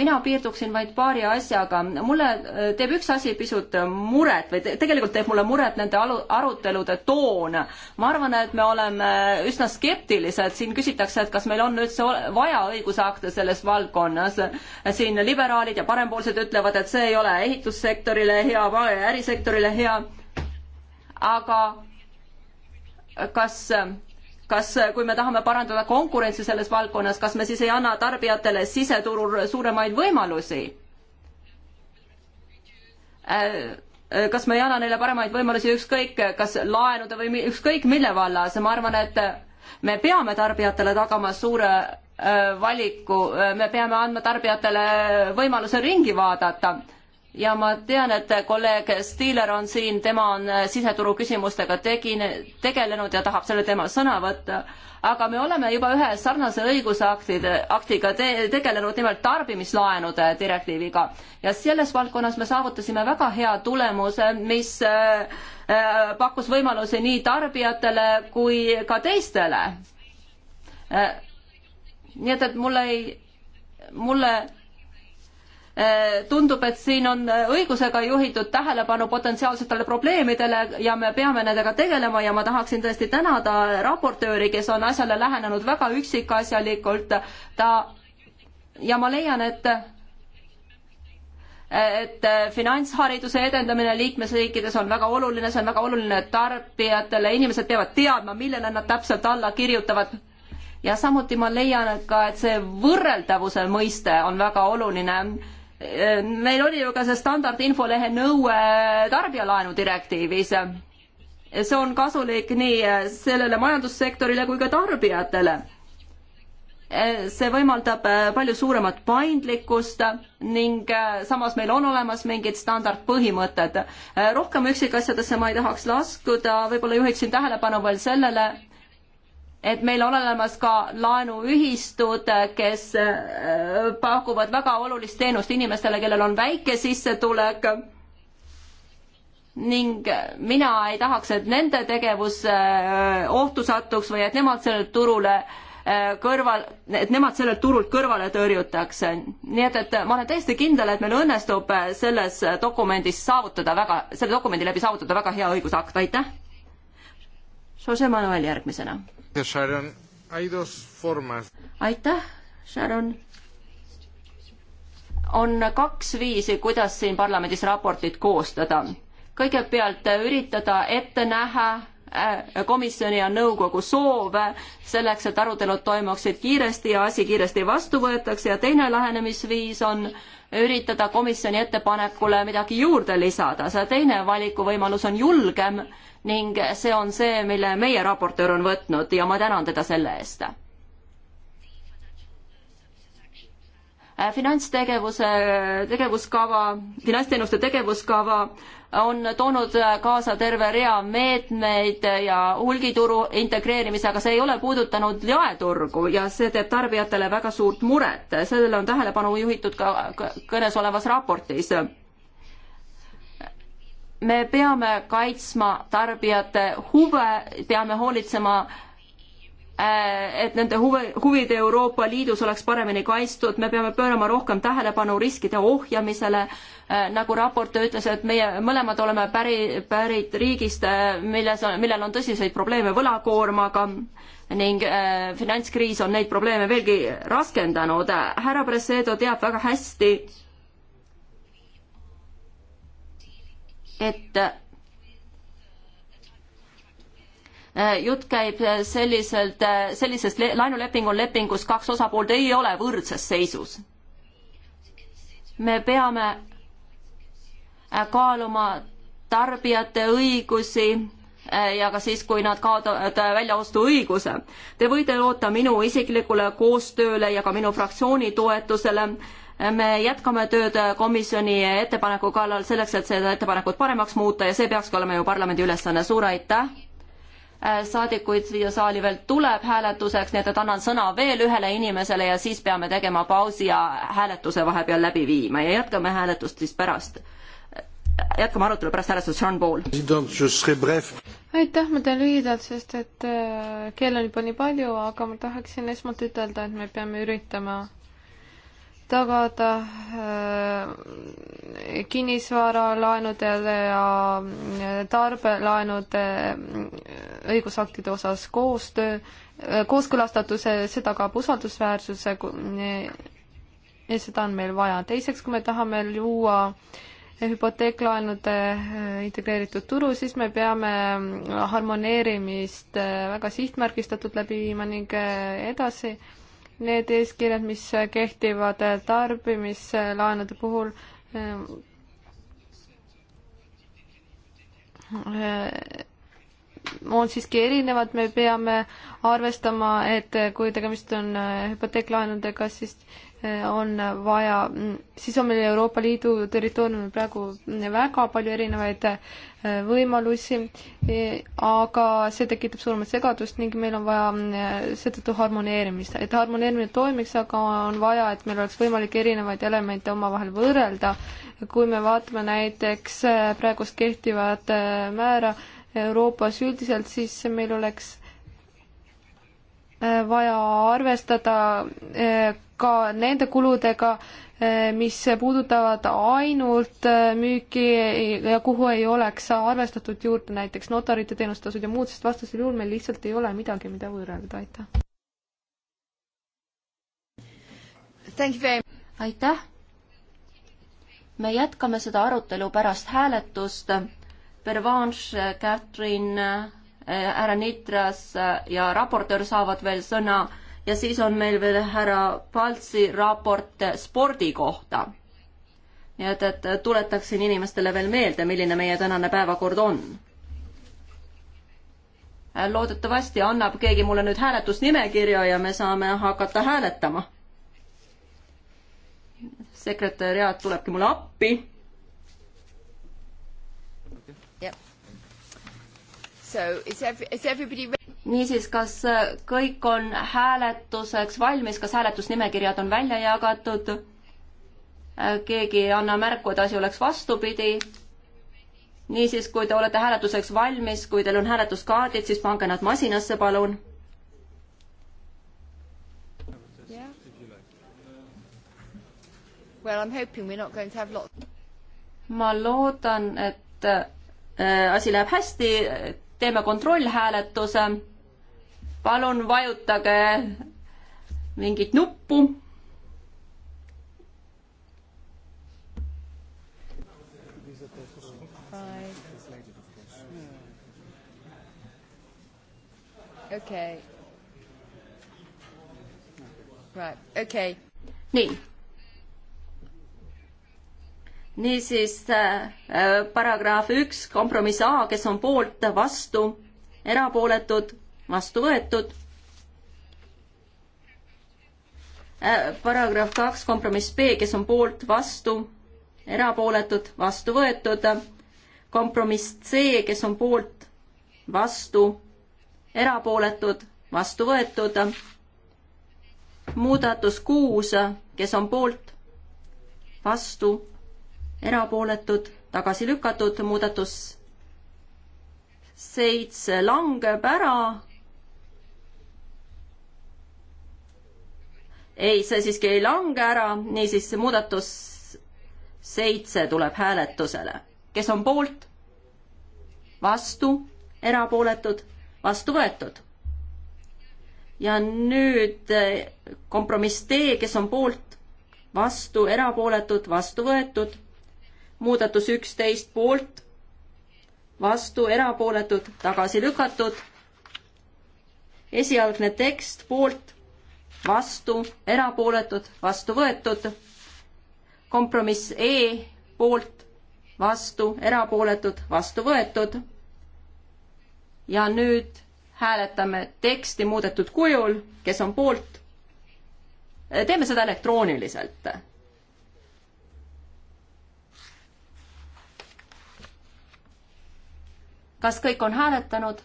mina piirduksin vaid paari asjaga. mulle äh, teeb üks asi pisut äh, muret või te tegelikult teeb mulle muret nende alu-, arutelude toon. ma arvan, et me oleme äh, üsna skeptilised, siin küsitakse, et kas meil on üldse vaja õigusakte selles valdkonnas. siin liberaalid ja parempoolsed ütlevad, et see ei ole ehitussektorile hea, ärisektorile hea, aga kas, kas, kui me tahame parandada konkurentsi selles valdkonnas, kas me siis ei anna tarbijatele siseturul suuremaid võimalusi? Äh, kas me ei anna neile paremaid võimalusi ükskõik kas laenude või ükskõik mille vallas, ma arvan, et me peame tarbijatele tagama suure äh, valiku, äh, me peame andma tarbijatele võimaluse ringi vaadata ja ma tean, et kolleeg Stiiler on siin, tema on äh, siseturu küsimustega tegine, tegelenud ja tahab selle teema sõna võtta, aga me oleme juba ühe sarnase õigusaktide, aktiga te, tegelenud, nimelt tarbimislaenude direktiiviga. ja selles valdkonnas me saavutasime väga hea tulemuse, mis äh, äh, pakkus võimalusi nii tarbijatele kui ka teistele äh,. nii et, et mulle ei, mulle Äh, tundub, et siin on äh, õigusega juhitud tähelepanu potentsiaalsetele probleemidele ja me peame nendega tegelema ja ma tahaksin tõesti tänada raportööri, kes on asjale lähenenud väga üksikasjalikult. ta ja ma leian, et et finantshariduse edendamine liikmesriikides on väga oluline, see on väga oluline tarbijatele, inimesed peavad teadma, millele nad täpselt alla kirjutavad ja samuti ma leian ka, et see võrreldavuse mõiste on väga oluline meil oli ju ka see standardinfolehe nõue tarbijalaenu direktiivis. see on kasulik nii sellele majandussektorile kui ka tarbijatele. see võimaldab palju suuremat paindlikkust ning samas meil on olemas mingid standardpõhimõtted. rohkem üksikasjadesse ma ei tahaks laskuda, võib-olla juhiksin tähelepanu veel sellele, et meil on olemas ka laenuühistud, kes äh, pakuvad väga olulist teenust inimestele, kellel on väike sissetulek. ning mina ei tahaks, et nende tegevus äh, ohtu satuks või et nemad sellelt turule äh, kõrval, et nemad sellelt turult kõrvale tõrjutakse. nii et, et ma olen täiesti kindel, et meil õnnestub selles dokumendis saavutada väga, selle dokumendi läbi saavutada väga hea õigusakt, aitäh. Jose Manuel järgmisena Sharon, hay dos formas. aitäh, Sharon. on kaks viisi, kuidas siin parlamendis raportit koostada. kõigepealt üritada ette näha äh, komisjoni ja nõukogu soove selleks, et arutelud toimuksid kiiresti ja asi kiiresti vastu võetakse ja teine lähenemisviis on äh, üritada komisjoni ettepanekule midagi juurde lisada. see teine valikuvõimalus on julgem ning see on see, mille meie raportöör on võtnud ja ma tänan teda selle eest Äh, finantstegevuse tegevuskava, finantsteenuste tegevuskava on toonud äh, kaasa terve rea meetmeid ja hulgituru integreerimise, aga see ei ole puudutanud jaeturgu ja see teeb tarbijatele väga suurt muret. sellele on tähelepanu juhitud ka kõnesolevas raportis. me peame kaitsma tarbijate huve, peame hoolitsema Äh, et nende huve, huvid Euroopa Liidus oleks paremini kaitstud, me peame pöörama rohkem tähelepanu riskide ohjamisele, äh, nagu raportöö ütles, et meie mõlemad oleme päri, pärit riigist, äh, milles, millel on tõsiseid probleeme võlakoormaga ning äh, finantskriis on neid probleeme veelgi raskendanud. härra Presedo teab väga hästi, et Äh, jutt käib äh, selliselt, äh, sellisest laenulepingu lepingus kaks osapoolt ei ole võrdses seisus. me peame kaaluma tarbijate õigusi ja ka siis, kui nad kaotavad väljaostuõiguse. Te võite loota minu isiklikule koostööle ja ka minu fraktsiooni toetusele. me jätkame tööd komisjoni ettepaneku kallal selleks, et seda ettepanekut paremaks muuta ja see peakski olema ju parlamendi ülesanne. suur aitäh! Äh, saadikuid siia saali veel tuleb hääletuseks, nii et, et annan sõna veel ühele inimesele ja siis peame tegema pausi ja hääletuse vahepeal läbi viima ja jätkame hääletust siis pärast. jätkame arutelu pärast hääletust, Sean Paul. aitäh, ma teen lühidalt, sest et äh, kell on juba nii palju, aga ma tahaksin esmalt ütelda, et me peame üritama tagada äh, kinnisvaralaenudele ja tarbelaenude õigusaktide osas koostöö, kooskõlastatuse, see tagab usaldusväärsuse ja seda on meil vaja. teiseks, kui me tahame luua hüpoteeklaenude integreeritud turu, siis me peame harmoneerimist väga sihtmärgistatud läbi viima ning edasi need eeskirjad, mis kehtivad tarbimislaenude puhul, on siiski erinevad, me peame arvestama, et kui tegemist on äh, hüpoteeklaenudega, siis äh, on vaja, mm, siis on meil Euroopa Liidu territooriumil praegu mm, väga palju erinevaid äh, võimalusi, e, aga see tekitab suuremat segadust ning meil on vaja mm, seetõttu harmoneerimist. et harmoneerimine toimiks, aga on vaja, et meil oleks võimalik erinevaid elemente omavahel võrrelda. kui me vaatame näiteks praegust kehtivat määra, Euroopas üldiselt, siis meil oleks äh, vaja arvestada äh, ka nende kuludega, äh, mis puudutavad ainult müüki ja kuhu ei oleks arvestatud juurde näiteks notarite teenustasud ja muud, sest vastasel juhul meil lihtsalt ei ole midagi, mida võrrelda, aitäh. aitäh. me jätkame seda arutelu pärast hääletust Pervanche, Catherine, eh, härra Nitras eh, ja raportöör saavad veel sõna ja siis on meil veel härra Paltsi raport spordi kohta. nii et, et tuletaksin inimestele veel meelde, milline meie tänane päevakord on. Eh, loodetavasti annab keegi mulle nüüd hääletusnimekirja ja me saame hakata hääletama. sekretäriaat tulebki mulle appi So is every, is everybody niisiis, kas äh, kõik on hääletuseks valmis, kas hääletusnimekirjad on välja jagatud? Äh, keegi ei anna märku, et asi oleks vastupidi. niisiis, kui te olete hääletuseks valmis, kui teil on hääletuskaardid, siis pange nad masinasse, palun. ma loodan, et äh, asi läheb hästi, teeme kontrollhääletuse. palun vajutage mingit nuppu. okei okay.. Right, okei okay.. nii niisiis äh, äh, paragrahv üks, kompromiss A, kes on poolt, vastu, erapooletud, vastu võetud. Äh, paragrahv kaks, kompromiss B, kes on poolt, vastu, erapooletud, vastu võetud. kompromiss C, kes on poolt, vastu, erapooletud, vastu võetud. muudatus kuus, kes on poolt, vastu erapooletud, tagasi lükatud, muudatus seitse langeb ära. ei, see siiski ei lange ära, niisiis muudatus seitse tuleb hääletusele. kes on poolt? vastu, erapooletud, vastu võetud. ja nüüd eh, kompromiss D, kes on poolt, vastu, erapooletud, vastu võetud muudatus üksteist poolt, vastu, erapooletud, tagasi lükatud. esialgne tekst poolt, vastu, erapooletud, vastu võetud. kompromiss E poolt, vastu, erapooletud, vastu võetud. ja nüüd hääletame teksti muudetud kujul, kes on poolt. teeme seda elektrooniliselt kas kõik on hääletanud?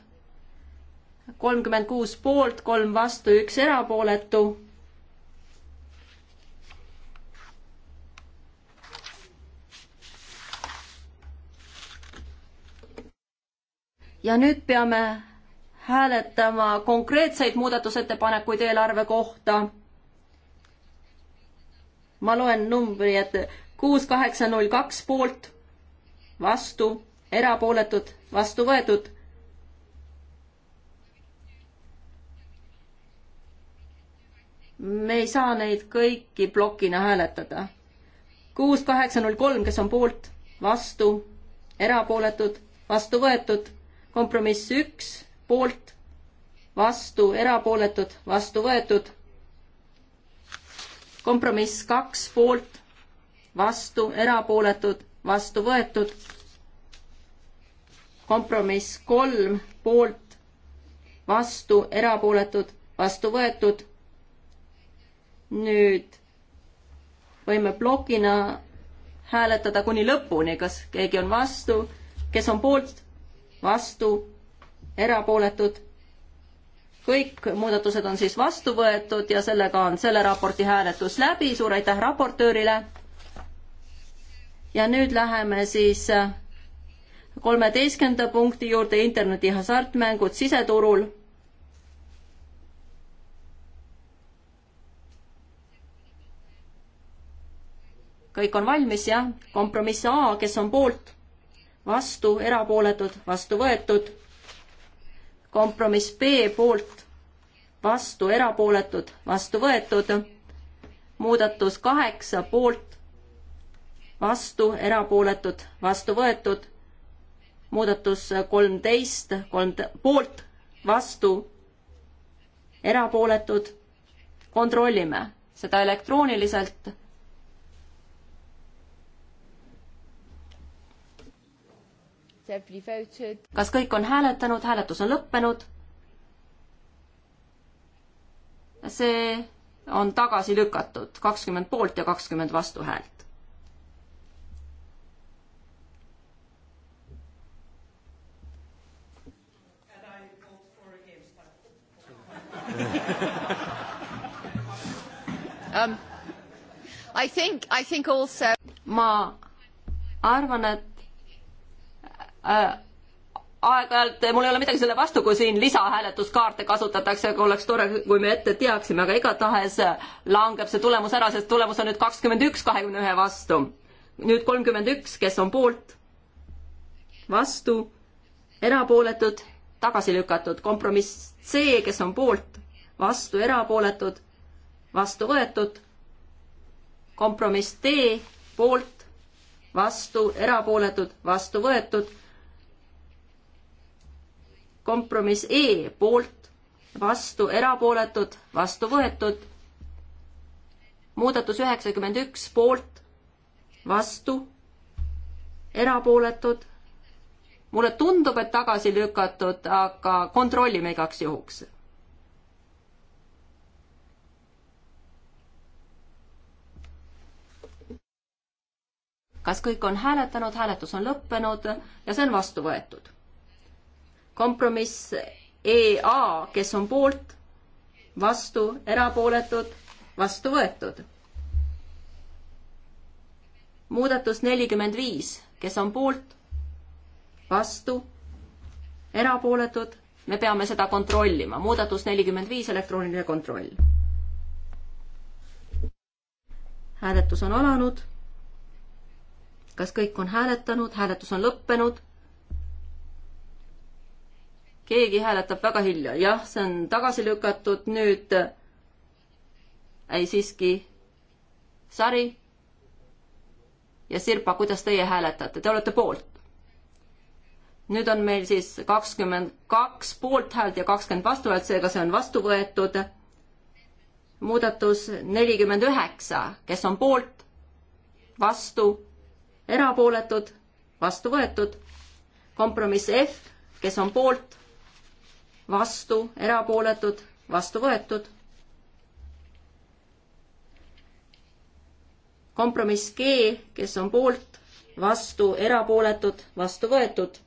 kolmkümmend kuus poolt, kolm vastu, üks erapooletu. ja nüüd peame hääletama konkreetseid muudatusettepanekuid eelarve kohta. ma loen numbri, et kuus, kaheksa, null, kaks poolt, vastu, erapooletud vastu võetud. me ei saa neid kõiki plokina hääletada. kuus, kaheksa, null kolm, kes on poolt, vastu, erapooletud, vastu võetud, kompromiss üks, poolt, vastu, erapooletud, vastu võetud. kompromiss kaks, poolt, vastu, erapooletud, vastu võetud kompromiss kolm poolt, vastu, erapooletud, vastu võetud. nüüd võime plokina hääletada kuni lõpuni, kas keegi on vastu, kes on poolt, vastu, erapooletud. kõik muudatused on siis vastu võetud ja sellega on selle raporti hääletus läbi, suur aitäh raportöörile. ja nüüd läheme siis kolmeteistkümnenda punkti juurde interneti hasartmängud siseturul. kõik on valmis, jah? kompromiss A, kes on poolt? vastu, erapooletud, vastu võetud. kompromiss B poolt, vastu, erapooletud, vastu võetud. muudatus kaheksa poolt, vastu, erapooletud, vastu võetud muudatus kolmteist, kolm poolt, vastu, erapooletud. kontrollime seda elektrooniliselt. kas kõik on hääletanud, hääletus on lõppenud? see on tagasi lükatud, kakskümmend poolt ja kakskümmend vastuhäält. um, I think, I think also... ma arvan, et äh, aeg-ajalt mul ei ole midagi selle vastu, kui siin lisahääletuskaarte kasutatakse, aga oleks tore, kui me ette teaksime, aga igatahes langeb see tulemus ära, sest tulemus on nüüd kakskümmend üks kahekümne ühe vastu. nüüd kolmkümmend üks, kes on poolt, vastu, erapooletud, tagasi lükatud, kompromiss C, kes on poolt, vastu erapooletud, vastu võetud. kompromiss D poolt, vastu erapooletud, vastu võetud. kompromiss E poolt, vastu erapooletud, vastu võetud. muudatus üheksakümmend üks poolt, vastu erapooletud. mulle tundub, et tagasi lükatud, aga kontrollime igaks juhuks kas kõik on hääletanud, hääletus on lõppenud ja see on vastu võetud. kompromiss EA, kes on poolt, vastu, erapooletud, vastu võetud. muudatus nelikümmend viis, kes on poolt, vastu, erapooletud, me peame seda kontrollima, muudatus nelikümmend viis, elektrooniline kontroll. hääletus on alanud kas kõik on hääletanud, hääletus on lõppenud? keegi hääletab väga hilja, jah, see on tagasi lükatud, nüüd ei siiski, Sari ja Sirpa, kuidas teie hääletate, te olete poolt? nüüd on meil siis kakskümmend kaks poolthäält ja kakskümmend vastuhäält, seega see on vastu võetud. muudatus nelikümmend üheksa, kes on poolt, vastu, erapooletud, vastu võetud. kompromiss F, kes on poolt, vastu, erapooletud, vastu võetud. kompromiss G, kes on poolt, vastu, erapooletud, vastu võetud.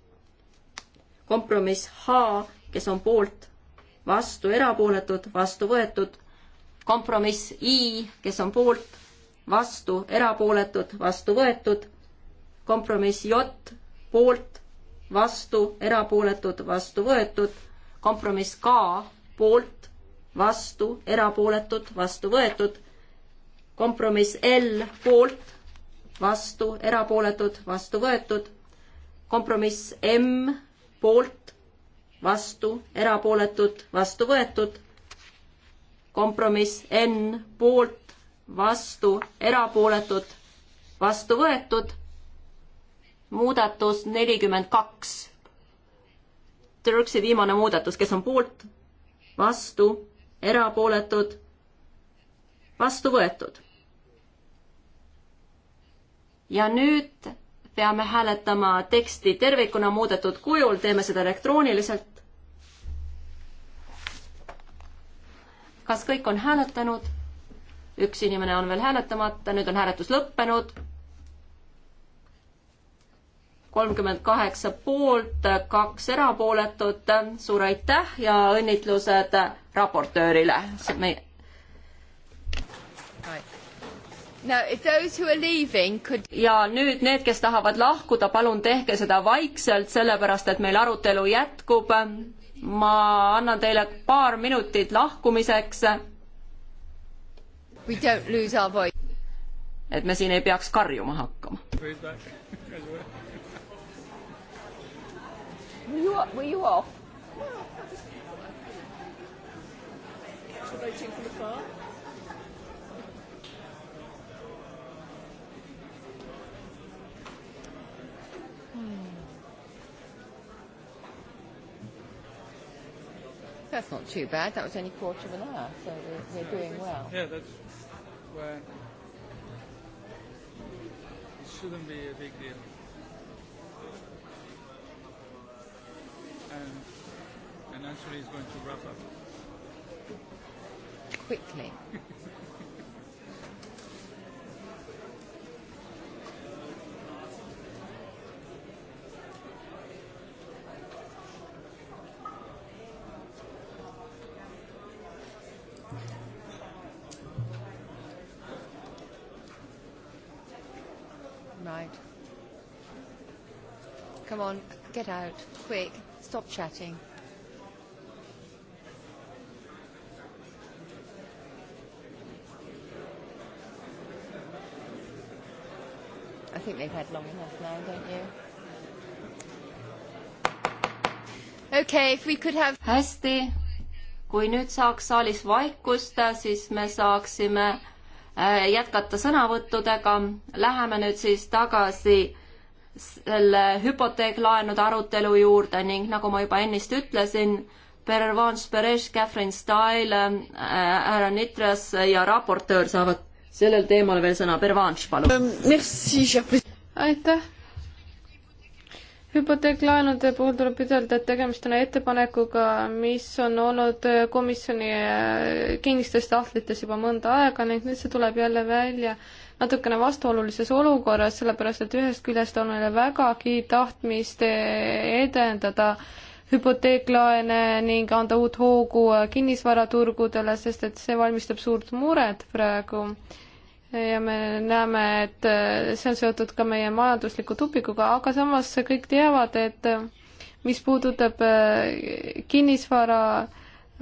kompromiss H, kes on poolt, vastu, erapooletud, vastu võetud. kompromiss I, kes on poolt, vastu, erapooletud, vastu võetud kompromiss J poolt, vastu, erapooletud, vastu võetud, kompromiss K poolt, vastu, erapooletud, vastu võetud, kompromiss L poolt, vastu, erapooletud, vastu võetud, kompromiss M poolt, vastu, erapooletud, vastu võetud, kompromiss N poolt, vastu, erapooletud, vastu võetud muudatus nelikümmend kaks. Türksi viimane muudatus, kes on poolt, vastu, erapooletud, vastu võetud. ja nüüd peame hääletama teksti tervikuna muudetud kujul, teeme seda elektrooniliselt. kas kõik on hääletanud? üks inimene on veel hääletamata, nüüd on hääletus lõppenud kolmkümmend kaheksa poolt, kaks erapooletut. suur aitäh ja õnnitlused raportöörile. Could... ja nüüd need, kes tahavad lahkuda, palun tehke seda vaikselt, sellepärast et meil arutelu jätkub. ma annan teile paar minutit lahkumiseks. et me siin ei peaks karjuma hakkama. Were you, were you off? Voting from afar. That's not too bad. That was only quarter of an hour, so we're, we're doing well. Yeah, that's where it shouldn't be a big deal. and, and Anthony is going to wrap up. Quickly. Right. Come on, get out, quick. Stop chatting. I think they've had long enough now, don't you? Okay, if we could have... hästi, kui nüüd saaks saalis vaikust, siis me saaksime äh, jätkata sõnavõttudega. Läheme nüüd siis tagasi selle hüpoteeklaenude arutelu juurde ning nagu ma juba ennist ütlesin, Pervans Perez, Catherine Style, äh, härra Nitras ja raportöör saavad sellel teemal veel sõna. Pervans, palun. Ähm, aitäh. hüpoteeklaenude puhul tuleb ütelda, et tegemist on ettepanekuga, mis on olnud komisjoni äh, kinnistes tahtlites juba mõnda aega ning nüüd see tuleb jälle välja natukene vastuolulises olukorras, sellepärast et ühest küljest on meil vägagi tahtmist edendada hüpoteeklaene ning anda uut hoogu kinnisvaraturgudele, sest et see valmistab suurt muret praegu. ja me näeme, et see on seotud ka meie majandusliku tupikuga, aga samas kõik teavad, et mis puudutab kinnisvara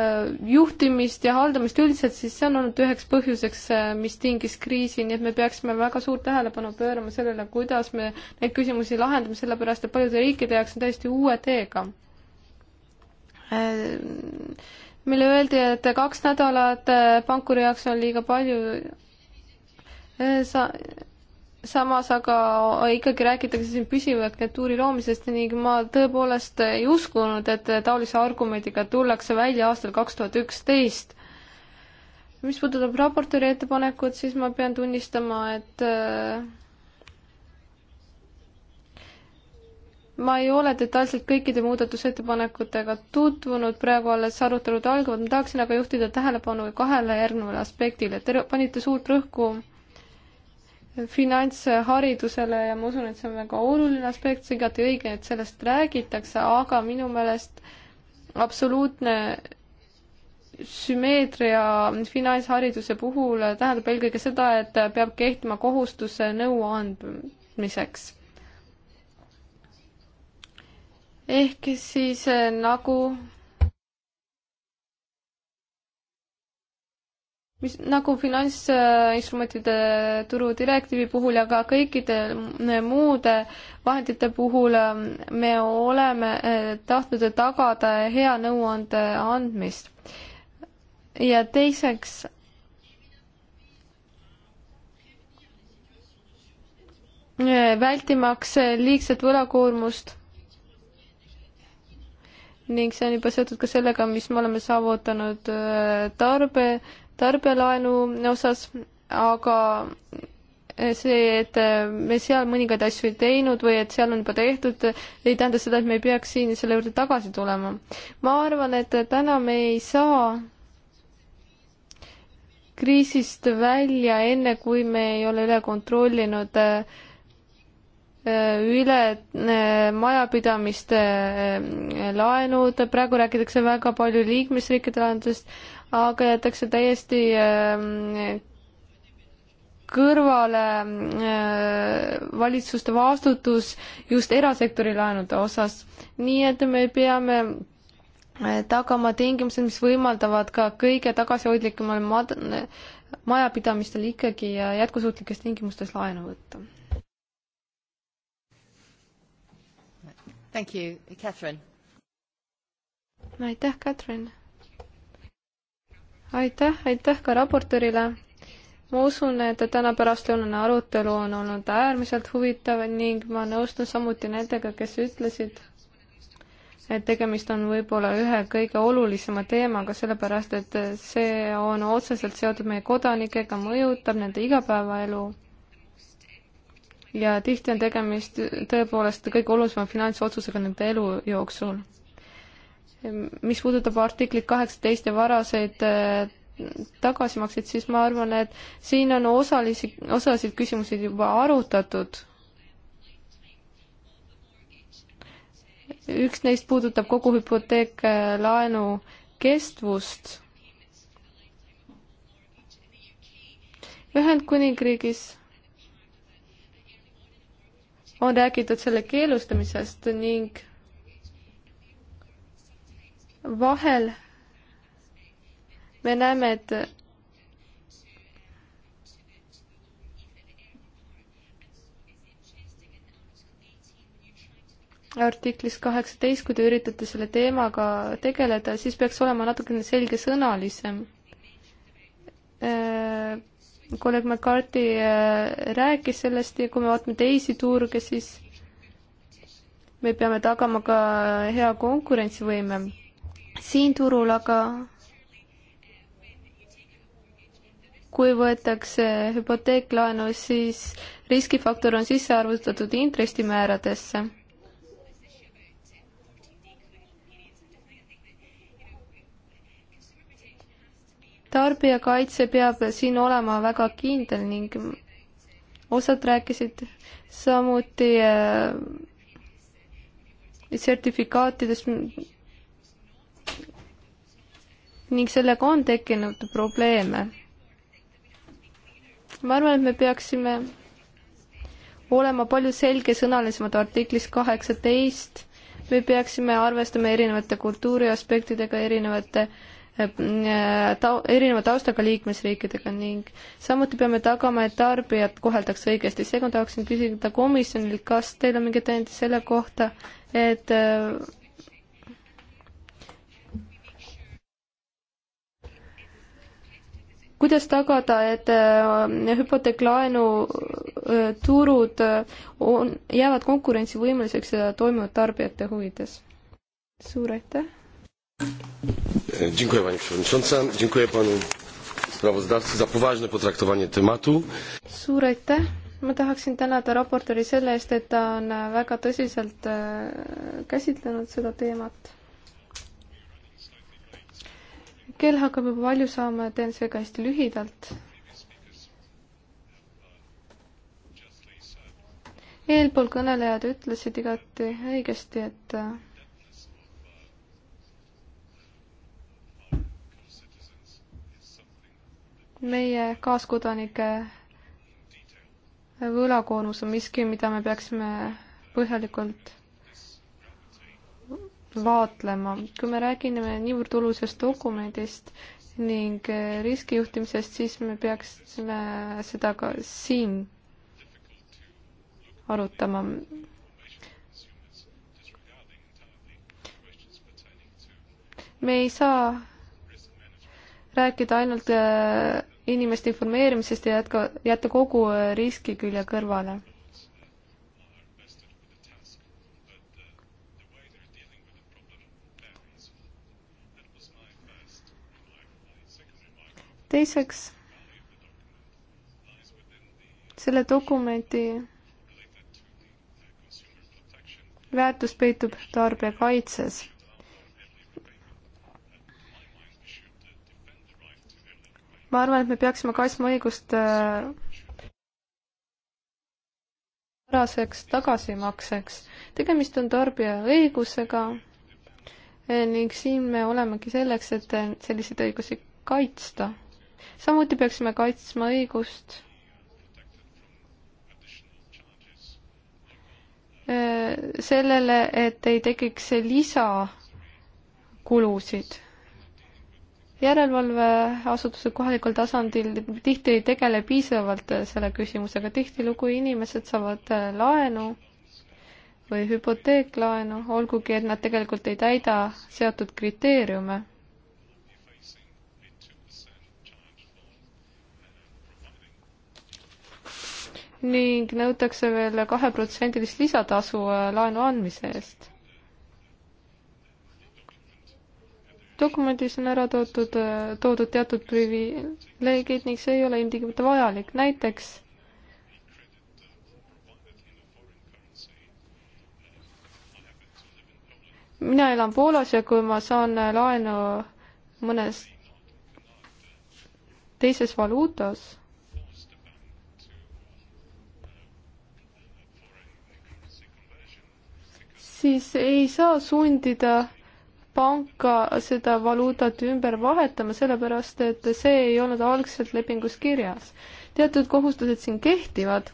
Äh, juhtimist ja haldamist üldiselt, siis see on olnud üheks põhjuseks, äh, mis tingis kriisi, nii et me peaksime väga suurt tähelepanu pöörama sellele, kuidas me neid küsimusi lahendame, sellepärast et paljude riikide jaoks on täiesti uue teega. Äh, meile öeldi, et kaks nädalat pankuri jaoks on liiga palju. sa samas aga ikkagi räägitakse siin püsiva agentuuri loomisest ning ma tõepoolest ei uskunud, et taolise argumendiga tullakse välja aastal kaks tuhat üksteist. mis puudutab raportööri ettepanekut, siis ma pean tunnistama, et äh, ma ei ole detailselt kõikide muudatusettepanekutega tutvunud, praegu alles arutelud algavad, ma tahaksin aga juhtida tähelepanu kahele järgnevale aspektile. Te panite suurt rõhku äh, finantsharidusele ja ma usun, et see on väga oluline aspekt, see igati õige, et sellest räägitakse, aga minu meelest absoluutne sümmeetria finantshariduse puhul tähendab eelkõige seda, et peab kehtima kohustus nõu andmiseks. ehk siis eh, nagu mis nagu finantsinstrumentide turu direktiivi puhul ja ka kõikide muude vahendite puhul me oleme eh, tahtnud tagada hea nõuande andmist. ja teiseks eh, vältimaks liigset võlakoormust ning see on juba seotud ka sellega, mis me oleme saavutanud eh, tarbe tarbijalaenu osas, aga see, et me seal mõningaid asju ei teinud või et seal on juba tehtud, ei tähenda seda, et me ei peaks siin selle juurde tagasi tulema. ma arvan, et täna me ei saa kriisist välja enne, kui me ei ole üle kontrollinud äh, üle äh, majapidamiste äh, laenud, praegu räägitakse väga palju liikmesriikide laenudest, aga jäetakse täiesti ähm, kõrvale äh, valitsuste vastutus just erasektori laenude osas. nii et me peame äh, tagama tingimused, mis võimaldavad ka kõige tagasihoidlikumal mad-, majapidamistel ikkagi äh, jätkusuutlikes tingimustes laenu võtta. Thank you, Catherine. aitäh, Catherine aitäh, aitäh ka raportöörile. ma usun, et täna pärastlõunane arutelu on olnud äärmiselt huvitav ning ma nõustun samuti nendega, kes ütlesid, et tegemist on võib-olla ühe kõige olulisema teemaga, sellepärast et see on otseselt seotud meie kodanikega, mõjutab nende igapäevaelu. ja tihti on tegemist tõepoolest kõige olulisema finantsotsusega nende elu jooksul mis puudutab artiklit kaheksateist ja varaseid äh, tagasimakseid, siis ma arvan, et siin on osalisi, osasid küsimusi juba arutatud. üks neist puudutab kogu hüpoteeklaenu kestvust. Ühendkuningriigis on räägitud selle keelustamisest ning vahel me näeme, et artiklis kaheksateist, kui te üritate selle teemaga tegeleda, siis peaks olema natukene selgesõnalisem. Äh, kolleeg McCarthy äh, rääkis sellest ja kui me vaatame teisi turge, siis me peame tagama ka hea konkurentsivõime siin turul aga kui võetakse hüpoteeklaenu, siis riskifaktor on sisse arvutatud intressimääradesse. tarbijakaitse peab siin olema väga kindel ning osad rääkisid samuti äh, sertifikaatidest, ning sellega on tekkinud probleeme. ma arvan, et me peaksime olema palju selgesõnalisemad artiklis kaheksateist, me peaksime arvestama erinevate kultuuri aspektidega, erinevate äh, ta-, erineva taustaga liikmesriikidega ning samuti peame tagama, et tarbijat koheldakse õigesti. seega tahaksin küsida komisjonilt, kas teil on mingeid täiendusi selle kohta, et äh, kuidas tagada, et äh, hüpoteeklaenu äh, turud äh, on, jäävad konkurentsivõimeliseks ja toimivad tarbijate huvides? suur aitäh! Dziękuję Pani Przewodnicząca, dziękuję Panu sprawozdawcy za poważne potraktowanie tematu. Suur aitäh! ma tahaksin tänada raportööri selle eest, et ta on väga tõsiselt käsitlenud seda teemat kell hakkab juba palju saama, teen seega hästi lühidalt. eelpool kõnelejad ütlesid igati õigesti, et meie kaaskodanike võlakoormus on miski, mida me peaksime põhjalikult vaatlema. kui me räägime niivõrd olulisest dokumendist ning riskijuhtimisest, siis me peaksime seda ka siin arutama. me ei saa rääkida ainult äh, inimeste informeerimisest ja jätka, jätta kogu äh, riskikülje kõrvale teiseks, selle dokumendi väärtus peitub tarbijakaitses. ma arvan, et me peaksime kaitsma õigust äh, varaseks tagasimakseks. tegemist on tarbija õigusega eh, ning siin me olemegi selleks, et eh, selliseid õigusi kaitsta samuti peaksime kaitsma õigust äh, sellele, et ei tekiks lisakulusid. järelevalveasutused kohalikul tasandil tihti ei tegele piisavalt selle küsimusega, tihtilugu inimesed saavad äh, laenu või hüpoteeklaenu, olgugi et nad tegelikult ei täida seatud kriteeriume ning nõutakse veel kaheprotsendilist lisatasu äh, laenu andmise eest. dokumendis on ära toodud, äh, toodud teatud privileegid ning see ei ole ilmtingimata vajalik, näiteks mina elan Poolas ja kui ma saan äh, laenu mõnes teises valuutas siis ei saa sundida panka seda valuutat ümber vahetama, sellepärast et see ei olnud algselt lepingus kirjas. teatud kohustused siin kehtivad.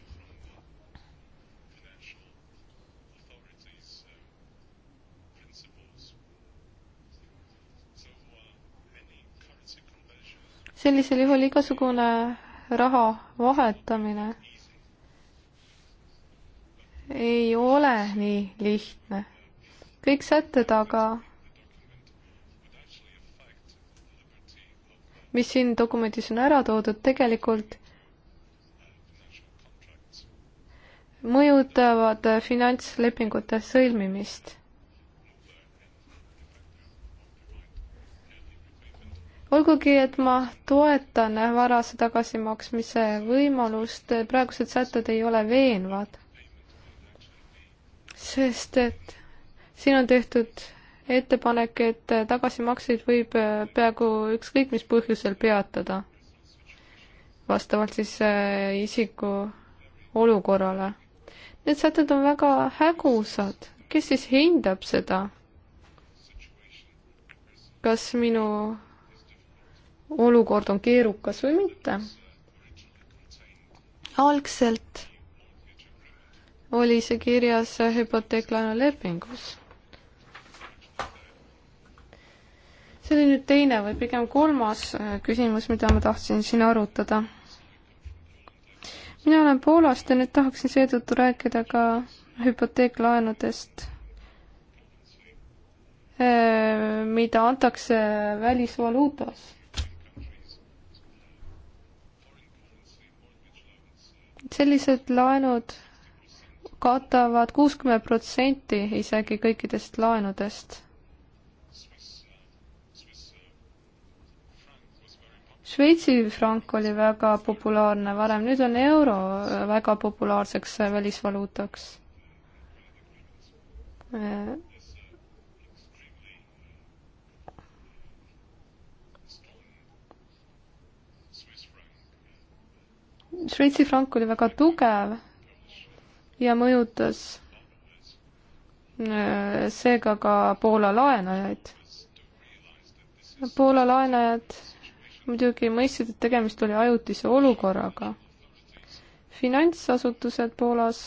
sellisel juhul igasugune raha vahetamine ei ole nii lihtne. kõik sätted aga mis siin dokumendis on ära toodud, tegelikult mõjutavad finantslepingute sõlmimist. olgugi, et ma toetan varase tagasimaksmise võimalust, praegused sätted ei ole veenvad sest et siin on tehtud ettepanek, et tagasimakseid võib äh, peaaegu ükskõik mis põhjusel peatada, vastavalt siis äh, isiku olukorrale. Need sätted on väga hägusad, kes siis hindab seda? kas minu olukord on keerukas või mitte? algselt oli see kirjas hüpoteeklaenulepingus. see oli nüüd teine või pigem kolmas äh, küsimus, mida ma tahtsin siin arutada. mina olen Poolast ja nüüd tahaksin seetõttu rääkida ka hüpoteeklaenudest, äh, mida antakse välisvaluutas sellised laenud katavad kuuskümmend protsenti isegi kõikidest laenudest. Šveitsi frank oli väga populaarne varem, nüüd on euro väga populaarseks välisvaluutaks. Šveitsi frank oli väga tugev ja mõjutas äh, seega ka Poola laenajaid. Poola laenajad muidugi mõistsid, et tegemist oli ajutise olukorraga. finantsasutused Poolas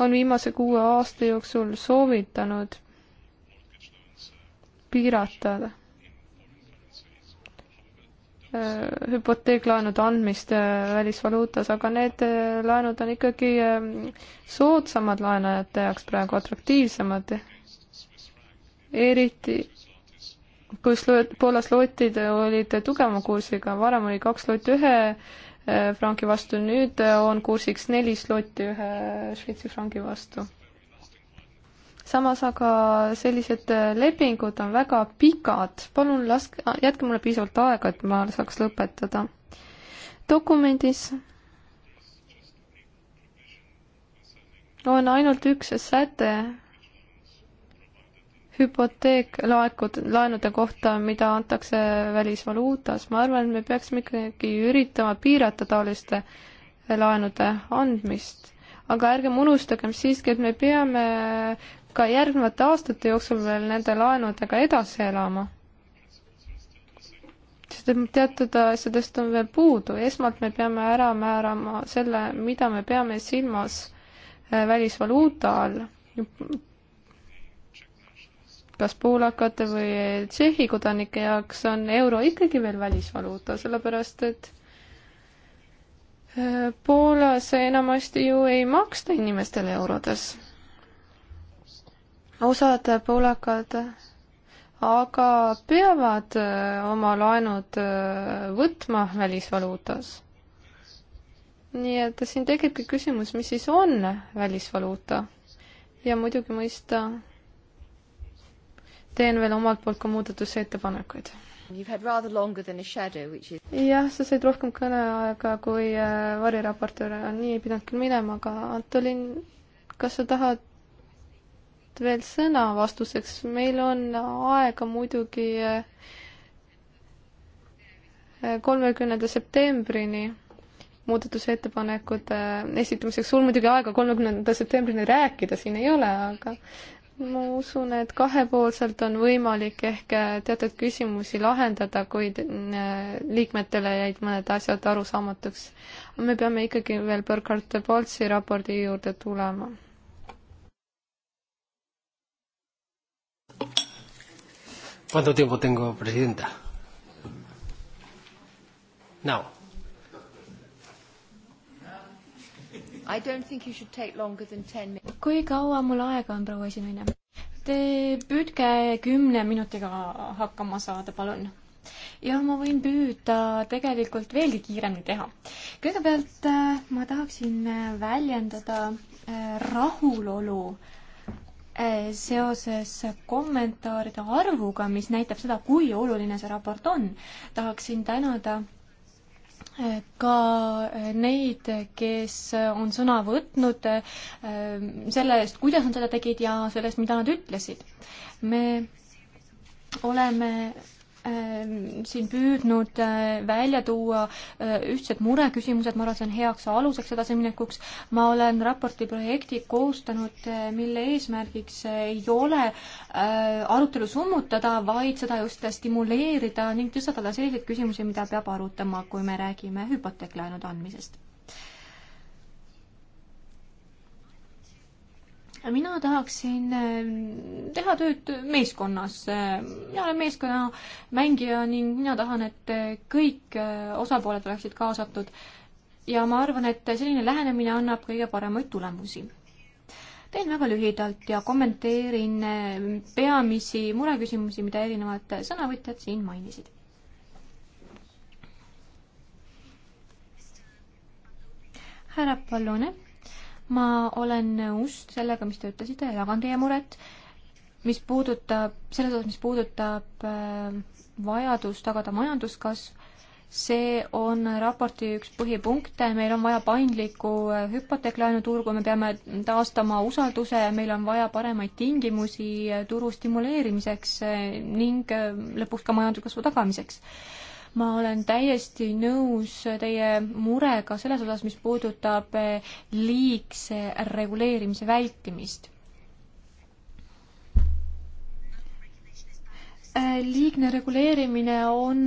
on viimase kuue aasta jooksul soovitanud piirata Äh, hüpoteeklaenude andmist äh, välisvaluutas, aga need äh, laenud on ikkagi soodsamad laenajate jaoks praegu, atraktiivsemad. eriti kus Poolas lotid olid tugevama kursiga, varem oli kaks lotti ühe franki vastu, nüüd on kursiks neli slotti ühe Šveitsi franki vastu samas aga sellised äh, lepingud on väga pikad, palun laske, jätke mulle piisavalt aega, et ma saaks lõpetada. dokumendis on ainult üks säte hüpoteek laekud, laenude kohta, mida antakse välisvaluutas, ma arvan, et me peaksime ikkagi üritama piirata taoliste äh, laenude andmist. aga ärgem unustagem siiski, et me peame ka järgnevate aastate jooksul veel nende laenudega edasi elama. sest et teatud asjadest on veel puudu, esmalt me peame ära määrama selle, mida me peame silmas äh, välisvaluuta all, kas poolakate või Tšehhi kodanike jaoks on euro ikkagi veel välisvaluuta, sellepärast et äh, Poolas enamasti ju ei maksta inimestele eurodes osad poolakad aga peavad äh, oma laenud äh, võtma välisvaluutas. nii et siin tekibki küsimus, mis siis on välisvaluuta ja muidugi mõista teen veel omalt poolt ka muudatusettepanekuid. jah, sa said rohkem kõneaega kui äh, variraportöör, nii ei pidanud küll minema, aga Antolin, kas sa tahad minut veel sõna vastuseks, meil on aega muidugi eh, kolmekümnenda septembrini muudatusettepanekute eh, esitamiseks, sul muidugi aega kolmekümnenda septembrini rääkida siin ei ole, aga ma usun, et kahepoolselt on võimalik ehk eh, teatud küsimusi lahendada, kuid liikmetele jäid mõned asjad arusaamatuks. me peame ikkagi veel Burkhard Boltsi raporti juurde tulema ¿Cuánto tiempo tengo, Presidenta? Now. I don't think you should take longer than ten minutes. kui kaua mul aega on, proua esinaine? Te püüdke kümne minutiga hakkama saada, palun. jah, ma võin püüda tegelikult veelgi kiiremini teha. kõigepealt äh, ma tahaksin väljendada äh, rahulolu äh, seoses kommentaaride arvuga, mis näitab seda, kui oluline see raport on. tahaksin tänada äh, ka äh, neid, kes on sõna võtnud äh, selle eest, kuidas nad seda tegid ja sellest, mida nad ütlesid. me oleme Ähm, siin püüdnud äh, välja tuua äh, ühtsed mureküsimused, ma arvan, see on heaks aluseks edasiminekuks. ma olen raporti projekti koostanud, äh, mille eesmärgiks ei ole arutelu summutada, vaid seda just stimuleerida ning tõstatada selliseid küsimusi, mida peab arutama, kui me räägime hüpoteeklaenude andmisest mina tahaksin ähm, teha tööd meeskonnas. Äh, mina olen meeskonnamängija ning mina tahan, et äh, kõik äh, osapooled oleksid kaasatud. ja ma arvan, et selline lähenemine annab kõige paremaid tulemusi. teen väga lühidalt ja kommenteerin peamisi mureküsimusi, mida erinevad sõnavõtjad siin mainisid. härra Pallone ma olen nõus sellega, mis te ütlesite, jagan teie muret, mis puudutab, selles osas, mis puudutab äh, vajadust tagada majanduskasv, see on raporti üks põhipunkte, meil on vaja paindlikku äh, hüpoteeklaenuturgu, me peame taastama usalduse ja meil on vaja paremaid tingimusi äh, turu stimuleerimiseks ning lõpuks ka majanduskasvu tagamiseks ma olen täiesti nõus teie murega selles osas, mis puudutab eh, liigse reguleerimise vältimist eh, liigne reguleerimine on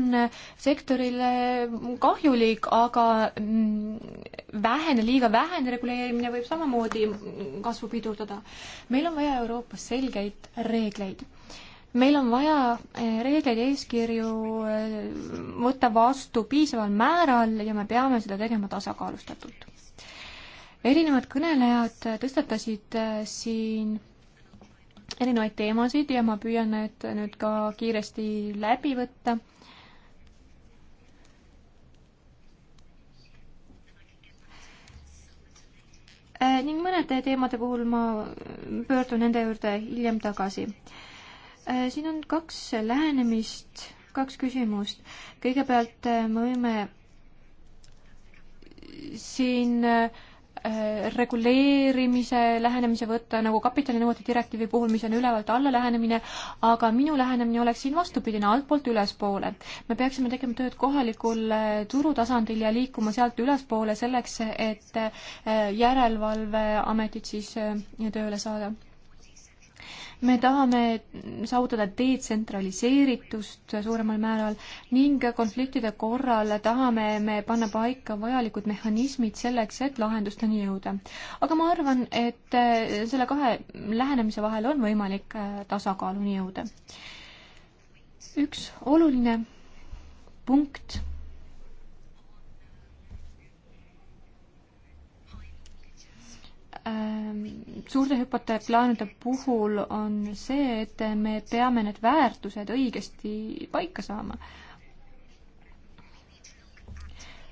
sektorile kahjulik, aga mm, vähene, liiga vähene reguleerimine võib samamoodi kasvu pidurdada. meil on vaja Euroopas selgeid reegleid meil on vaja eh, reegleid ja eeskirju eh, võtta vastu piisaval määral ja me peame seda tegema tasakaalustatult. erinevad kõnelejad tõstatasid eh, siin erinevaid teemasid ja ma püüan need nüüd ka kiiresti läbi võtta. ning mõnede teemade puhul ma pöördun nende juurde hiljem tagasi Äh, siin on kaks lähenemist, kaks küsimust. kõigepealt äh, me võime siin äh, reguleerimise lähenemise võtta nagu kapitalinõuete direktiivi puhul, mis on ülevalt alla lähenemine, aga minu lähenemine oleks siin vastupidine, altpoolt ülespoole. me peaksime tegema tööd kohalikul turutasandil ja liikuma sealt ülespoole selleks, et järelevalveametit siis tööle saada me tahame saavutada detsentraliseeritust suuremal määral ning konfliktide korral tahame me panna paika vajalikud mehhanismid selleks, et lahendusteni jõuda. aga ma arvan, et äh, selle kahe lähenemise vahel on võimalik äh, tasakaaluni jõuda. üks oluline punkt Ähm, suurte hüpoteek laenude puhul on see, et me peame need väärtused õigesti paika saama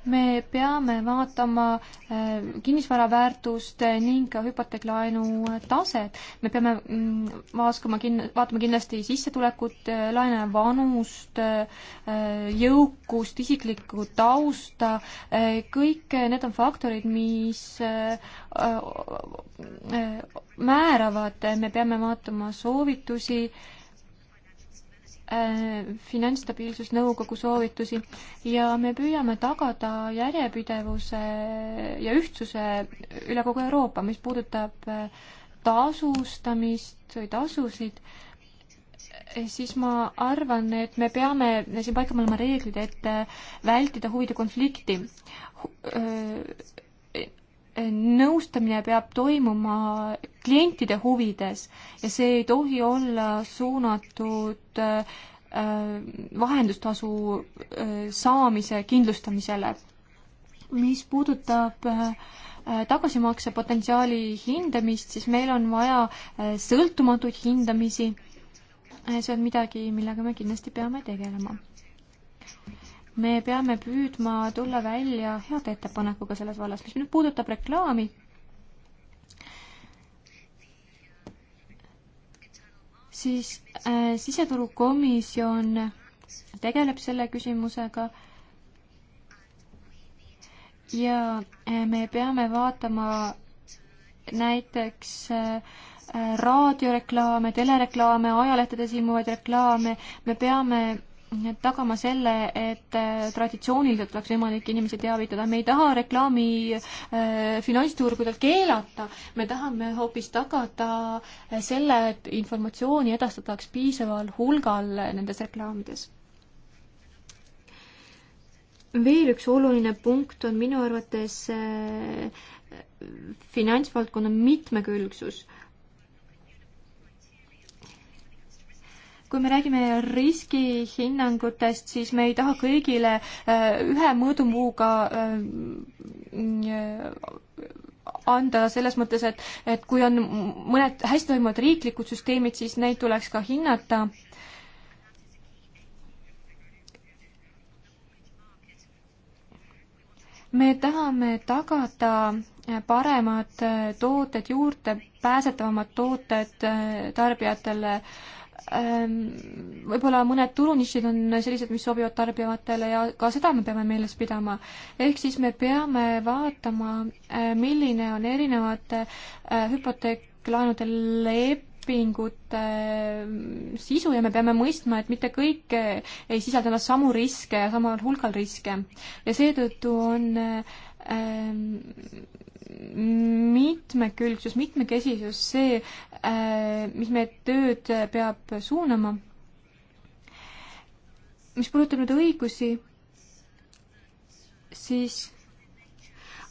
me peame vaatama äh, kinnisvara väärtust ning ka hüpoteeklaenu taset. me peame mm, vaatama kin-, vaatama kindlasti sissetulekut, äh, laenaja vanust, äh, jõukust, isiklikku tausta, kõik need on faktorid, mis määravad, me peame vaatama soovitusi, Äh, Finantsstabiilsusnõukogu soovitusi ja me püüame tagada järjepidevuse ja ühtsuse üle kogu Euroopa, mis puudutab äh, tasustamist või tasusid, eh, siis ma arvan, et me peame siin paika panema reeglid, et äh, vältida huvide konflikti nõustamine peab toimuma klientide huvides ja see ei tohi olla suunatud äh, vahendustasu äh, saamise kindlustamisele. mis puudutab äh, tagasimakse potentsiaali hindamist, siis meil on vaja sõltumatuid hindamisi. see on midagi, millega me kindlasti peame tegelema me peame püüdma tulla välja heade ettepanekuga selles vallas, mis nüüd puudutab reklaami. siis äh, siseturukomisjon tegeleb selle küsimusega ja äh, me peame vaatama näiteks äh, äh raadioreklaame, telereklaame, ajalehtedes ilmuvaid reklaame, me peame tagama selle, et äh, traditsiooniliselt oleks võimalik inimesi teavitada, me ei taha reklaami äh, finantsturgudel keelata, me tahame hoopis tagada äh, selle, et informatsiooni edastataks piisaval hulgal nendes reklaamides. veel üks oluline punkt on minu arvates äh, finantsvaldkonna mitmekülgsus äh, kui me räägime riskihinnangutest, siis me ei taha kõigile äh, ühe mõõdumuuga äh, äh, anda selles mõttes, et, et kui on mõned hästi toimivad riiklikud süsteemid, siis neid tuleks ka hinnata. me tahame tagada paremad tooted juurde, pääsetavamad tooted tarbijatele äh, Ähm, võib-olla mõned turunišid on sellised, mis sobivad tarbijatele ja ka seda me peame meeles pidama. ehk siis me peame vaatama, äh, milline on erinevate äh, hüpoteeklaenude lepingute äh, sisu ja me peame mõistma, et mitte kõik ei sisalda endas samu riske ja samal hulgal riske. ja seetõttu on ähm, mitmekülgsus, mitmekesisus see, äh, mis meie tööd peab suunama. mis puudutab nüüd õigusi, siis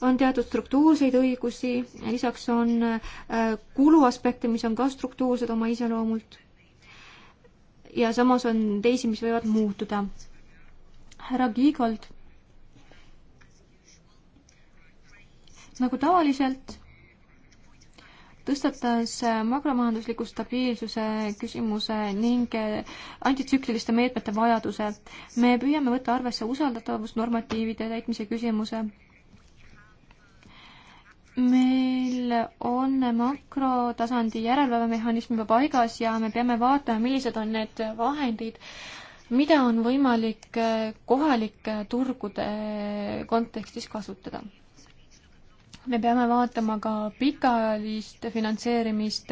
on teatud struktuurseid õigusi, lisaks on äh, kuluaspekte, mis on ka struktuursed oma iseloomult. ja samas on teisi, mis võivad muutuda. härra Kiigold nagu tavaliselt tõstatas makromajandusliku stabiilsuse küsimuse ning antitsükliliste meetmete vajaduse. me püüame võtta arvesse usaldatavusnormatiivide täitmise küsimuse. meil on makrotasandi järelevalvemehhanism juba paigas ja me peame vaatama, millised on need vahendid, mida on võimalik kohalike turgude kontekstis kasutada me peame vaatama ka pikaajalist finantseerimist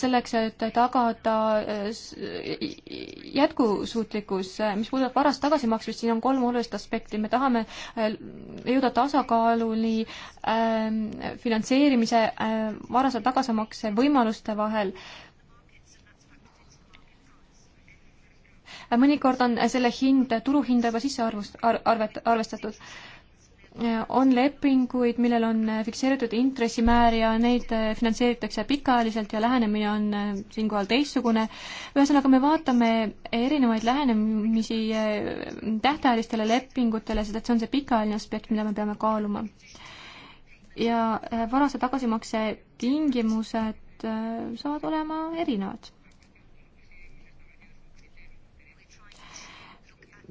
selleks, et tagada äh, jätkusuutlikkus. mis puudutab varast tagasimaksmist, siin on kolm olulist aspekti. me tahame äh, jõuda tasakaaluni äh, finantseerimise äh,, varase tagasimakse võimaluste vahel mõnikord on selle hind turuhinda juba sisse arvust, ar-, arvet-, arvestatud on lepinguid, millel on fikseeritud intressimäär ja neid finantseeritakse pikaajaliselt ja lähenemine on äh, siinkohal teistsugune. ühesõnaga, me vaatame erinevaid lähenemisi äh, tähtajalistele lepingutele, sest et see on see pikaajaline aspekt, mida me peame kaaluma. ja äh, varase tagasimakse tingimused saavad olema erinevad.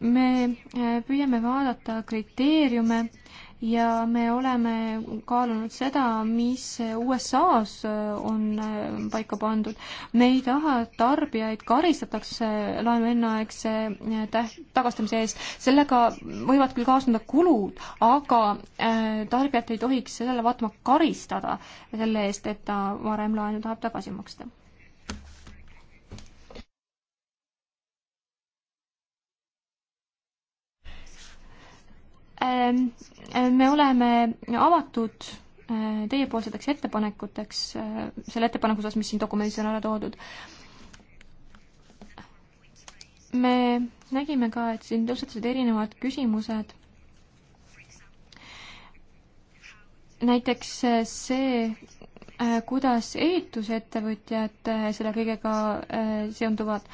me püüame vaadata kriteeriume ja me oleme kaalunud seda, mis USA-s äh, on äh, paika pandud. me ei taha, et tarbijaid karistatakse laenu enneaegse äh, täht-, tagastamise eest, sellega võivad küll kaasneda kulud, aga tarbijat ei tohiks sellele vaatama karistada selle eest, et ta varem laenu tahab tagasi maksta Ehm, ehm, me oleme avatud ehm, teiepoolseteks ettepanekuteks selle ettepaneku osas, mis siin dokumendis on ära toodud. me nägime ka, et siin tõusetusid erinevad küsimused. näiteks eh, see, eh, kuidas ehitusettevõtjad eh, selle kõigega seonduvad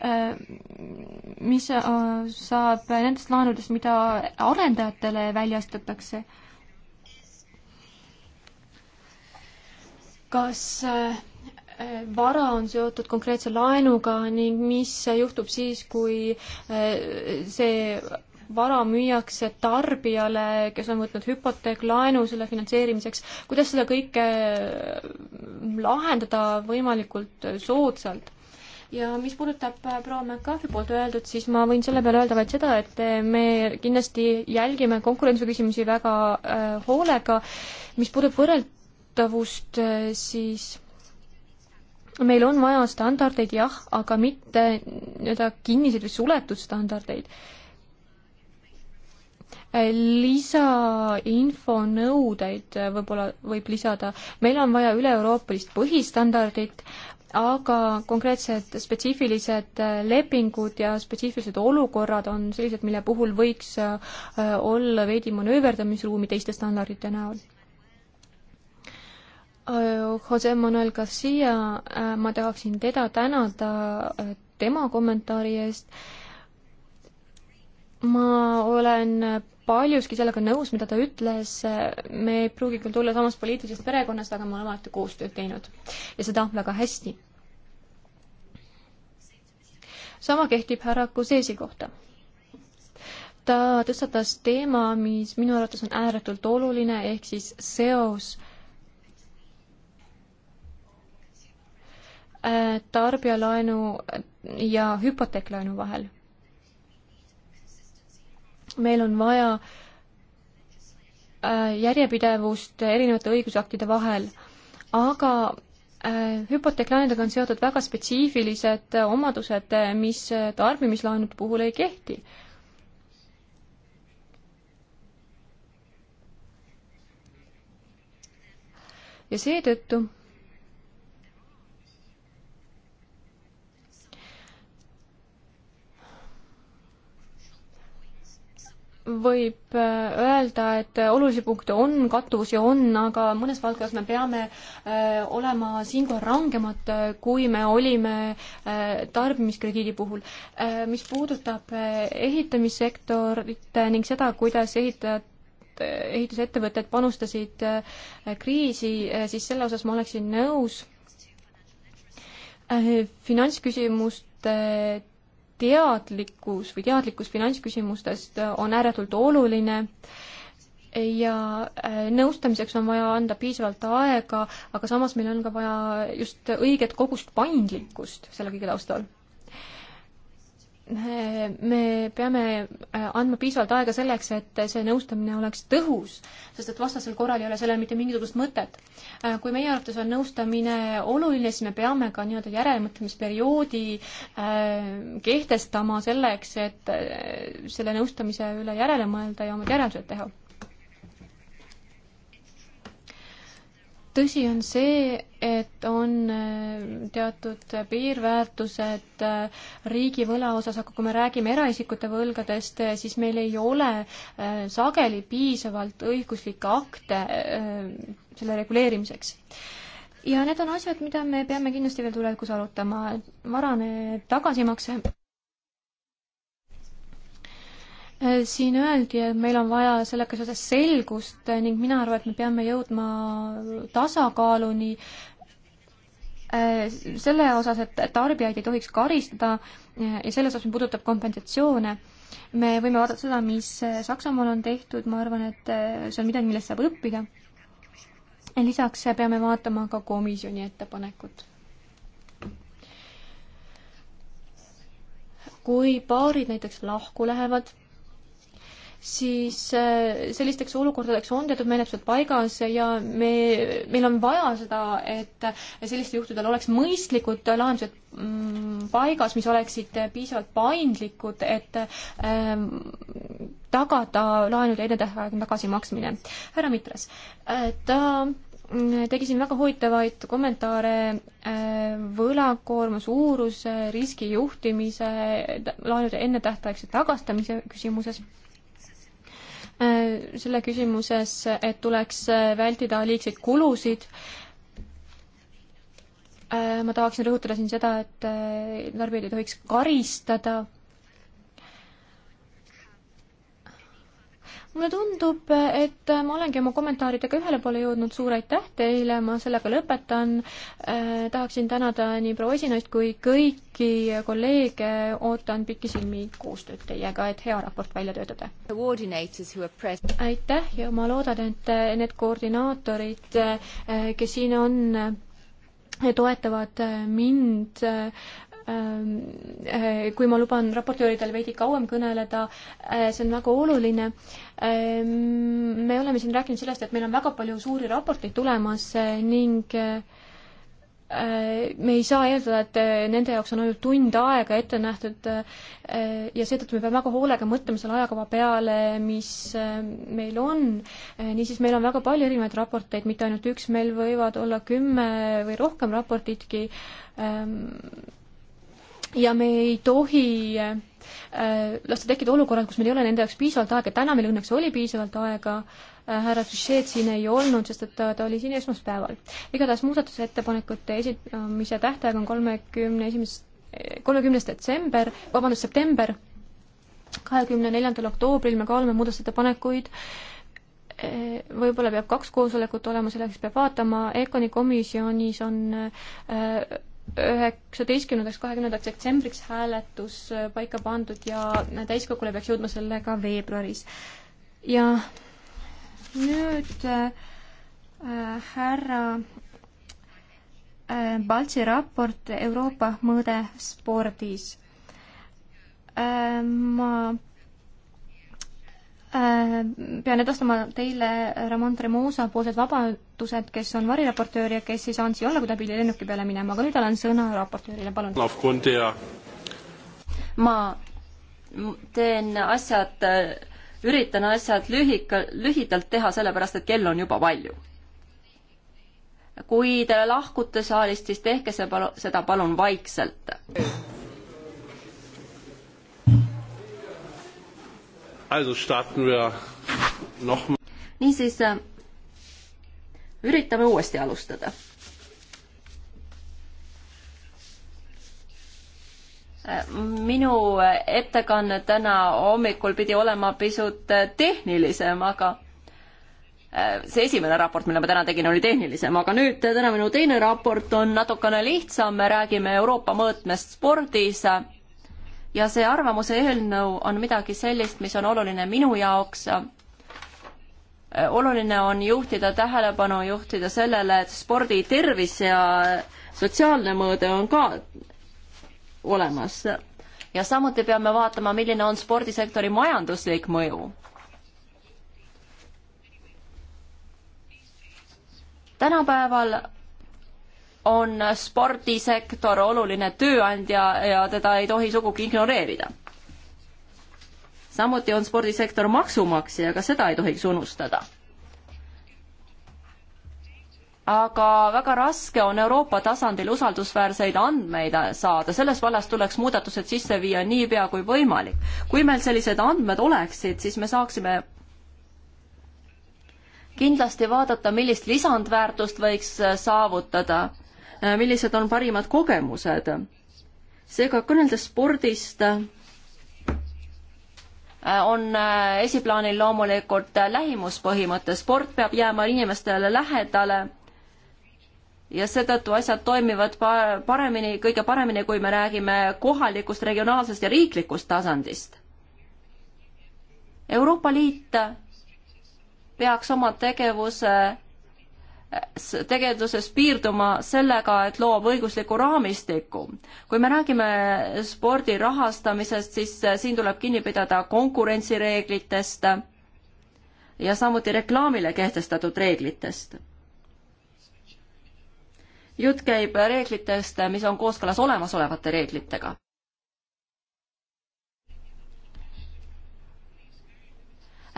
Äh, mis äh, saab nendest laenudest, mida arendajatele väljastatakse. kas äh, vara on seotud konkreetse laenuga ning mis juhtub siis, kui see vara müüakse tarbijale, kes on võtnud hüpoteeklaenu selle finantseerimiseks, kuidas seda kõike lahendada võimalikult soodsalt? ja mis puudutab äh, proua McCarthy poolt öeldud, siis ma võin selle peale öelda vaid seda, et äh, me kindlasti jälgime konkurentsiküsimusi väga äh, hoolega. mis puudutab võrreldavust, äh, siis meil on vaja standardeid jah, aga mitte nii-öelda kinniseid või suletud standardeid lisainfonõudeid võib-olla võib lisada. meil on vaja üle-euroopalist põhistandardit, aga konkreetsed spetsiifilised äh, lepingud ja spetsiifilised olukorrad on sellised, mille puhul võiks äh, olla veidi manööverdamisruumi teiste standardite näol. Äh, Jose Manuel Garcia, ma tahaksin teda tänada tema kommentaari eest ma olen paljuski sellega nõus, mida ta ütles, me ei pruugi küll tulla samast poliitilisest perekonnast, aga me oleme alati koostööd teinud ja seda väga hästi. sama kehtib härra Kuseesi kohta. ta tõstatas teema, mis minu arvates on ääretult oluline, ehk siis seos äh, tarbijalaenu ja hüpoteeklaenu vahel meil on vaja äh, järjepidevust erinevate õigusaktide vahel, aga äh, hüpoteeklaenudega on seotud väga spetsiifilised omadused, mis tarbimislaenude puhul ei kehti ja seetõttu võib äh, öelda, et äh, olulisi punkte on, kattuvusi on, aga mõnes valdkonnas me peame äh, olema siinkohal rangemad, kui me olime tarbimiskrediidi puhul. mis puudutab ehitamissektorit ning seda, kuidas ehitajad ehitusettevõtted panustasid kriisi, siis selle osas ma oleksin nõus. finantsküsimuste teadlikkus või teadlikkus finantsküsimustest on ääretult oluline ja äh, nõustamiseks on vaja anda piisavalt aega, aga samas meil on ka vaja just õiget kogust paindlikkust selle kõige taustal me peame äh, andma piisavalt aega selleks, et see nõustamine oleks tõhus, sest et vastasel korral ei ole sellel mitte mingisugust mõtet. Äh, kui meie arvates on nõustamine oluline, siis me peame ka nii-öelda järelemõtlemisperioodi äh, kehtestama selleks, et selle nõustamise üle järele mõelda ja omad järeldused teha tõsi on see, et on äh, teatud piirväärtused äh, riigi võla osas, aga kui me räägime eraisikute võlgadest, äh, siis meil ei ole sageli piisavalt õiguslikke akte selle reguleerimiseks ja need on asjad, mida me peame kindlasti veel tulevikus arutama. varane tagasimakse Äh, siin öeldi, et meil on vaja sellega seoses selgust äh, ning mina arvan, et me peame jõudma tasakaaluni äh, selle osas, et tarbijaid ei tohiks karistada ja selles osas, mis puudutab kompensatsioone, me võime vaadata seda, mis Saksamaal on tehtud, ma arvan, et see on midagi, millest saab õppida. lisaks peame vaatama ka komisjoni ettepanekut kui paarid näiteks lahku lähevad, siis äh, sellisteks olukordadeks on teatud menetlused paigas ja me, meil on vaja seda, et sellistel juhtudel oleks mõistlikud lahendused mm, paigas, mis oleksid piisavalt paindlikud, et ähm, tagada laenude ennetähtaegne tagasimaksmine. härra Mitras, äh, ta mm, tegi siin väga huvitavaid kommentaare äh, võlakoorma suuruse, riskijuhtimise, laenude ennetähtaegse tagastamise küsimuses Äh, selle küsimuses, et tuleks äh, vältida liigseid kulusid. Äh, ma tahaksin rõhutada siin seda, et tarbijaid ei tohiks karistada mulle tundub, et ma olengi oma kommentaaridega ühele poole jõudnud, suur aitäh teile, ma sellega lõpetan eh,. tahaksin tänada nii proua esinaist kui kõiki kolleege, ootan pikisilmi koostööd teiega, et hea raport välja töötada. aitäh ja ma loodan, et need koordinaatorid, äh, kes siin on, toetavad mind äh, Ähm, äh, kui ma luban raportööridel veidi kauem kõneleda, äh, see on väga oluline. Ähm, me oleme siin rääkinud sellest, et meil on väga palju suuri raporteid tulemas äh, ning me ei saa eeldada, et nende jaoks on ainult tund aega ette nähtud ja seetõttu me peame väga hoolega mõtlema selle ajakava peale, mis meil on. niisiis, meil on väga palju erinevaid raporteid, mitte ainult üks, meil võivad olla kümme või rohkem raportitki. Ähm, ja me ei tohi äh, lasta tekkida olukorrad, kus meil ei ole nende jaoks piisavalt aega, täna meil õnneks oli piisavalt aega äh,, härra Trichet siin ei olnud, sest et ta, ta oli siin esmaspäeval. igatahes muudatusettepanekute esitamise tähtaeg on kolmekümne esimes-, kolmekümnes detsember, vabandust, september, kahekümne neljandal oktoobril me kaalume muudatusettepanekuid, äh, võib-olla peab kaks koosolekut olema, selleks peab vaatama, EKONi komisjonis on äh, üheksateistkümnendaks, kahekümnendaks detsembriks hääletus paika pandud ja täiskogule peaks jõudma selle ka veebruaris. ja nüüd äh, härra äh, Baltsi raport Euroopa mõõde spordis äh,. ma Äh, pean edastama teile Ramon Tremosa poolsed vabandused, kes on variraportöör ja kes ei saanud siia olla, kui ta pidi lennuki peale minema, aga nüüd annan sõna raportöörile, palun. ma teen asjad, üritan asjad lühika, lühidalt teha, sellepärast et kell on juba palju. kui te lahkute saalist, siis tehke see palu-, seda palun vaikselt. Also starten wir noch niisiis üritame uuesti alustada. minu ettekanne täna hommikul pidi olema pisut tehnilisem, aga see esimene raport, mille ma täna tegin, oli tehnilisem, aga nüüd täna minu teine raport on natukene lihtsam, me räägime Euroopa mõõtmest spordis ja see arvamuse eelnõu on midagi sellist, mis on oluline minu jaoks. Äh, oluline on juhtida tähelepanu, juhtida sellele, et spordi tervis ja sotsiaalne mõõde on ka olemas. ja samuti peame vaatama, milline on spordisektori majanduslik mõju. tänapäeval on spordisektor oluline tööandja ja teda ei tohi sugugi ignoreerida. samuti on spordisektor maksumaksja, ka seda ei tohiks unustada. aga väga raske on Euroopa tasandil usaldusväärseid andmeid saada, selles vallas tuleks muudatused sisse viia niipea kui võimalik. kui meil sellised andmed oleksid, siis me saaksime kindlasti vaadata, millist lisandväärtust võiks saavutada Äh, millised on parimad kogemused. seega kõneldes spordist, äh, on äh, esiplaanil loomulikult lähimuspõhimõte, sport peab jääma inimestele lähedale ja seetõttu asjad toimivad paremini, kõige paremini, kui me räägime kohalikust, regionaalsest ja riiklikust tasandist. Euroopa Liit peaks oma tegevuse tegevuses piirduma sellega, et loob õigusliku raamistiku. kui me räägime spordi rahastamisest, siis äh, siin tuleb kinni pidada konkurentsireeglitest ja samuti reklaamile kehtestatud reeglitest. jutt käib reeglitest, mis on kooskõlas olemasolevate reeglitega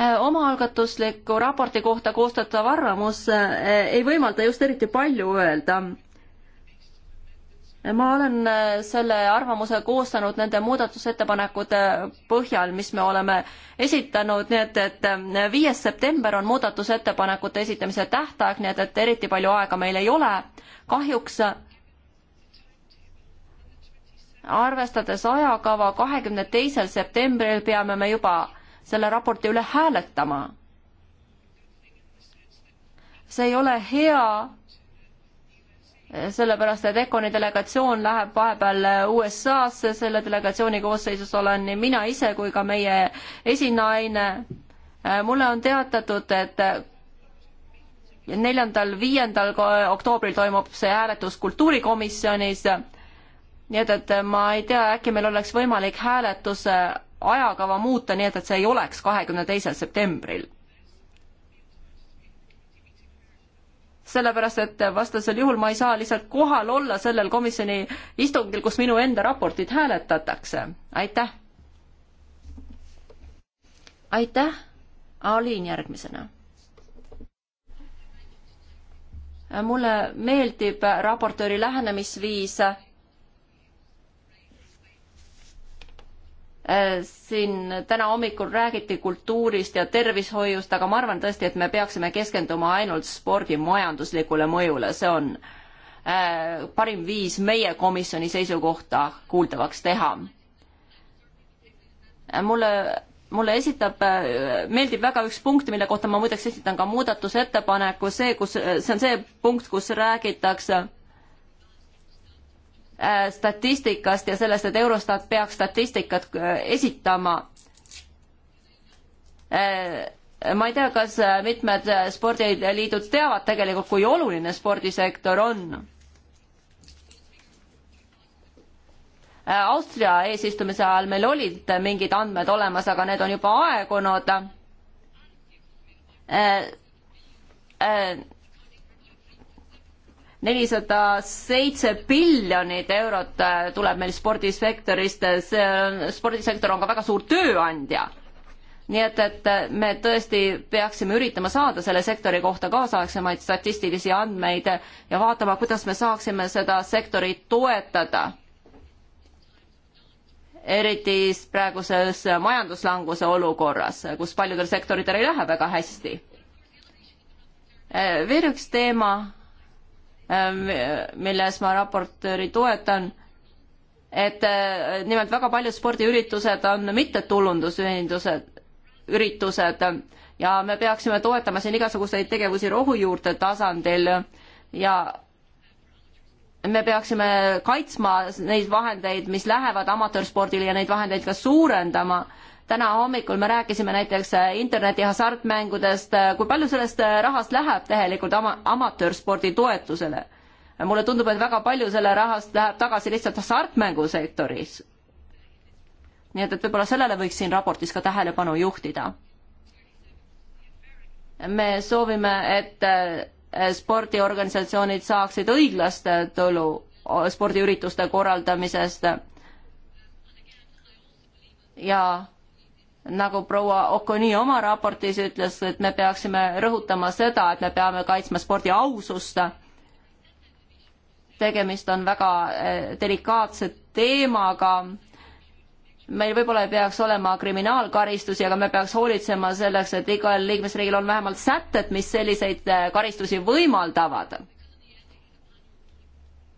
Äh, omaalgatusliku raporti kohta koostatav arvamus äh, ei võimalda just eriti palju öelda. ma olen äh, selle arvamuse koostanud nende muudatusettepanekute põhjal, mis me oleme esitanud, nii et, et viies september on muudatusettepanekute esitamise tähtaeg, nii et, et eriti palju aega meil ei ole. kahjuks arvestades ajakava, kahekümne teisel septembril peame me juba selle raporti üle hääletama. see ei ole hea, sellepärast et ECONi delegatsioon läheb vahepeal USA-sse, selle delegatsiooni koosseisus olen nii mina ise kui ka meie esinaine. mulle on teatatud, et neljandal, viiendal oktoobril toimub see hääletus kultuurikomisjonis. nii et, et ma ei tea, äkki meil oleks võimalik hääletuse ajakava muuta nii, et, et see ei oleks kahekümne teisel septembril. sellepärast, et vastasel juhul ma ei saa lihtsalt kohal olla sellel komisjoni istungil, kus minu enda raportit hääletatakse. aitäh! aitäh! Aliin järgmisena mulle meeldib raportööri lähenemisviis Äh, siin täna hommikul räägiti kultuurist ja tervishoiust, aga ma arvan tõesti, et me peaksime keskenduma ainult spordi majanduslikule mõjule, see on äh, parim viis meie komisjoni seisukohta kuuldavaks teha. Äh, mulle, mulle esitab, äh, meeldib väga üks punkt, mille kohta ma muideks esitan ka muudatusettepaneku, see, kus, see on see punkt, kus räägitakse Äh, statistikast ja sellest, et Eurostat peaks statistikat äh, esitama. Äh, ma ei tea, kas mitmed spordiliidud teavad tegelikult, kui oluline spordisektor on. Austria eesistumise ajal meil olid mingid andmed olemas, aga need on juba aegunud nelisada seitse miljonit eurot äh, tuleb meil spordisektorist, äh, see on, spordisektor on ka väga suur tööandja. nii et, et äh, me tõesti peaksime üritama saada selle sektori kohta kaasaegsemaid statistilisi andmeid ja vaatama, kuidas me saaksime seda sektorit toetada eriti praeguses majanduslanguse olukorras, kus paljudel sektoritel ei lähe väga hästi. veel üks teema Ähm, milles ma raportööri toetan, et äh, nimelt väga paljud spordiüritused on mittetulundusühendused, üritused ja me peaksime toetama siin igasuguseid tegevusi rohujuurte tasandil ja me peaksime kaitsma neid vahendeid, mis lähevad amatöörspordile ja neid vahendeid ka suurendama täna hommikul me rääkisime näiteks äh, interneti hasartmängudest, äh, kui palju sellest äh, rahast läheb tegelikult ama-, amatöörspordi toetusele? mulle tundub, et väga palju selle rahast läheb tagasi lihtsalt hasartmängusektoris. nii et, et võib-olla sellele võiks siin raportis ka tähelepanu juhtida. me soovime, et spordiorganisatsioonid saaksid õiglast tulu spordiürituste korraldamisest ja nagu proua Okoni oma raportis ütles, et me peaksime rõhutama seda, et me peame kaitsma spordi ausust. tegemist on väga eh, delikaatse teemaga meil võib-olla ei peaks olema kriminaalkaristusi, aga me peaks hoolitsema selleks, et igal liikmesriigil on vähemalt sätted, mis selliseid eh, karistusi võimaldavad.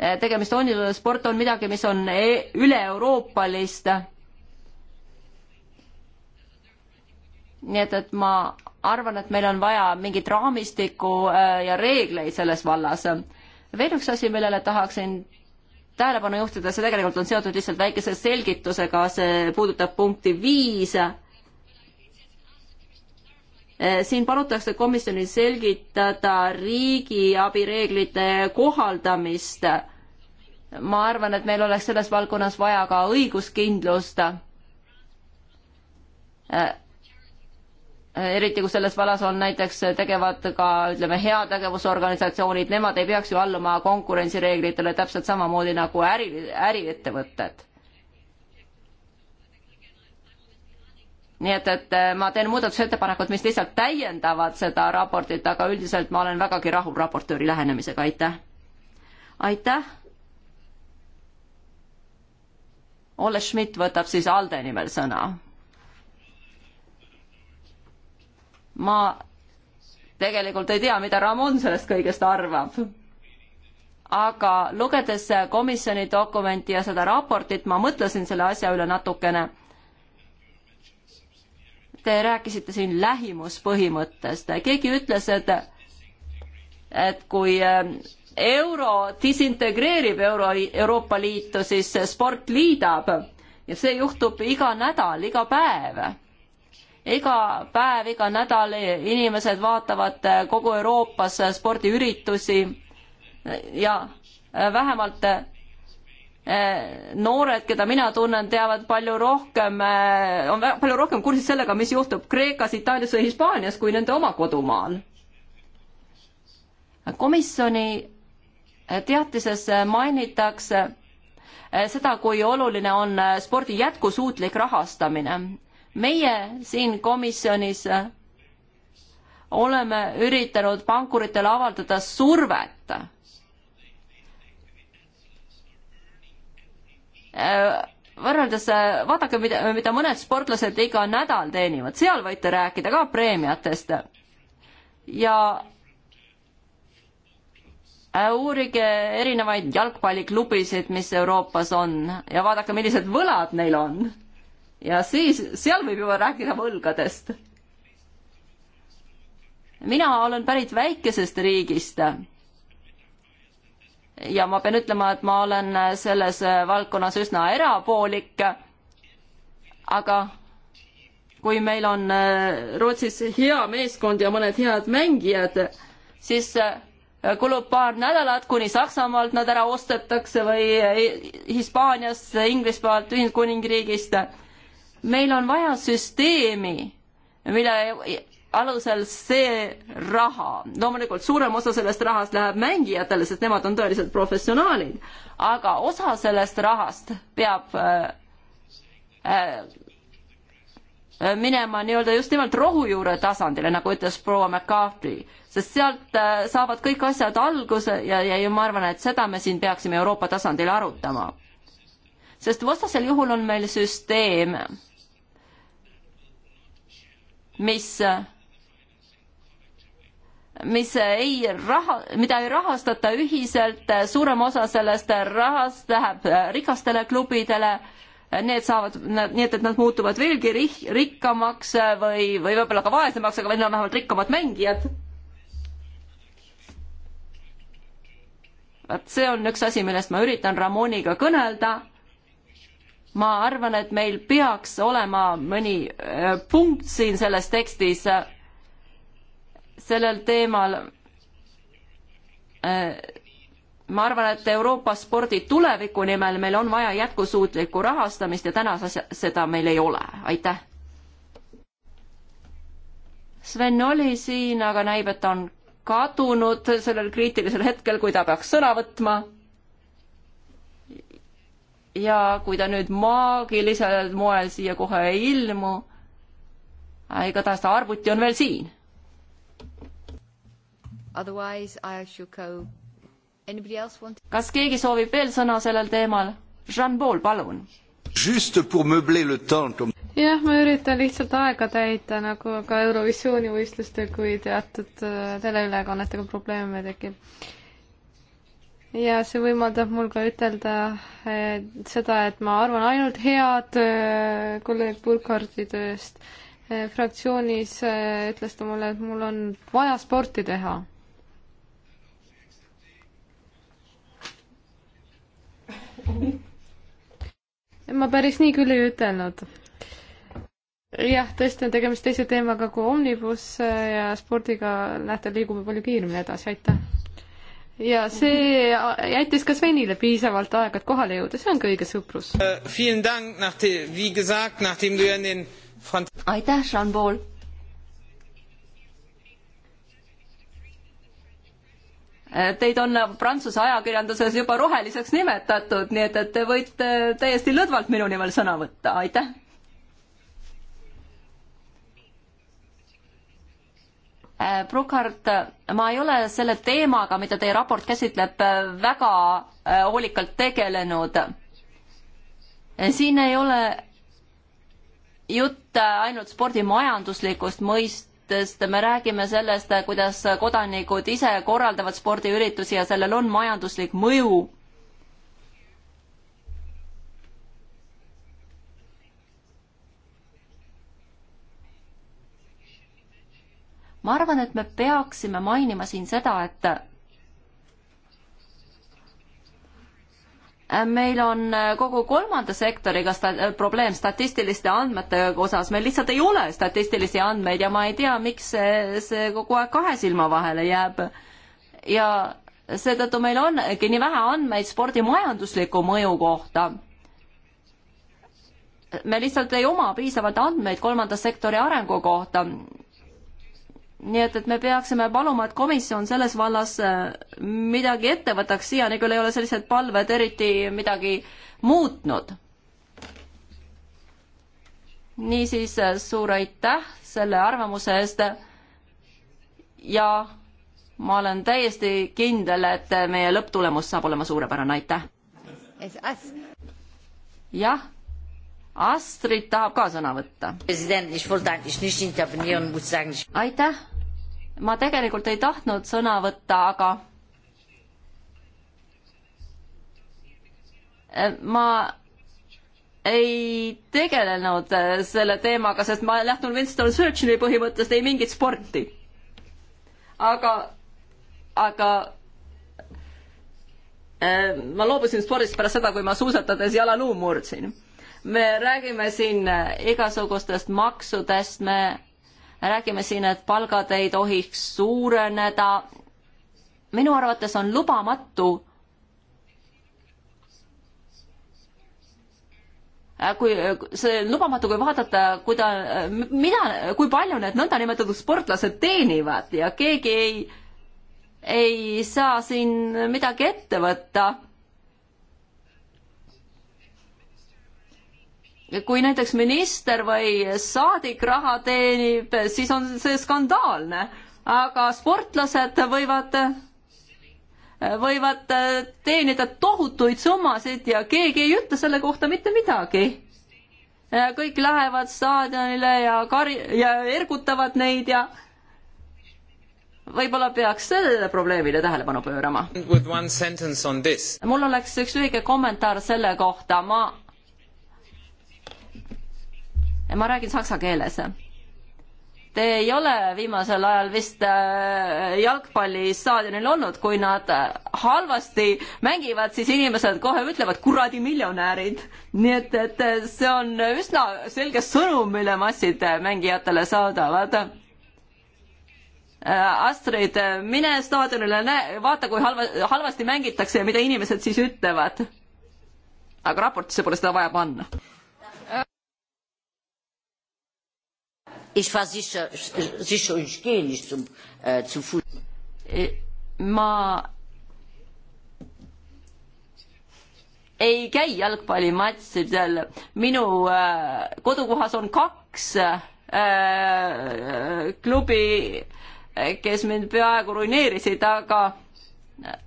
Eh, tegemist on ju, sport on midagi, mis on e üle-euroopalist nii et, et ma arvan, et meil on vaja mingit raamistikku äh, ja reegleid selles vallas. veel üks asi, millele tahaksin tähelepanu juhtida, see tegelikult on seotud lihtsalt väikese selgitusega, see puudutab punkti viis. Äh, siin palutakse komisjonil selgitada riigiabi reeglite kohaldamist. ma arvan, et meil oleks selles valdkonnas vaja ka õiguskindlust äh, eriti kui selles vallas on näiteks tegevad ka ütleme, heategevusorganisatsioonid, nemad ei peaks ju alluma konkurentsireeglitele täpselt samamoodi nagu äri, äriettevõtted. nii et, et äh, ma teen muudatusettepanekud, mis lihtsalt täiendavad seda raportit, aga üldiselt ma olen vägagi rahul raportööri lähenemisega, aitäh. aitäh. Olle Schmidt võtab siis ALDE nimel sõna ma tegelikult ei tea, mida Ramon sellest kõigest arvab. aga lugedes komisjoni dokumenti ja seda raportit, ma mõtlesin selle asja üle natukene. Te rääkisite siin lähimuspõhimõttest, keegi ütles, et et kui ähm, euro disintegreerib euro, Euroopa Liitu, siis sport liidab ja see juhtub iga nädal, iga päev iga päev, iga nädal inimesed vaatavad eh, kogu Euroopas eh, spordiüritusi ja eh, vähemalt noored, keda mina tunnen, teavad palju rohkem, on palju rohkem kursis sellega, mis juhtub Kreekas, Itaalias või Hispaanias kui nende oma kodumaal. komisjoni teatises mainitakse seda, kui oluline on spordi jätkusuutlik rahastamine meie siin komisjonis oleme üritanud pankuritele avaldada survet. Äh, võrreldes, vaadake, mida, mida mõned sportlased iga nädal teenivad, seal võite rääkida ka preemiatest. ja äh, uurige erinevaid jalgpalliklubisid, mis Euroopas on ja vaadake, millised võlad neil on ja siis, seal võib juba rääkida võlgadest. mina olen pärit väikesest riigist ja ma pean ütlema, et ma olen selles valdkonnas üsna erapoolik. aga kui meil on äh, Rootsis hea meeskond ja mõned head mängijad, siis äh, kulub paar nädalat, kuni Saksamaalt nad ära ostetakse või äh, Hispaaniasse, Inglismaalt, Ühendkuningriigist meil on vaja süsteemi, mille alusel see raha, loomulikult suurem osa sellest rahast läheb mängijatele, sest nemad on tõelised professionaalid, aga osa sellest rahast peab äh, äh, minema nii-öelda just nimelt rohujuure tasandile, nagu ütles proua McCarthy, sest sealt äh, saavad kõik asjad alguse ja, ja ma arvan, et seda me siin peaksime Euroopa tasandil arutama. sest vastasel juhul on meil süsteem mis mis ei raha, mida ei rahastata ühiselt, suurem osa sellest rahast läheb rikastele klubidele, need saavad, nii et, et nad muutuvad veelgi rih, rikkamaks või, või võib-olla ka vaesemaks, aga neil on vähemalt rikkamad mängijad. vaat see on üks asi, millest ma üritan Ramoniga kõnelda ma arvan, et meil peaks olema mõni äh, punkt siin selles tekstis äh, sellel teemal. Äh, ma arvan, et Euroopa spordi tuleviku nimel meil on vaja jätkusuutlikku rahastamist ja täna seda meil ei ole, aitäh. Sven oli siin, aga näib, et ta on kadunud sellel kriitilisel hetkel, kui ta peaks sõna võtma ja kui ta nüüd maagilisel moel siia kohe ei ilmu, äh, igatahes ta arvuti on veel siin. kas keegi soovib veel sõna sellel teemal? Jean-Paul, palun. jah, ma üritan lihtsalt aega täita, nagu ka Eurovisiooni võistlustel, kui teatud äh, teleülekannetega probleeme tekib ja see võimaldab mul ka ütelda et seda, et ma arvan ainult head äh, kolleeg Burkhardi tööst. Äh, fraktsioonis äh, ütles ta mulle, et mul on vaja sporti teha. ma päris nii küll ei ütelnud jah, tõesti on tegemist teise teemaga kui Omnibus ja spordiga näete, liigume palju kiiremini edasi, aitäh! ja see jättis ka Svenile piisavalt aega, et kohale jõuda, see ongi õige sõprus. Äh, aitäh, Jean-Paul. Äh, teid on Prantsuse ajakirjanduses juba roheliseks nimetatud, nii et, et te võite täiesti lõdvalt minu nimel sõna võtta, aitäh Äh, Brokart, ma ei ole selle teemaga, mida teie raport käsitleb, äh, väga äh, hoolikalt tegelenud. siin ei ole jutt ainult spordi majanduslikust mõistest, me räägime sellest, kuidas kodanikud ise korraldavad spordiüritusi ja sellel on majanduslik mõju ma arvan, et me peaksime mainima siin seda, et äh, meil on äh, kogu kolmanda sektoriga sta-, äh, probleem statistiliste andmete osas, meil lihtsalt ei ole statistilisi andmeid ja ma ei tea, miks see, see kogu aeg kahe silma vahele jääb. ja seetõttu meil ongi nii vähe andmeid spordi majandusliku mõju kohta me lihtsalt ei oma piisavalt andmeid kolmanda sektori arengu kohta nii et, et me peaksime paluma, et komisjon selles vallas äh, midagi ette võtaks, siiani küll ei ole sellised palved eriti midagi muutnud. niisiis äh, suur aitäh selle arvamuse eest ja ma olen täiesti kindel, et äh, meie lõpptulemus saab olema suurepärane, aitäh! jah Astrid tahab ka sõna võtta. aitäh, ma tegelikult ei tahtnud sõna võtta, aga ma ei tegelenud äh, selle teemaga, sest ma lähtun Winston Churchilli põhimõttest, ei mingit sporti. aga, aga äh, ma loobusin spordist pärast seda, kui ma suusatades jalaluu murdsin. me räägime siin äh, igasugustest maksudest, me räägime siin, et palgad ei tohiks suureneda. minu arvates on lubamatu kui see lubamatu, kui vaadata, kuida, mida, kui palju need nõndanimetatud sportlased teenivad ja keegi ei, ei saa siin midagi ette võtta kui näiteks minister või saadik raha teenib, siis on see skandaalne, aga sportlased võivad, võivad teenida tohutuid summasid ja keegi ei ütle selle kohta mitte midagi. kõik lähevad staadionile ja kari- ja ergutavad neid ja võib-olla peaks sellele probleemile tähelepanu pöörama. mul oleks üks lühike kommentaar selle kohta, ma ma räägin saksa keeles. Te ei ole viimasel ajal vist äh, jalgpallistaadionil olnud, kui nad äh, halvasti mängivad, siis inimesed kohe ütlevad kuradi miljonärid. nii et, et see on üsna selge sõnum, mille massid mängijatele saadavad äh, Astrid, mine staadionile, näe, vaata, kui halva, halvasti mängitakse ja mida inimesed siis ütlevad. aga raportisse pole seda vaja panna Ich war sicher, sicher ich gehe nicht zum, äh, zu Fuß. Äh, ma ei käi jalgpallimatsidel. minu äh, kodukohas on kaks äh, klubi, äh, kes mind peaaegu ruineerisid, aga äh,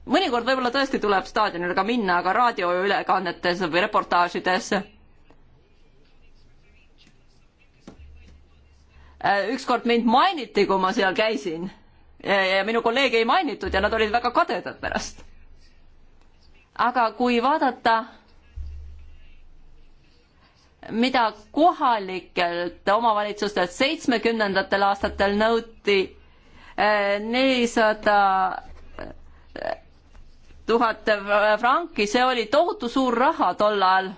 mõnikord võib-olla tõesti tuleb staadionile ka minna, aga raadioülekannetes või reportaažides äh, Äh, ükskord mind mainiti, kui ma seal käisin ja, ja minu kolleege ei mainitud ja nad olid väga kadedad pärast. aga kui vaadata mida kohalikelt omavalitsustelt seitsmekümnendatel aastatel nõuti äh, nelisada äh, tuhat franki, see oli tohutu suur raha tol ajal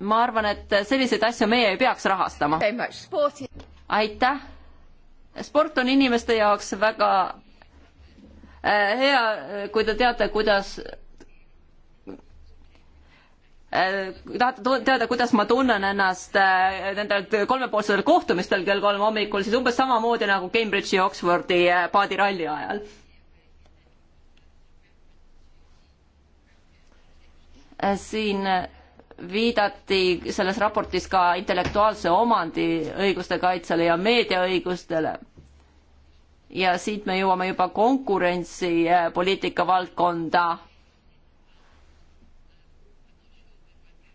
ma arvan, et selliseid asju meie ei peaks rahastama. aitäh. sport on inimeste jaoks väga äh, hea, kui te teate, kuidas kui äh, tahate teada, kuidas ma tunnen ennast äh, nendel kolmepoolsetel kohtumistel kell kolm hommikul, siis umbes samamoodi nagu Cambridge'i ja Oxfordi paadiralli ajal. siin viidati selles raportis ka intellektuaalse omandi õiguste kaitsele ja meediaõigustele. ja siit me jõuame juba konkurentsipoliitika eh, valdkonda.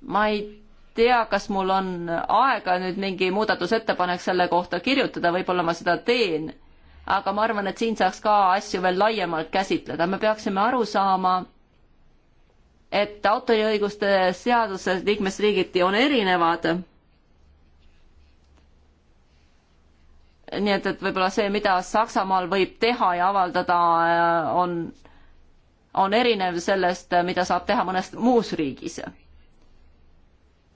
ma ei tea, kas mul on aega nüüd mingi muudatusettepanek selle kohta kirjutada, võib-olla ma seda teen, aga ma arvan, et siin saaks ka asju veel laiemalt käsitleda, me peaksime aru saama et autoriõiguste seadused liikmesriigiti on erinevad. nii et, et võib-olla see, mida Saksamaal võib teha ja avaldada, on, on erinev sellest, mida saab teha mõnes muus riigis.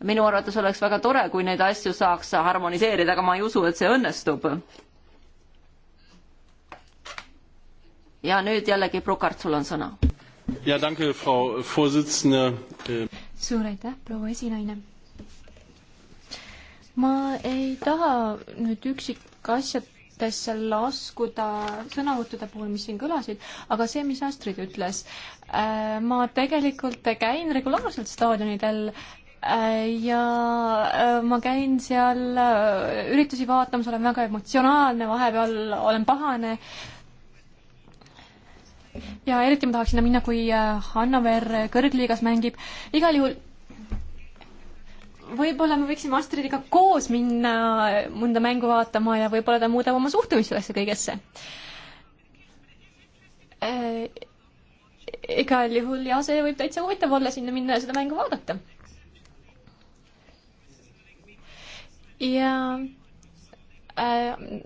minu arvates oleks väga tore, kui neid asju saaks harmoniseerida, aga ma ei usu, et see õnnestub. ja nüüd jällegi Prokart, sul on sõna ja danke, Frau Vorsitzende. suur aitäh, proua esinaine. ma ei taha nüüd üksikasjadesse laskuda sõnavõttude puhul, mis siin kõlasid, aga see, mis Astrid ütles, äh, ma tegelikult käin regulaarselt staadionidel äh, ja äh, ma käin seal üritusi vaatamas, olen väga emotsionaalne, vahepeal olen pahane ja eriti ma tahaks sinna minna, kui äh, Hannover äh, kõrgliigas mängib. igal juhul võib-olla me võiksime Astridiga koos minna äh, mõnda mängu vaatama ja võib-olla ta muudab oma suhtumist sellesse kõigesse. igal juhul jah, see võib täitsa huvitav olla sinna minna ja seda mängu vaadata. ja äh,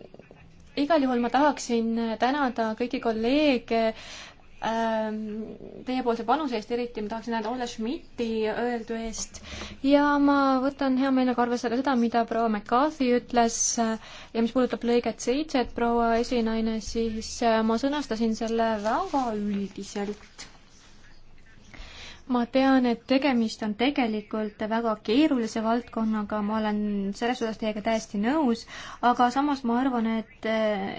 igal juhul ma tahaksin tänada kõiki kolleege ähm, teiepoolse panuse eest, eriti ma tahaksin tänada Olle Schmidti öeldu eest ja ma võtan hea meelega arvesse ka seda, mida proua McCarthy ütles äh, ja mis puudutab lõiget seitset, proua esinaine, siis äh, ma sõnastasin selle väga üldiselt ma tean, et tegemist on tegelikult väga keerulise valdkonnaga, ma olen selles osas teiega täiesti nõus, aga samas ma arvan, et eh,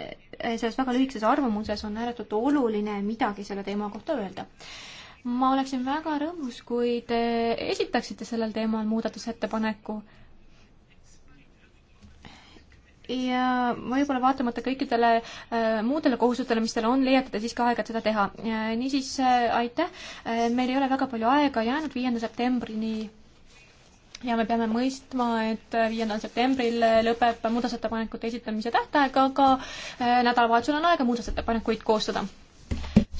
selles väga lühikeses arvamuses on ääretult oluline midagi selle teema kohta öelda. ma oleksin väga rõõmus, kui te esitaksite sellel teemal muudatusettepaneku ja võib-olla vaatamata kõikidele äh, muudele kohustustele, mis teil on, leiate te siiski aega, et seda teha. niisiis äh, aitäh, äh, meil ei ole väga palju aega jäänud viienda septembrini ja me peame mõistma, et viiendal septembril lõpeb muudatusettepanekute esitamise tähtaeg, aga nädalavahetusel on aega muudatusettepanekuid koostada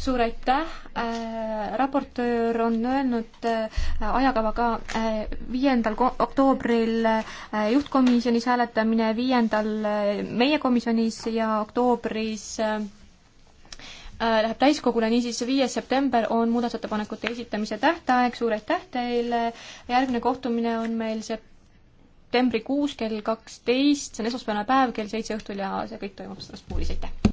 suur aitäh äh,, raportöör on öelnud äh, ajakava ka äh, viiendal äh, oktoobril juhtkomisjonis hääletamine, viiendal äh, meie komisjonis ja oktoobris äh, läheb täiskogule, niisiis viies september on muudatusettepanekute esitamise tähtaeg, suur aitäh teile, järgmine kohtumine on meil septembrikuus kell kaksteist, see on esmaspäevane päev kell seitse õhtul ja see kõik toimub Strasbourgis, aitäh!